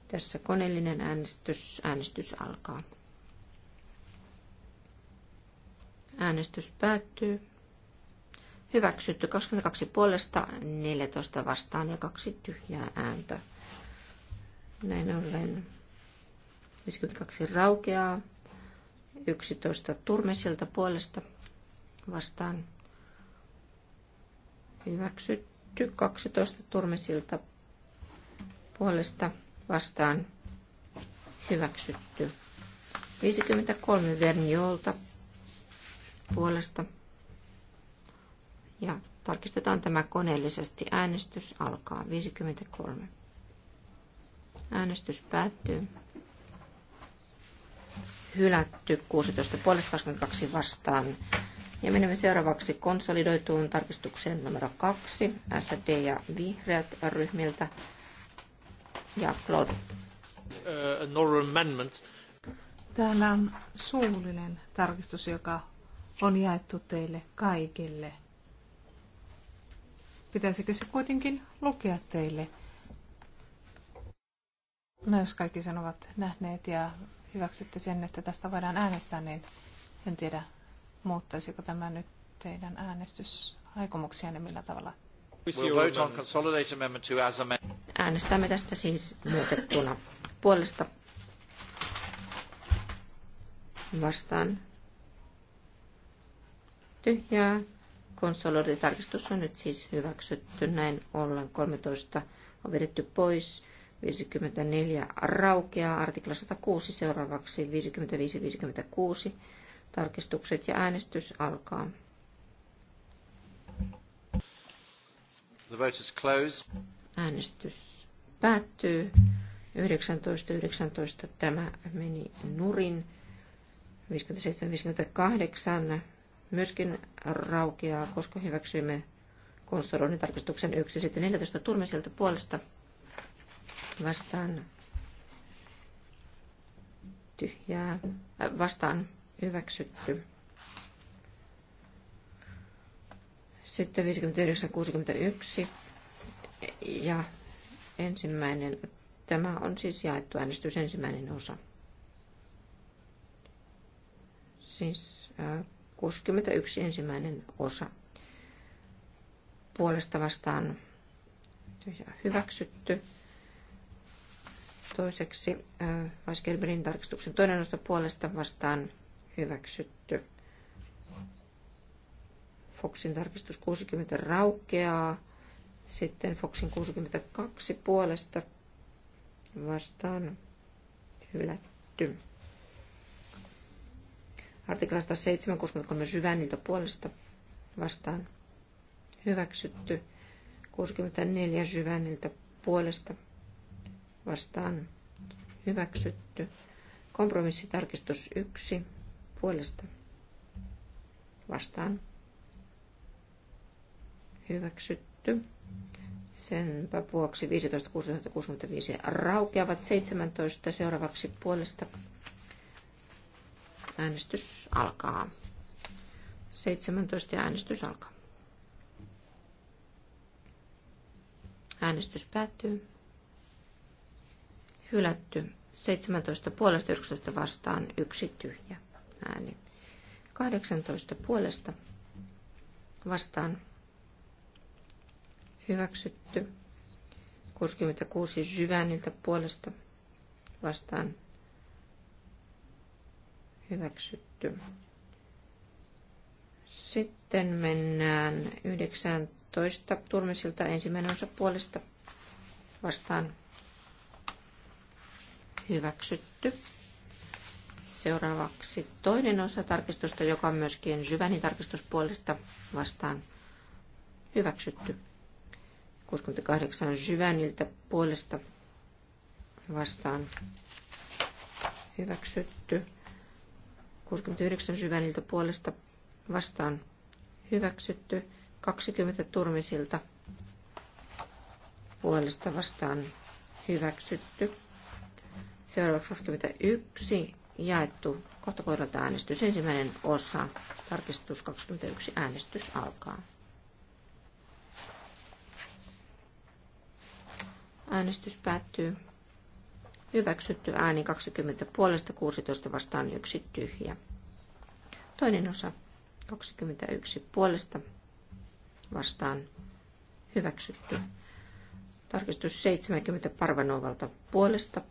Tässä koneellinen äänestys. Äänestys alkaa. Äänestys päättyy. Hyväksytty 22 puolesta, 14 vastaan ja kaksi tyhjää ääntä. Näin ollen 52 raukeaa, 11 turmesilta puolesta vastaan. Hyväksytty 12 turmesilta puolesta vastaan. Hyväksytty 53 Verniolta puolesta. Ja tarkistetaan tämä koneellisesti. Äänestys alkaa 53. Äänestys päättyy. Hylätty 16 puolesta 22 vastaan. Ja menemme seuraavaksi konsolidoituun tarkistukseen numero 2, SD ja vihreät ryhmiltä. Ja Claude. Uh, Täällä on suullinen tarkistus, joka on jaettu teille kaikille. Pitäisikö se kuitenkin lukea teille? No jos kaikki sen ovat nähneet ja hyväksytte sen, että tästä voidaan äänestää, niin en tiedä, muuttaisiko tämä nyt teidän äänestysaikomuksianne niin millä tavalla. Äänestämme tästä siis muutettuna puolesta vastaan tyhjää. Konsoloiditarkistus on nyt siis hyväksytty. Näin ollen 13 on vedetty pois. 54 raukeaa. Artikla 106 seuraavaksi 55-56 tarkistukset ja äänestys alkaa. The vote is closed. Äänestys päättyy. 19.19 19. tämä meni nurin. 57-58 myöskin raukeaa, koska hyväksyimme konstoroinnin tarkistuksen 1. Sitten 14 turmiselta puolesta vastaan tyhjää, äh, vastaan hyväksytty. Sitten 59.61 ja ensimmäinen, tämä on siis jaettu äänestys ensimmäinen osa. Siis äh, 61 ensimmäinen osa. Puolesta vastaan hyväksytty. Toiseksi Vaskelberin tarkistuksen toinen osa puolesta vastaan hyväksytty. Foxin tarkistus 60 raukeaa. Sitten Foxin 62 puolesta vastaan hylätty. Artikla 107, 63 syvään niiltä puolesta vastaan hyväksytty. 64 syvään niiltä puolesta vastaan hyväksytty. Kompromissitarkistus 1 puolesta vastaan hyväksytty. Senpä vuoksi 15.65 raukeavat 17. Seuraavaksi puolesta Äänestys alkaa. 17 äänestys alkaa. Äänestys päättyy. Hylätty. 17 puolesta 11 vastaan yksi tyhjä ääni. 18 puolesta vastaan hyväksytty. 66 syvänniltä puolesta vastaan Hyväksytty. Sitten mennään 19 turmisilta ensimmäinen osa puolesta vastaan. Hyväksytty. Seuraavaksi toinen osa tarkistusta, joka on myöskin syväni tarkistuspuolesta vastaan hyväksytty. 68 syväniltä puolesta vastaan hyväksytty. 69 syväniltä puolesta vastaan hyväksytty. 20 turmisilta puolesta vastaan hyväksytty. Seuraavaksi 21 jaettu kohta kohdalta äänestys. Ensimmäinen osa, tarkistus 21, äänestys alkaa. Äänestys päättyy hyväksytty ääni 20 puolesta 16 vastaan yksi tyhjä. Toinen osa 21 puolesta vastaan hyväksytty. Tarkistus 70 Parvanovalta puolesta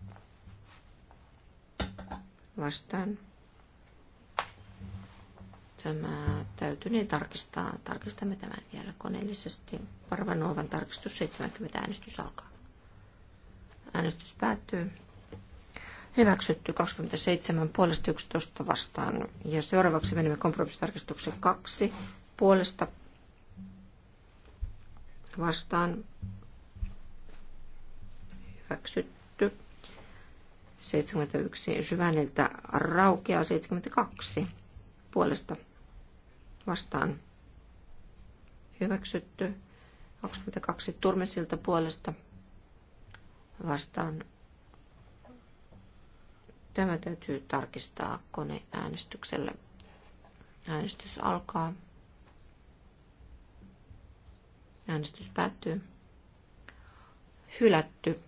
vastaan. Tämä täytyy niin tarkistaa. Tarkistamme tämän vielä koneellisesti. Parvanovan tarkistus 70 äänestys alkaa. Äänestys päättyy. Hyväksytty 27 puolesta 11 vastaan. Ja seuraavaksi menemme kompromissitarkistuksen 2 puolesta vastaan. Hyväksytty. 71 syväniltä raukeaa 72 puolesta vastaan. Hyväksytty. 22 turmesilta puolesta vastaan Tämä täytyy tarkistaa koneäänestyksellä. Äänestys alkaa. Äänestys päättyy. Hylätty.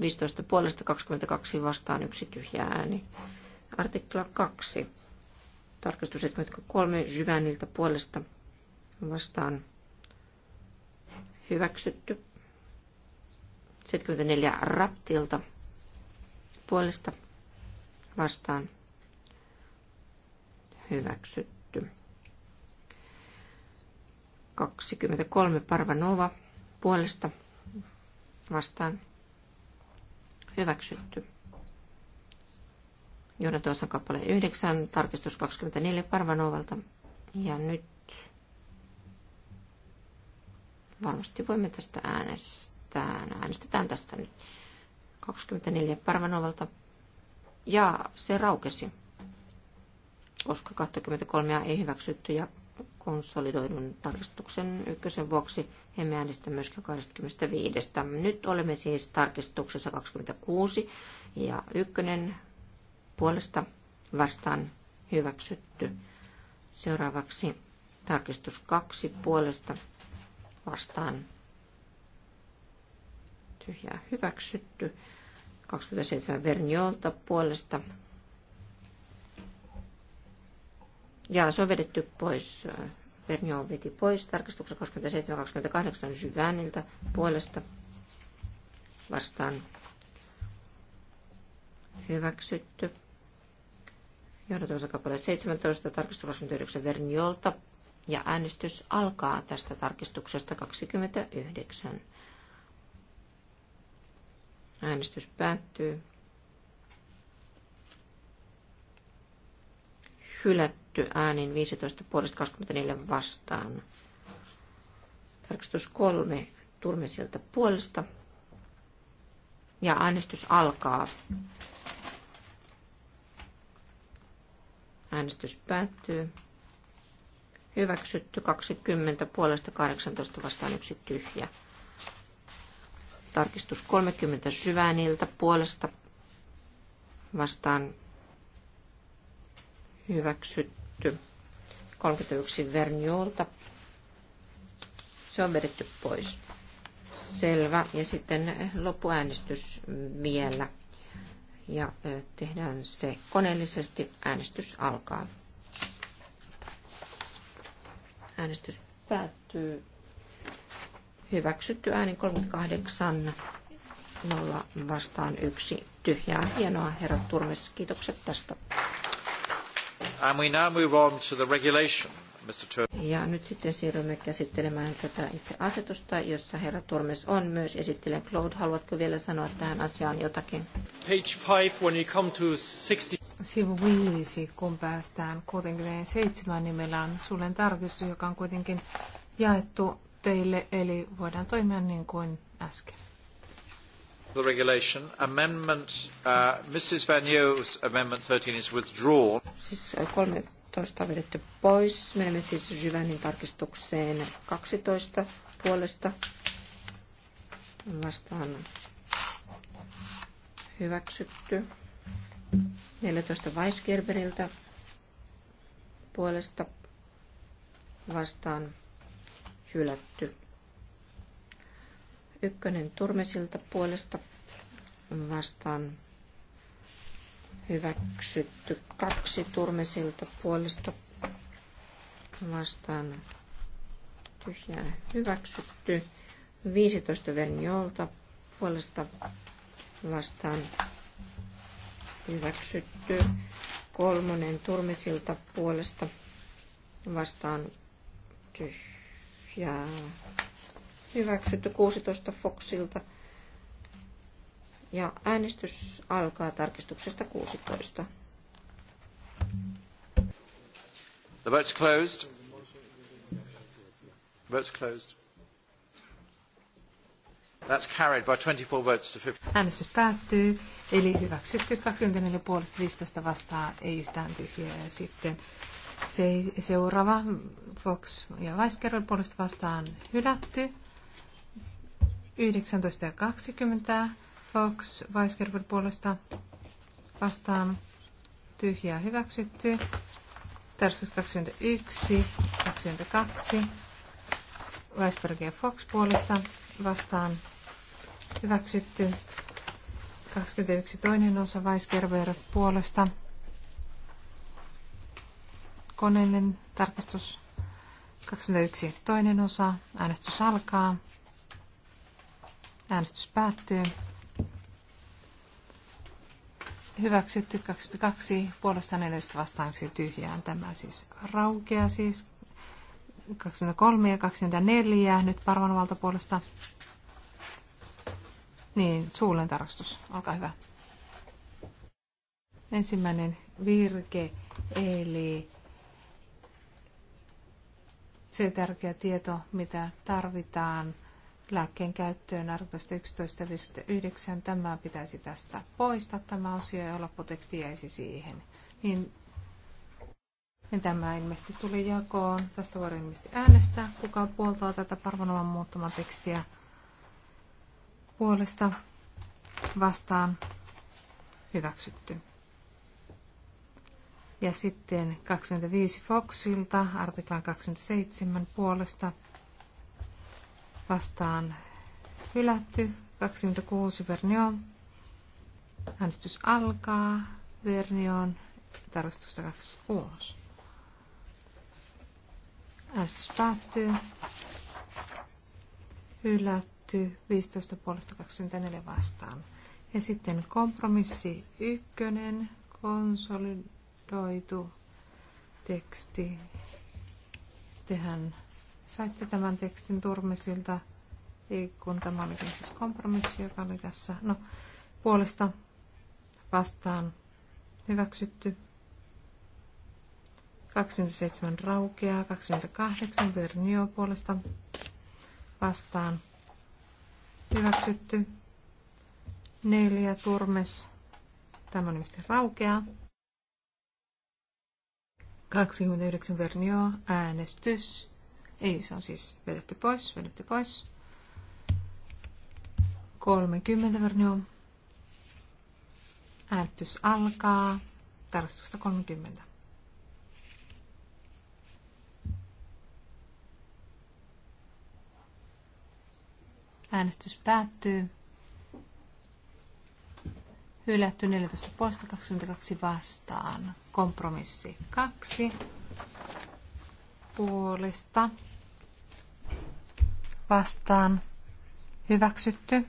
15 puolesta 22 vastaan yksi tyhjä ääni. Artikla 2. Tarkistus 73 Jyväniltä puolesta vastaan hyväksytty. 74 Raptilta puolesta vastaan hyväksytty. 23 Parvanova puolesta vastaan hyväksytty. Johdatosan kappale 9, tarkistus 24 Parvanovalta. Ja nyt varmasti voimme tästä äänestää. No, äänestetään tästä nyt 24 Parvanovalta ja se raukesi, koska 23 ei hyväksytty ja konsolidoidun tarkistuksen ykkösen vuoksi emme äänestä myöskään 25. Nyt olemme siis tarkistuksessa 26 ja ykkönen puolesta vastaan hyväksytty. Seuraavaksi tarkistus 2 puolesta vastaan tyhjää hyväksytty. 27 Verniolta puolesta. Ja se on vedetty pois. Vernion veti pois. Tarkistuksessa 27-28 Syväniltä puolesta vastaan hyväksytty. Johdatuksen kappale 17, tarkistus 29 Verniolta. Ja äänestys alkaa tästä tarkistuksesta 29. Äänestys päättyy. Hylätty äänin 15 puolesta 24 vastaan. Tarkastus kolme Turmesilta puolesta. Ja äänestys alkaa. Äänestys päättyy. Hyväksytty 20 puolesta 18 vastaan yksi tyhjä. Tarkistus 30 syvääniltä puolesta vastaan hyväksytty. 31 Verniolta. Se on vedetty pois. Selvä. Ja sitten loppuäänestys vielä. Ja tehdään se koneellisesti. Äänestys alkaa. Äänestys päättyy. Hyväksytty äänin 38 0 vastaan 1. tyhjää. Hienoa, herra Turmes. Kiitokset tästä. And we now move on to the regulation. Mr. Ja nyt sitten siirrymme käsittelemään tätä itse asetusta, jossa herra Turmes on myös esittelen. Claude, haluatko vielä sanoa tähän asiaan jotakin? Page 5, when you come to 60... Sivu 5, kun päästään 67, niin meillä on sulen tarkistus, joka on kuitenkin jaettu teille, eli voidaan toimia niin kuin äsken. The regulation amendment, uh, Mrs. Vanyo's amendment 13 is withdrawn. Siis 13 on vedetty pois. Menemme siis Jyvänin tarkistukseen 12 puolesta. Vastaan hyväksytty. 14 Weisgerberiltä puolesta vastaan hylätty. Ykkönen turmesilta puolesta vastaan hyväksytty. Kaksi turmesilta puolesta vastaan tyhjää hyväksytty. 15 Verniolta puolesta vastaan hyväksytty. Kolmonen Turmesilta puolesta vastaan tyhjää ja Hyväksytty 16 Foxilta. Ja äänestys alkaa tarkistuksesta 16. The vote's closed. Vote's closed. That's carried by 24 votes to 50. Äänestys päättyy, eli hyväksytty 24 puolesta 15 vastaa ei yhtään tyhjää. Sitten se, seuraava Fox ja Weiskerron puolesta vastaan hylätty. 19 Fox Weiskerron puolesta vastaan tyhjää hyväksytty. Tarkistus 21, 22 Weisberg ja Fox puolesta vastaan hyväksytty. 21 toinen osa Weisgerber puolesta koneellinen tarkastus 21. Toinen osa. Äänestys alkaa. Äänestys päättyy. Hyväksytty 22 puolesta 14 vastaan yksi tyhjään. Tämä siis raukea siis 23 ja 24. Nyt parvanvalta puolesta. Niin, suullinen tarkastus. Olkaa hyvä. Ensimmäinen virke, eli se tärkeä tieto, mitä tarvitaan lääkkeen käyttöön artikasta 11.59. Tämä pitäisi tästä poistaa tämä osio ja lopputeksti jäisi siihen. Niin, niin tämä ilmeisesti tuli jakoon. Tästä voidaan ilmeisesti äänestää. Kuka puoltaa tätä parvanovan muuttamaa tekstiä puolesta vastaan hyväksytty. Ja sitten 25 Foxilta, artiklaan 27 puolesta vastaan hylätty. 26 Vernion. Äänestys alkaa. Vernion tarkastusta 26. Äänestys päättyy. Hylätty 15 puolesta 24 vastaan. Ja sitten kompromissi ykkönen, konsoli, revidoitu teksti. Tehän saitte tämän tekstin Turmisilta, kun tämä olikin siis kompromissi, joka oli tässä. No, puolesta vastaan hyväksytty. 27 raukeaa, 28 Vernio puolesta vastaan hyväksytty. 4 turmes, tämä on raukeaa. 29 Vernio äänestys. Ei, se on siis vedetty pois, vedetty pois. 30 Vernio. Äänestys alkaa. Tarkastusta 30. Äänestys päättyy. Hylätty 14 poista 22 vastaan. Kompromissi 2 puolesta vastaan. Hyväksytty.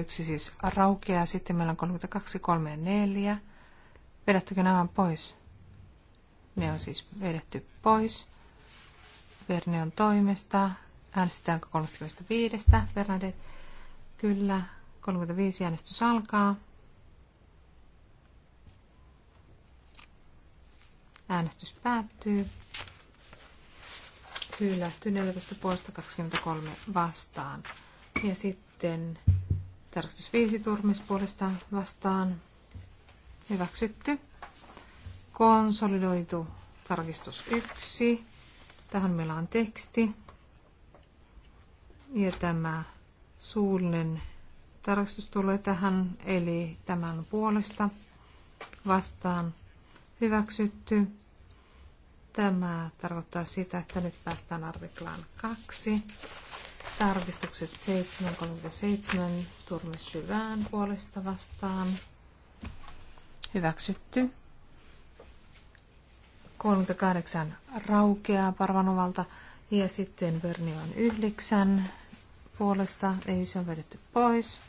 yksi, siis raukeaa. Sitten meillä on 32, 3 ja 4. Vedättekö nämä pois? Ne on siis vedetty pois. Vernion toimesta. Äänestetäänkö 35. Bernadette? Kyllä. 35 äänestys alkaa. Äänestys päättyy. Hylätty 14 poista 23 vastaan. Ja sitten tarkastus 5 turmis puolesta vastaan. Hyväksytty. Konsolidoitu tarkistus 1 Tähän meillä on teksti ja tämä suullinen tarkastus tulee tähän, eli tämän puolesta vastaan hyväksytty. Tämä tarkoittaa sitä, että nyt päästään artiklaan 2. Tarkistukset 7.37 turme syvään puolesta vastaan. Hyväksytty. 38 raukeaa Parvanovalta ja sitten Verni on 9 puolesta, ei se on vedetty pois.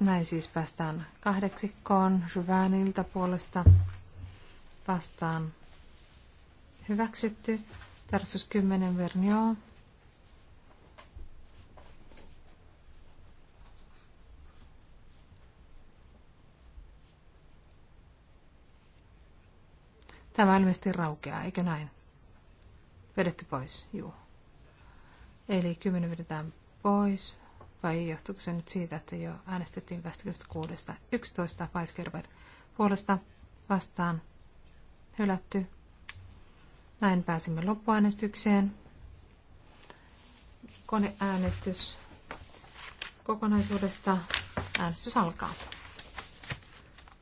Näin siis päästään kahdeksikkoon Ryväniltä puolesta vastaan hyväksytty. Tarsus 10 Vernioa. Tämä ilmeisesti raukeaa, eikö näin? Vedetty pois, juu. Eli 10 vedetään pois, vai johtuuko se nyt siitä, että jo äänestettiin 26.11. 11 puolesta vastaan hylätty. Näin pääsimme loppuäänestykseen. Koneäänestys kokonaisuudesta. Äänestys alkaa.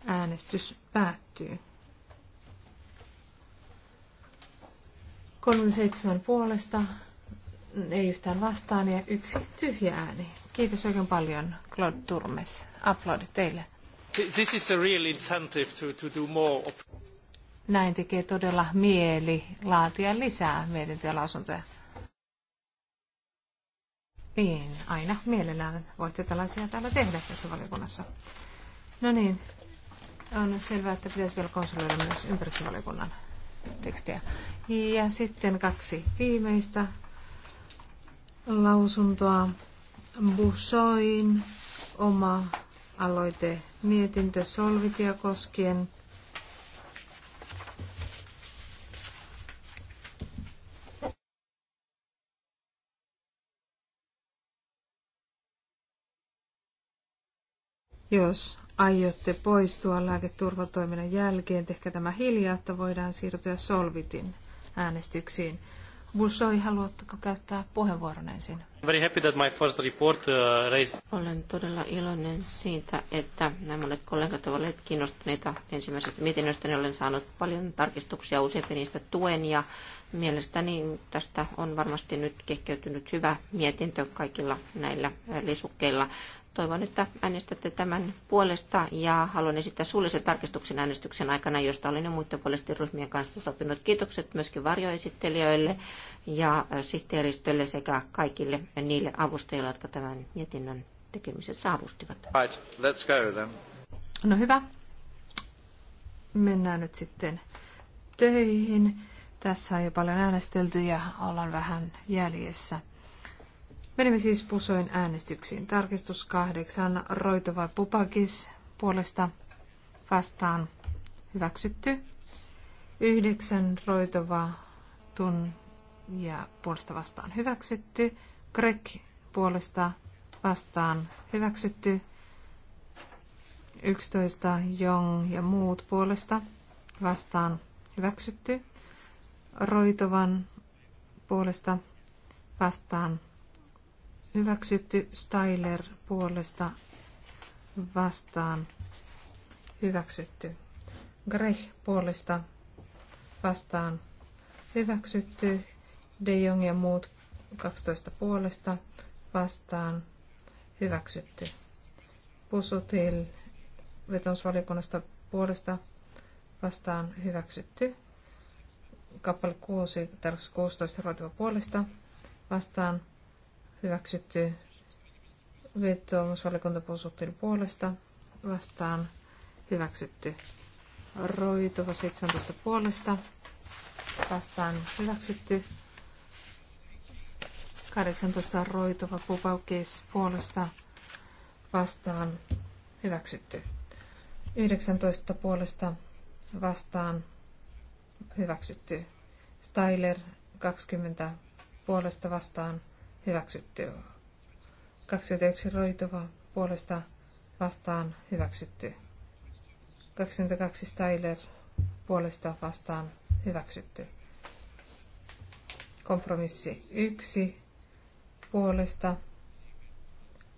Äänestys päättyy. 37 puolesta, ei yhtään vastaan ja yksi tyhjä ääni. Kiitos oikein paljon, Claude Turmes. Aplodit teille. This is a real incentive to, to do more. Näin tekee todella mieli laatia lisää mietintöjä lausuntoja. Niin, aina mielellään voitte tällaisia täällä tehdä tässä valiokunnassa. No niin, on selvää, että pitäisi vielä konsoloida myös ympäristövaliokunnan tekstejä. Ja sitten kaksi viimeistä lausuntoa. Busoin oma aloite mietintö solvitia koskien. Jos aiotte poistua lääketurvatoiminnan jälkeen, tehkää tämä hiljaa, että voidaan siirtyä Solvitin äänestyksiin. Bussoi, haluatteko käyttää puheenvuoron ensin? Very happy that my first report, uh, Olen todella iloinen siitä, että nämä monet kollegat ovat olleet kiinnostuneita ensimmäisestä mietinnöstä. Niin olen saanut paljon tarkistuksia, useampi niistä tuen ja mielestäni tästä on varmasti nyt kehkeytynyt hyvä mietintö kaikilla näillä lisukkeilla. Toivon, että äänestätte tämän puolesta ja haluan esittää suullisen tarkistuksen äänestyksen aikana, josta olen jo muiden puolisten ryhmien kanssa sopinut. Kiitokset myöskin varjoesittelijöille ja sihteeristölle sekä kaikille niille avustajille, jotka tämän mietinnön tekemisessä avustivat. Right, let's go then. No hyvä. Mennään nyt sitten töihin. Tässä on jo paljon äänestelty ja ollaan vähän jäljessä. Menemme siis pusoin äänestyksiin. Tarkistus kahdeksan, vai Pupakis puolesta vastaan hyväksytty. Yhdeksän, vai Tun ja puolesta vastaan hyväksytty. Greg puolesta vastaan hyväksytty. 11 Jong ja muut puolesta vastaan hyväksytty. Roitovan puolesta vastaan Hyväksytty Styler puolesta vastaan. Hyväksytty. Grech puolesta vastaan. Hyväksytty. De Jong ja muut 12 puolesta vastaan. Hyväksytty. Pusutil vetonsvaliokunnasta puolesta vastaan hyväksytty. Kappale 6, 16 ruotava puolesta vastaan hyväksytty vetoomusvaliokuntapuolisuuttelu puolesta vastaan hyväksytty. Roituva 17 puolesta vastaan hyväksytty. 18 roituva pupaukis puolesta vastaan hyväksytty. 19 puolesta vastaan hyväksytty. Styler 20 puolesta vastaan hyväksytty. 21 roitova puolesta vastaan hyväksytty. 22 Styler puolesta vastaan hyväksytty. Kompromissi 1 puolesta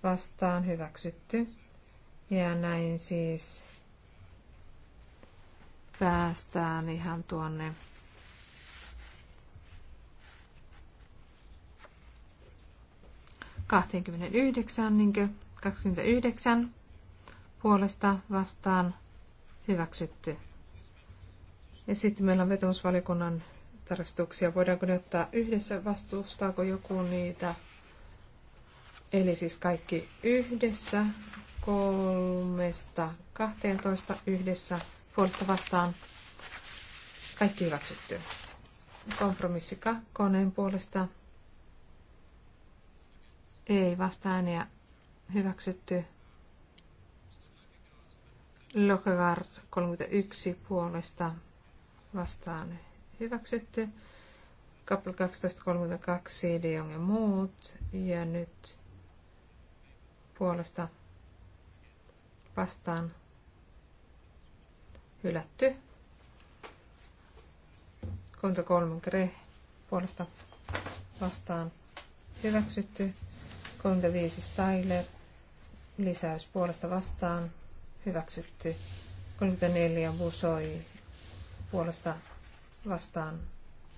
vastaan hyväksytty. Ja näin siis päästään ihan tuonne 29, niinkö? 29 puolesta vastaan hyväksytty. Ja sitten meillä on vetomusvalikunnan tarkastuksia. Voidaanko ne ottaa yhdessä? Vastustaako joku niitä? Eli siis kaikki yhdessä, kolmesta, 12 yhdessä, puolesta vastaan. Kaikki hyväksytty. Kompromissi kakkonen puolesta ei vastaan ja hyväksytty Lokegaard 31 puolesta vastaan hyväksytty. Kappel 1232 De Jong ja muut ja nyt puolesta vastaan hylätty. Konto 3 Gre puolesta vastaan hyväksytty. 35 Styler, lisäys puolesta vastaan, hyväksytty. 34 Busoi, puolesta vastaan,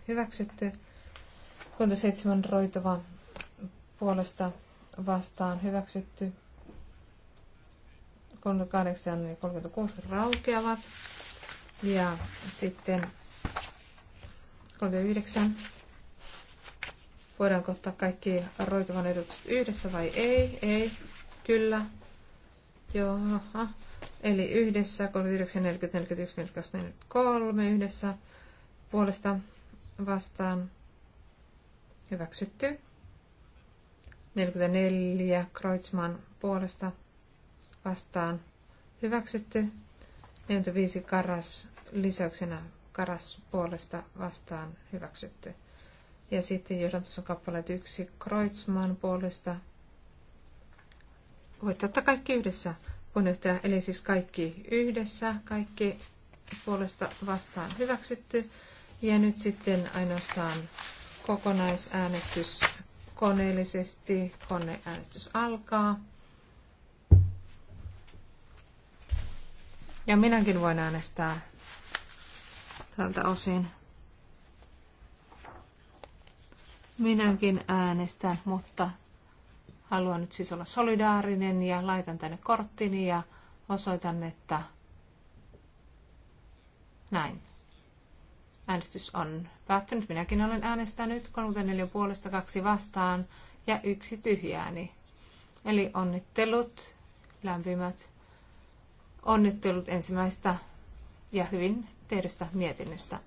hyväksytty. 37 Roitova, puolesta vastaan, hyväksytty. 38 ja 36 raukeavat. Ja sitten 39 Voidaanko ottaa kaikki roitavan edukset yhdessä vai ei? Ei. Kyllä. Joo. Eli yhdessä, 39, 40, 41, 42, 43 yhdessä puolesta vastaan hyväksytty. 44 Kreutzmann puolesta vastaan hyväksytty. 45 Karas lisäyksenä Karas puolesta vastaan hyväksytty. Ja sitten johdatus on kappaleet yksi Kreutzmann puolesta. Voit ottaa kaikki yhdessä. Puheenjohtaja, eli siis kaikki yhdessä, kaikki puolesta vastaan hyväksytty. Ja nyt sitten ainoastaan kokonaisäänestys koneellisesti. Koneäänestys alkaa. Ja minäkin voin äänestää tältä osin. Minäkin äänestän, mutta haluan nyt siis olla solidaarinen ja laitan tänne korttini ja osoitan, että näin. Äänestys on päättynyt. Minäkin olen äänestänyt 34 puolesta kaksi vastaan ja yksi tyhjääni. Eli onnittelut, lämpimät onnittelut ensimmäistä ja hyvin tehdystä mietinnöstä.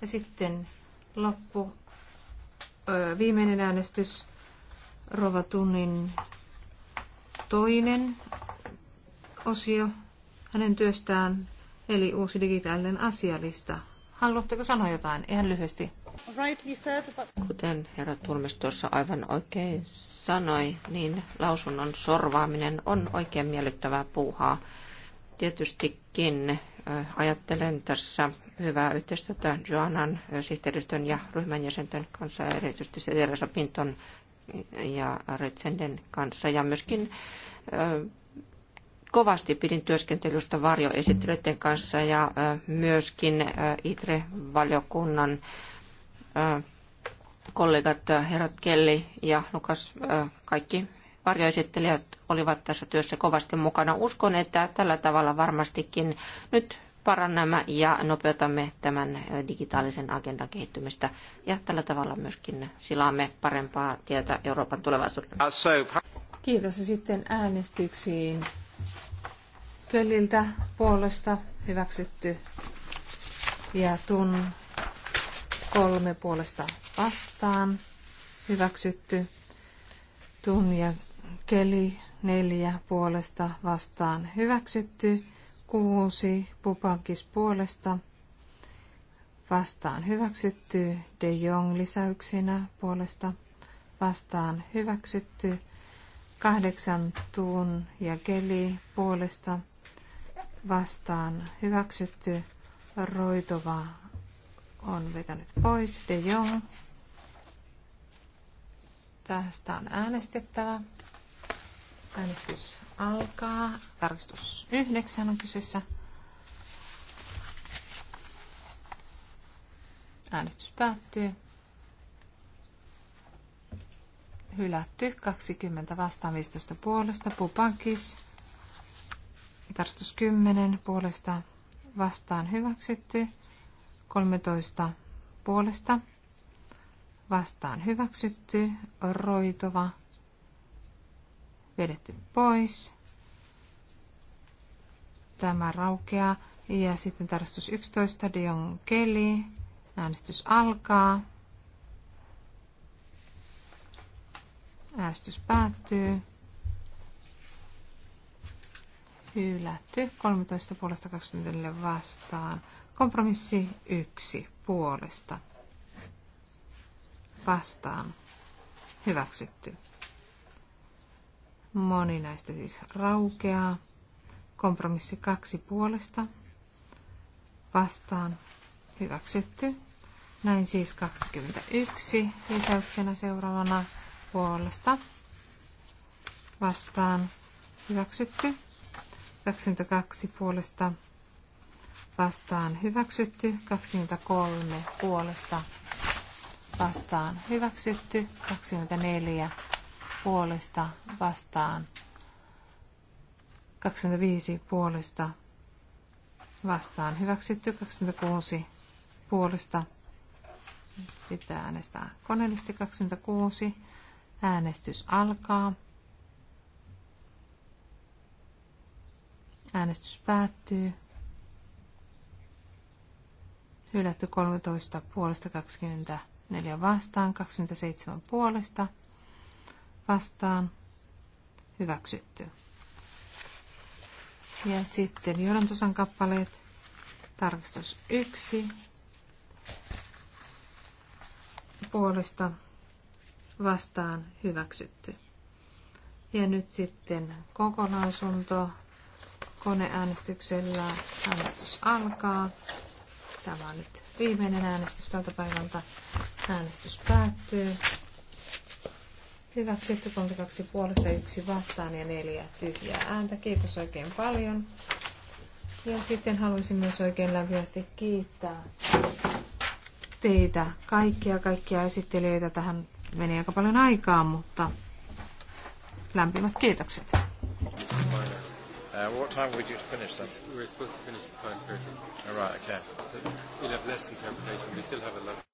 Ja sitten loppu viimeinen äänestys, Rova Tunnin toinen osio hänen työstään, eli uusi digitaalinen asialista. Haluatteko sanoa jotain? Ihan lyhyesti. Kuten herra Turmes tuossa aivan oikein sanoi, niin lausunnon sorvaaminen on oikein miellyttävää puuhaa. Tietystikin ajattelen tässä hyvää yhteistyötä Joanan sihteeristön ja ryhmän jäsenten kanssa, erityisesti Teresa Pinton ja Retsenden kanssa. Ja myöskin kovasti pidin työskentelystä varjoesittelyiden kanssa ja myöskin ITRE-valiokunnan kollegat herrat Kelli ja Lukas, kaikki varjoesittelijät olivat tässä työssä kovasti mukana. Uskon, että tällä tavalla varmastikin nyt parannamme ja nopeutamme tämän digitaalisen agendan kehittymistä ja tällä tavalla myöskin silaamme parempaa tietä Euroopan tulevaisuudelle. Uh, Kiitos ja sitten äänestyksiin. Kölliltä puolesta hyväksytty ja tun kolme puolesta vastaan hyväksytty. Tun ja Keli neljä puolesta vastaan hyväksytty. Kuusi Pupankis puolesta vastaan hyväksytty. De Jong lisäyksinä puolesta vastaan hyväksytty. Kahdeksan Tuun ja Keli puolesta vastaan hyväksytty. Roitova on vetänyt pois. De Jong. Tästä on äänestettävä. Äänestys alkaa. Tarkistus yhdeksän on kyseessä. Äänestys päättyy. Hylätty 20 vastaan 15 puolesta. Pupankis. Tarkistus 10 puolesta vastaan hyväksytty. 13 puolesta vastaan hyväksytty. Roitova vedetty pois. Tämä raukeaa. Ja sitten tarkastus 11, Dion Kelly. Äänestys alkaa. Äänestys päättyy. Hylätty. 13 puolesta 24 vastaan. Kompromissi 1 puolesta. Vastaan. Hyväksytty. Moni näistä siis raukeaa. Kompromissi kaksi puolesta. Vastaan hyväksytty. Näin siis 21 lisäyksenä seuraavana puolesta. Vastaan hyväksytty. 22 puolesta vastaan hyväksytty. 23 puolesta vastaan hyväksytty. 24 puolesta vastaan. 25 puolesta vastaan hyväksytty. 26 puolesta pitää äänestää koneellisesti. 26 äänestys alkaa. Äänestys päättyy. Hylätty 13 puolesta 24 vastaan, 27 puolesta vastaan hyväksytty. Ja sitten johdantosan kappaleet, tarkistus 1 puolesta vastaan hyväksytty. Ja nyt sitten kokonaisunto koneäänestyksellä. Äänestys alkaa. Tämä on nyt viimeinen äänestys tältä päivältä. Äänestys päättyy. Hyväksytty 32 puolesta, yksi vastaan ja neljä tyhjää ääntä. Kiitos oikein paljon. Ja sitten haluaisin myös oikein lämpimästi kiittää teitä kaikkia, kaikkia esittelijöitä. Tähän meni aika paljon aikaa, mutta lämpimät kiitokset. Uh, what time finish then? were supposed to finish at 5.30. All right, okay. We'll have less interpretation. We still have a lot.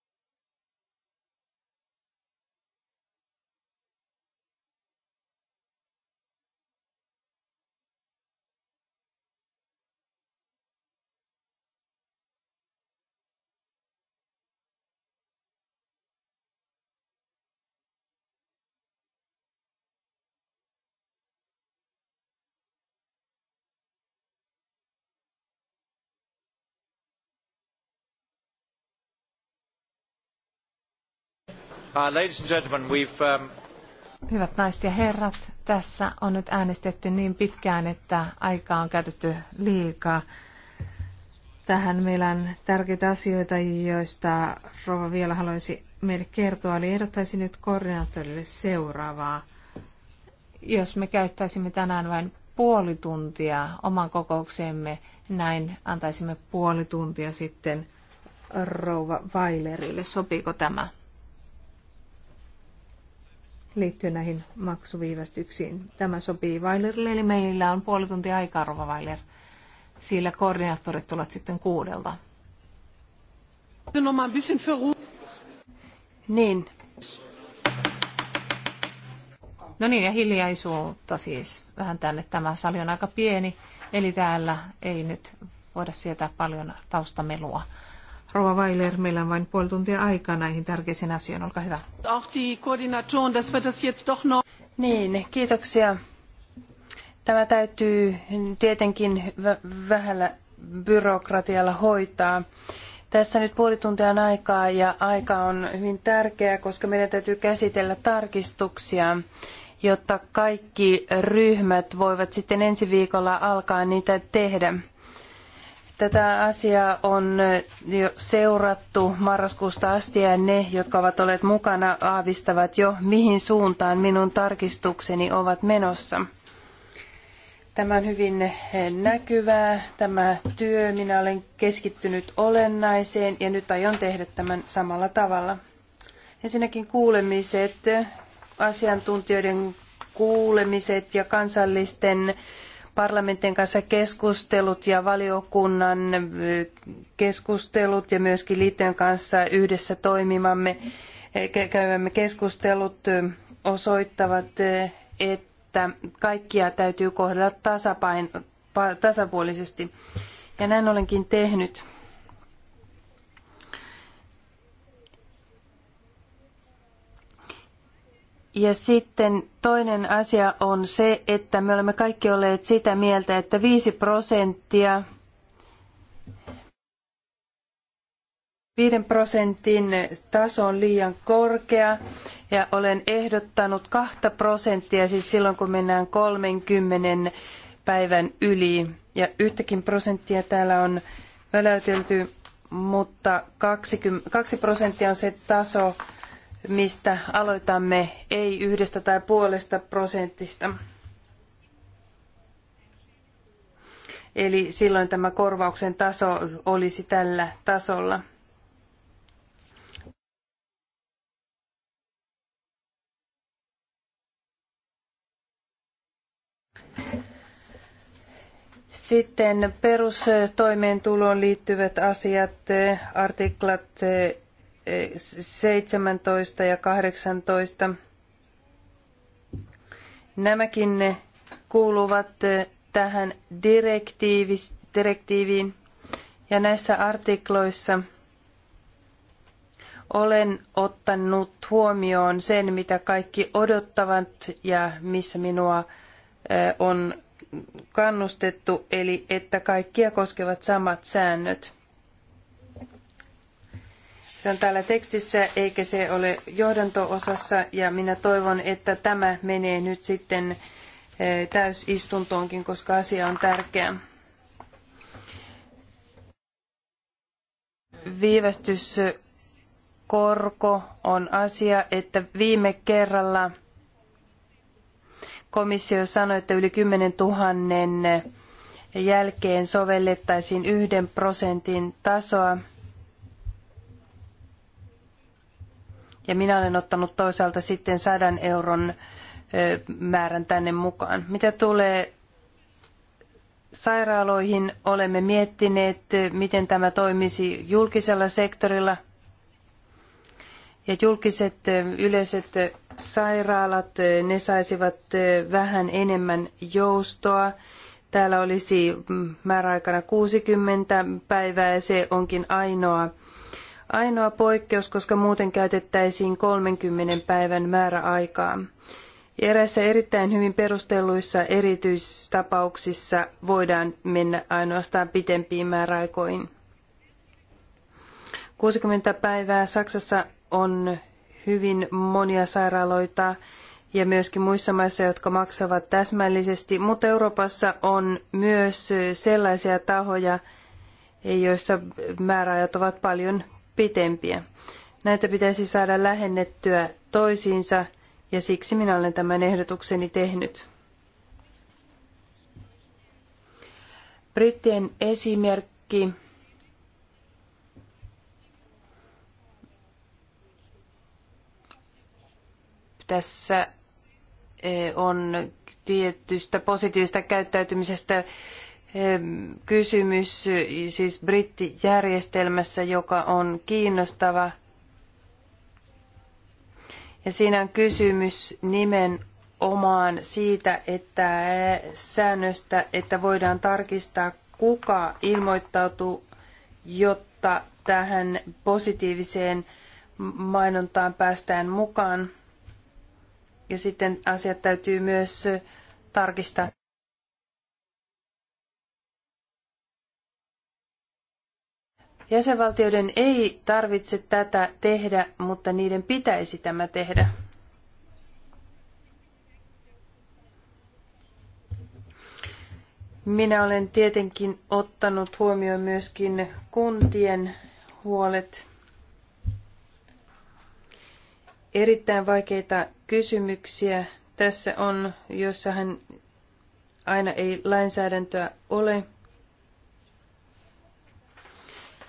Uh, um, Hyvät naiset ja herrat, tässä on nyt äänestetty niin pitkään, että aikaa on käytetty liikaa. Tähän meillä on tärkeitä asioita, joista Rova vielä haluaisi meille kertoa, eli ehdottaisin nyt koordinaattorille seuraavaa. Jos me käyttäisimme tänään vain puoli tuntia oman kokouksemme, näin antaisimme puoli tuntia sitten rouva Vailerille. Sopiiko tämä? liittyen näihin maksuviivästyksiin. Tämä sopii Vailerille, eli meillä on puoli tuntia aikaa, Rova Vailer. Sillä koordinaattorit tulevat sitten kuudelta. Niin. No niin, ja hiljaisuutta siis vähän tänne. Tämä sali on aika pieni, eli täällä ei nyt voida sietää paljon taustamelua. Rova Weiler, meillä on vain puoli tuntia aikaa näihin tärkeisiin asioihin. Olkaa hyvä. Auch die Koordination, dass wir das jetzt doch noch... Niin, kiitoksia. Tämä täytyy tietenkin vähällä byrokratialla hoitaa. Tässä nyt puoli tuntia on aikaa ja aika on hyvin tärkeä, koska meidän täytyy käsitellä tarkistuksia, jotta kaikki ryhmät voivat sitten ensi viikolla alkaa niitä tehdä. Tätä asiaa on jo seurattu marraskuusta asti ja ne, jotka ovat olleet mukana, aavistavat jo, mihin suuntaan minun tarkistukseni ovat menossa. Tämä on hyvin näkyvää, tämä työ. Minä olen keskittynyt olennaiseen ja nyt aion tehdä tämän samalla tavalla. Ensinnäkin kuulemiset, asiantuntijoiden kuulemiset ja kansallisten parlamentin kanssa keskustelut ja valiokunnan keskustelut ja myöskin liittojen kanssa yhdessä toimimamme, käymämme keskustelut osoittavat, että kaikkia täytyy kohdella tasapain, tasapuolisesti. Ja näin olenkin tehnyt. Ja sitten toinen asia on se, että me olemme kaikki olleet sitä mieltä, että 5 prosenttia 5 prosentin taso on liian korkea ja olen ehdottanut 2 prosenttia, siis silloin kun mennään 30 päivän yli. Ja yhtäkin prosenttia täällä on väläytelty, mutta 20, 2 prosenttia on se taso, mistä aloitamme, ei yhdestä tai puolesta prosentista. Eli silloin tämä korvauksen taso olisi tällä tasolla. Sitten perustoimeentuloon liittyvät asiat, artiklat 17 ja 18. Nämäkin ne kuuluvat tähän direktiiviin ja näissä artikloissa olen ottanut huomioon sen, mitä kaikki odottavat ja missä minua on kannustettu, eli että kaikkia koskevat samat säännöt. Se on täällä tekstissä eikä se ole johdanto-osassa ja minä toivon, että tämä menee nyt sitten eh, täysistuntoonkin, koska asia on tärkeä. Viivästyskorko on asia, että viime kerralla komissio sanoi, että yli 10 000 jälkeen sovellettaisiin yhden prosentin tasoa Ja minä olen ottanut toisaalta sitten 100 euron määrän tänne mukaan. Mitä tulee sairaaloihin, olemme miettineet, miten tämä toimisi julkisella sektorilla. Ja julkiset yleiset sairaalat, ne saisivat vähän enemmän joustoa. Täällä olisi mm, määräaikana 60 päivää ja se onkin ainoa ainoa poikkeus, koska muuten käytettäisiin 30 päivän määräaikaa. Eräissä erittäin hyvin perustelluissa erityistapauksissa voidaan mennä ainoastaan pitempiin määräaikoihin. 60 päivää Saksassa on hyvin monia sairaaloita ja myöskin muissa maissa, jotka maksavat täsmällisesti, mutta Euroopassa on myös sellaisia tahoja, joissa määräajat ovat paljon pitempiä. Näitä pitäisi saada lähennettyä toisiinsa ja siksi minä olen tämän ehdotukseni tehnyt. Brittien esimerkki tässä eh, on tietystä positiivista käyttäytymisestä kysymys siis brittijärjestelmässä, joka on kiinnostava. Ja siinä on kysymys nimenomaan siitä, että eh, säännöstä, että voidaan tarkistaa, kuka ilmoittautuu, jotta tähän positiiviseen mainontaan päästään mukaan. Ja sitten asiat täytyy myös tarkistaa. Jäsenvaltioiden ei tarvitse tätä tehdä, mutta niiden pitäisi tämä tehdä. Minä olen tietenkin ottanut huomioon myöskin kuntien huolet. Erittäin vaikeita kysymyksiä tässä on, jossa aina ei lainsäädäntöä ole.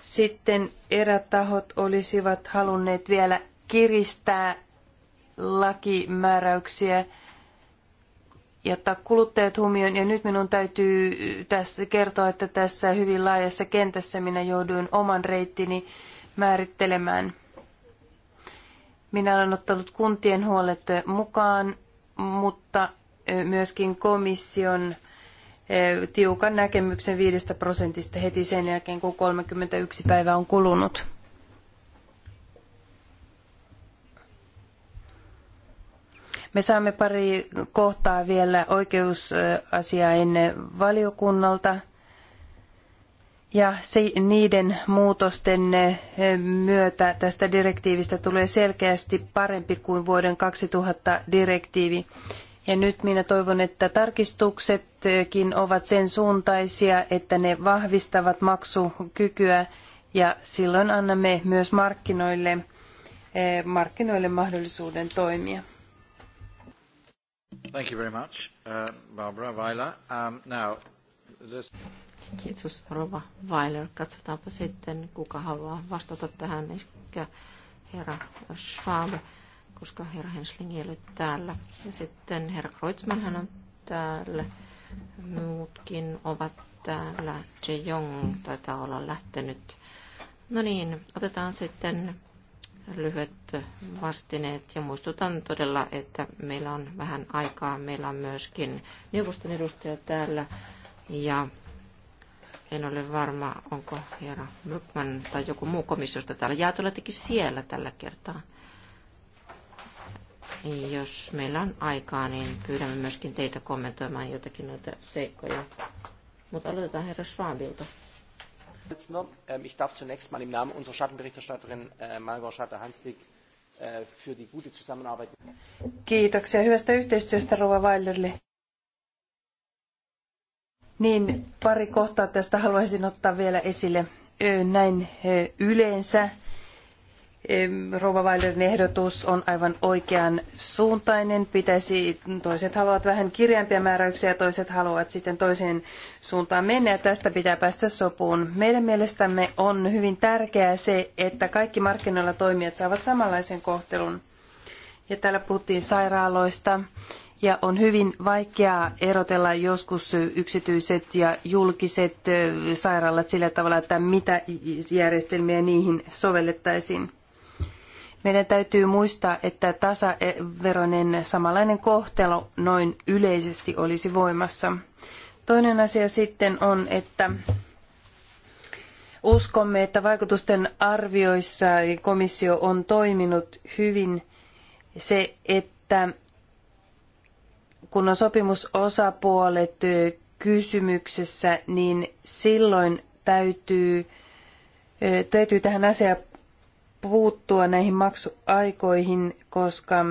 Sitten erätahot olisivat halunneet vielä kiristää lakimääräyksiä ja ottaa kuluttajat huomioon. Ja nyt minun täytyy tässä kertoa, että tässä hyvin laajassa kentässä minä jouduin oman reittini määrittelemään. Minä olen ottanut kuntien huolet mukaan, mutta myöskin komission Eh, tiukan näkemyksen 5 prosentista heti sen jälkeen, kun 31 päivää on kulunut. Me saamme pari kohtaa vielä oikeusasiain valiokunnalta. Ja niiden muutosten eh, myötä tästä direktiivistä tulee selkeästi parempi kuin vuoden 2000 direktiivi. Ja nyt minä toivon, että tarkistuksetkin ovat sen suuntaisia, että ne vahvistavat maksukykyä ja silloin annamme myös markkinoille, eh, markkinoille mahdollisuuden toimia. Thank you very much, uh, Barbara Weiler. Um, now, this... Kiitos, Rova Weiler. Katsotaanpa sitten, kuka haluaa vastata tähän, ehkä herra Schwab koska herra Hensling ei ole täällä. Ja sitten herra Kreutzmann, hän on täällä. Muutkin ovat täällä. Je Jong taitaa olla lähtenyt. No niin, otetaan sitten lyhyet vastineet ja muistutan todella, että meillä on vähän aikaa. Meillä on myöskin neuvoston edustaja täällä ja en ole varma, onko herra Mykman tai joku muu komissiosta täällä. Jaa, olettekin siellä tällä kertaa. Jos meillä on aikaa, niin pyydämme myöskin teitä kommentoimaan jotakin noita seikkoja. Mutta aloitetaan herra Schwabilta. Ähm, ich darf zunächst mal im Namen unserer Schattenberichterstatterin äh, Margot Schatter-Hanslik äh, für die gute Zusammenarbeit. Kiitoksia hyvästä yhteistyöstä, Rova Weilerli. Niin, pari kohtaa tästä haluaisin ottaa vielä esille. Näin yleensä Rouva Weilerin ehdotus on aivan oikean suuntainen. Pitäisi, toiset haluavat vähän kirjaimpia määräyksiä ja toiset haluavat sitten toiseen suuntaan mennä ja tästä pitää päästä sopuun. Meidän mielestämme on hyvin tärkeää se, että kaikki markkinoilla toimijat saavat samanlaisen kohtelun. Ja täällä puhuttiin sairaaloista ja on hyvin vaikeaa erotella joskus yksityiset ja julkiset sairaalat sillä tavalla, että mitä järjestelmiä niihin sovellettaisiin. Meidän täytyy muistaa, että tasaveroinen samanlainen kohtelu noin yleisesti olisi voimassa. Toinen asia sitten on, että uskomme, että vaikutusten arvioissa komissio on toiminut hyvin se, että kun on sopimusosapuolet kysymyksessä, niin silloin täytyy, täytyy tähän asiaan puuttua näihin maksuaikoihin, koska,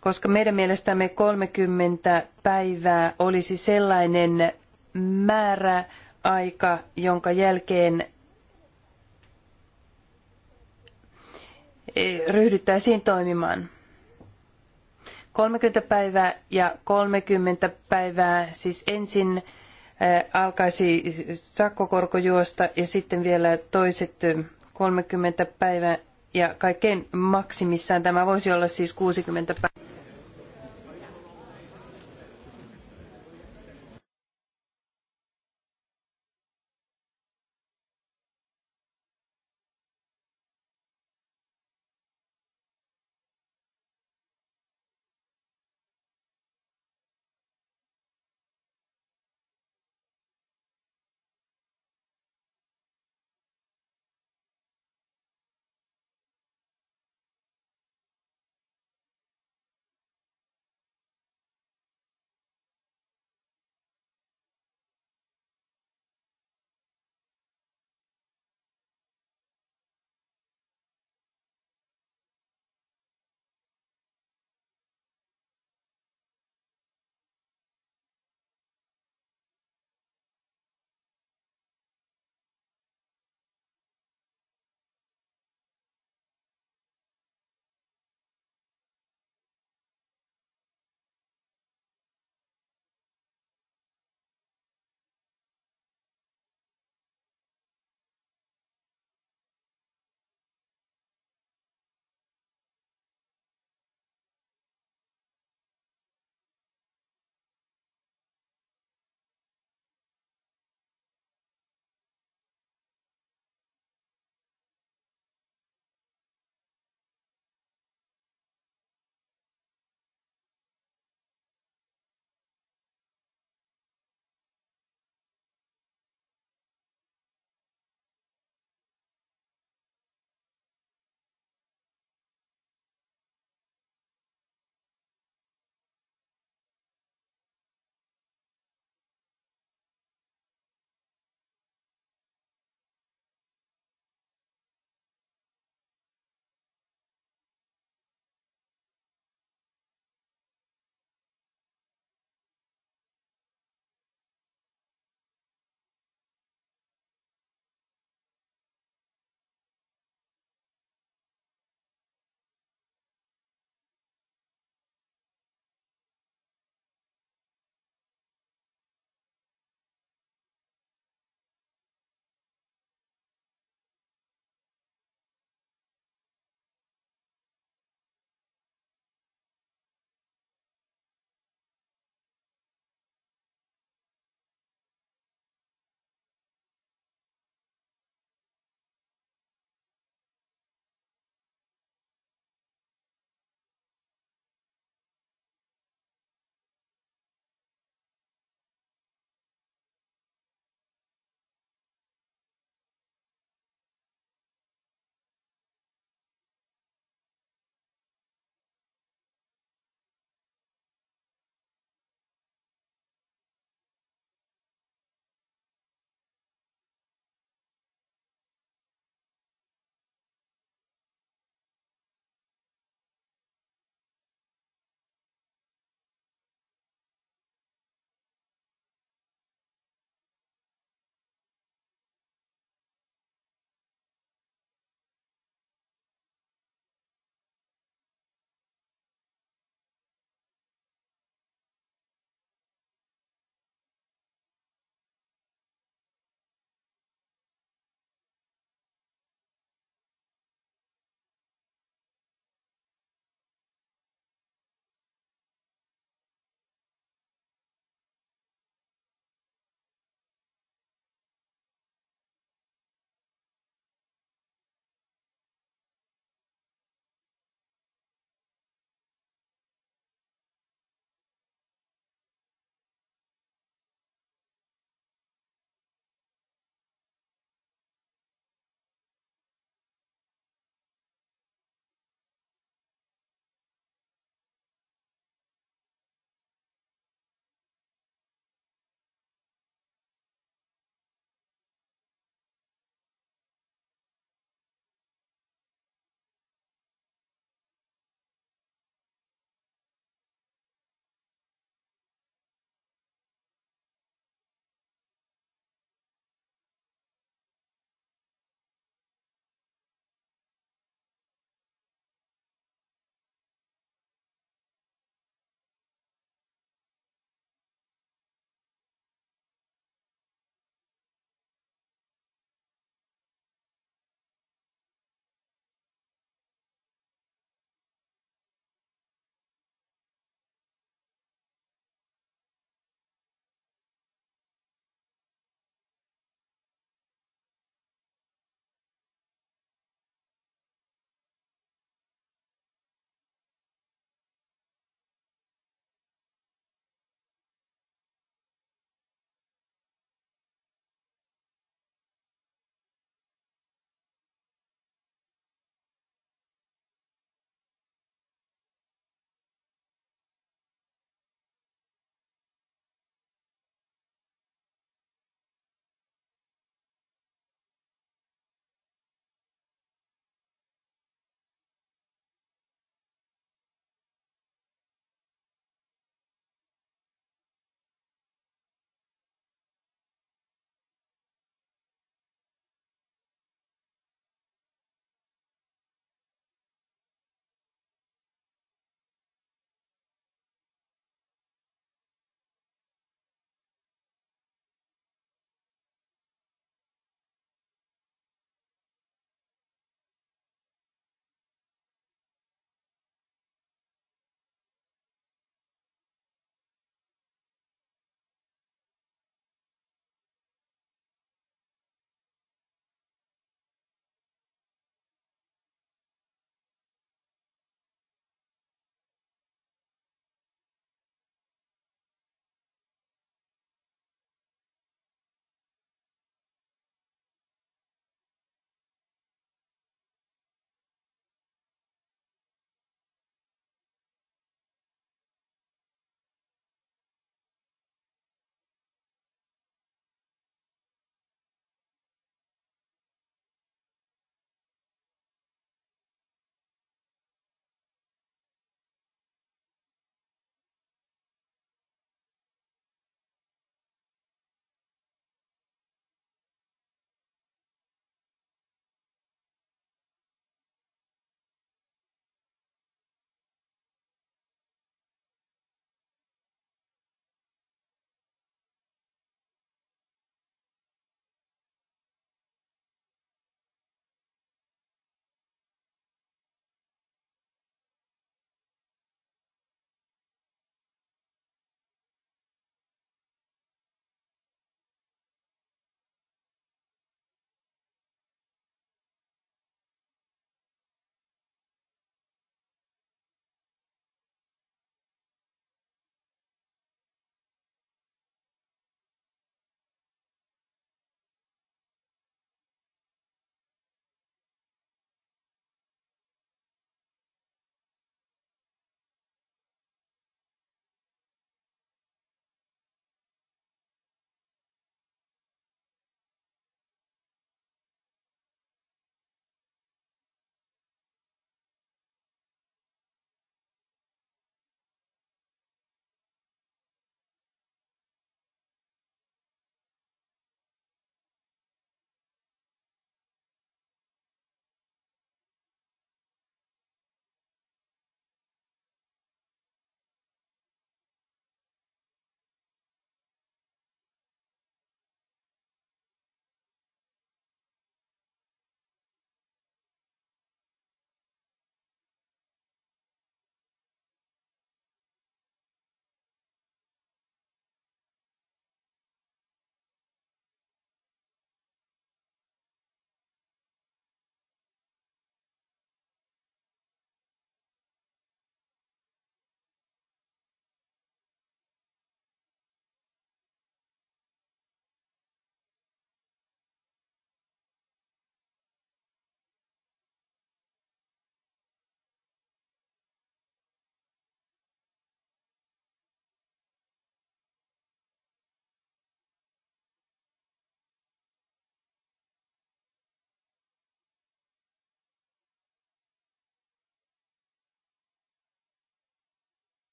koska meidän mielestämme 30 päivää olisi sellainen määrä aika, jonka jälkeen eh, ryhdyttäisiin toimimaan. 30 päivää ja 30 päivää siis ensin alkaisi sakkokorkojuosta ja sitten vielä toiset 30 päivää ja kaikkein maksimissaan tämä voisi olla siis 60 päivää.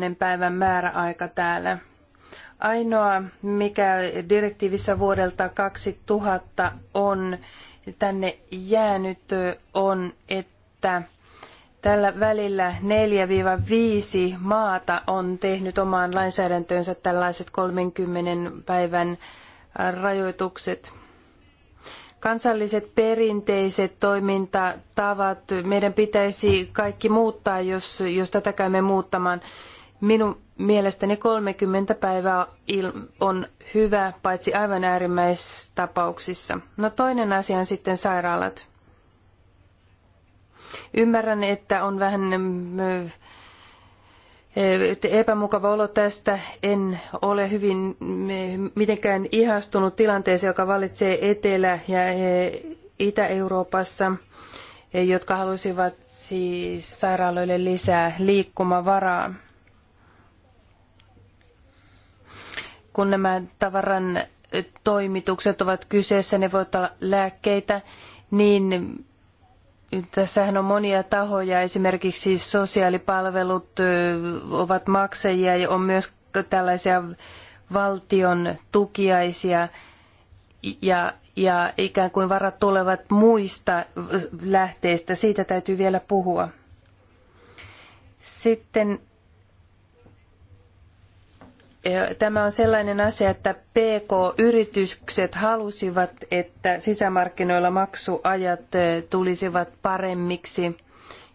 10 päivän määräaika täällä. Ainoa, mikä direktiivissä vuodelta 2000 on tänne jäänyt, on, että tällä välillä 4-5 maata on tehnyt omaan lainsäädäntöönsä tällaiset 30 päivän rajoitukset. Kansalliset perinteiset toimintatavat, meidän pitäisi kaikki muuttaa, jos, jos tätä käymme muuttamaan. Minun mielestäni 30 päivää on hyvä, paitsi aivan äärimmäistapauksissa. No toinen asia on sitten sairaalat. Ymmärrän, että on vähän mm, epämukava olo tästä. En ole hyvin mm, mitenkään ihastunut tilanteeseen, joka valitsee Etelä- ja eh, Itä-Euroopassa, eh, jotka halusivat siis sairaaloille lisää liikkumavaraa. kun nämä tavaran toimitukset ovat kyseessä, ne voivat olla lääkkeitä, niin tässähän on monia tahoja, esimerkiksi sosiaalipalvelut ovat maksajia ja on myös tällaisia valtion tukiaisia ja, ja ikään kuin varat tulevat muista lähteistä. Siitä täytyy vielä puhua. Sitten Tämä on sellainen asia, että PK-yritykset halusivat, että sisämarkkinoilla maksuajat tulisivat paremmiksi.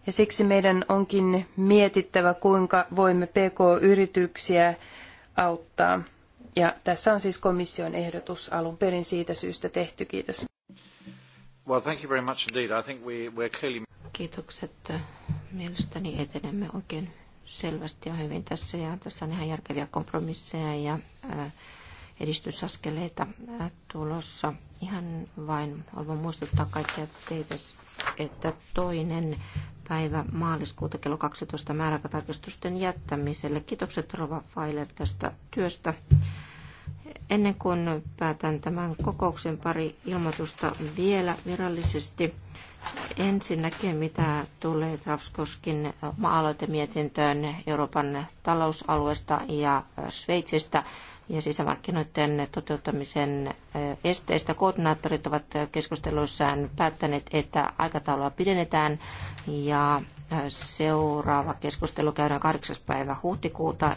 Ja siksi meidän onkin mietittävä, kuinka voimme PK-yrityksiä auttaa. Ja tässä on siis komission ehdotus alun perin siitä syystä tehty. Kiitos. Well, thank you very much indeed. I think we, we're clearly... Kiitokset. Mielestäni etenemme oikein selvästi ja hyvin tässä. Ja tässä on ihan järkeviä kompromisseja ja edistysaskeleita tulossa. Ihan vain haluan muistuttaa kaikkia teitä, että toinen päivä maaliskuuta kello 12 määräaikatarkastusten jättämiselle. Kiitokset Rova Feiler tästä työstä. Ennen kuin päätän tämän kokouksen pari ilmoitusta vielä virallisesti. Ensinnäkin, mitä tulee Trafskoskin maaloitemietintöön Euroopan talousalueesta ja äh, Sveitsistä ja sisämarkkinoiden toteuttamisen äh, esteistä. Koordinaattorit ovat keskusteluissaan päättäneet, että aikataulua pidennetään ja äh, seuraava keskustelu käydään 8. päivä huhtikuuta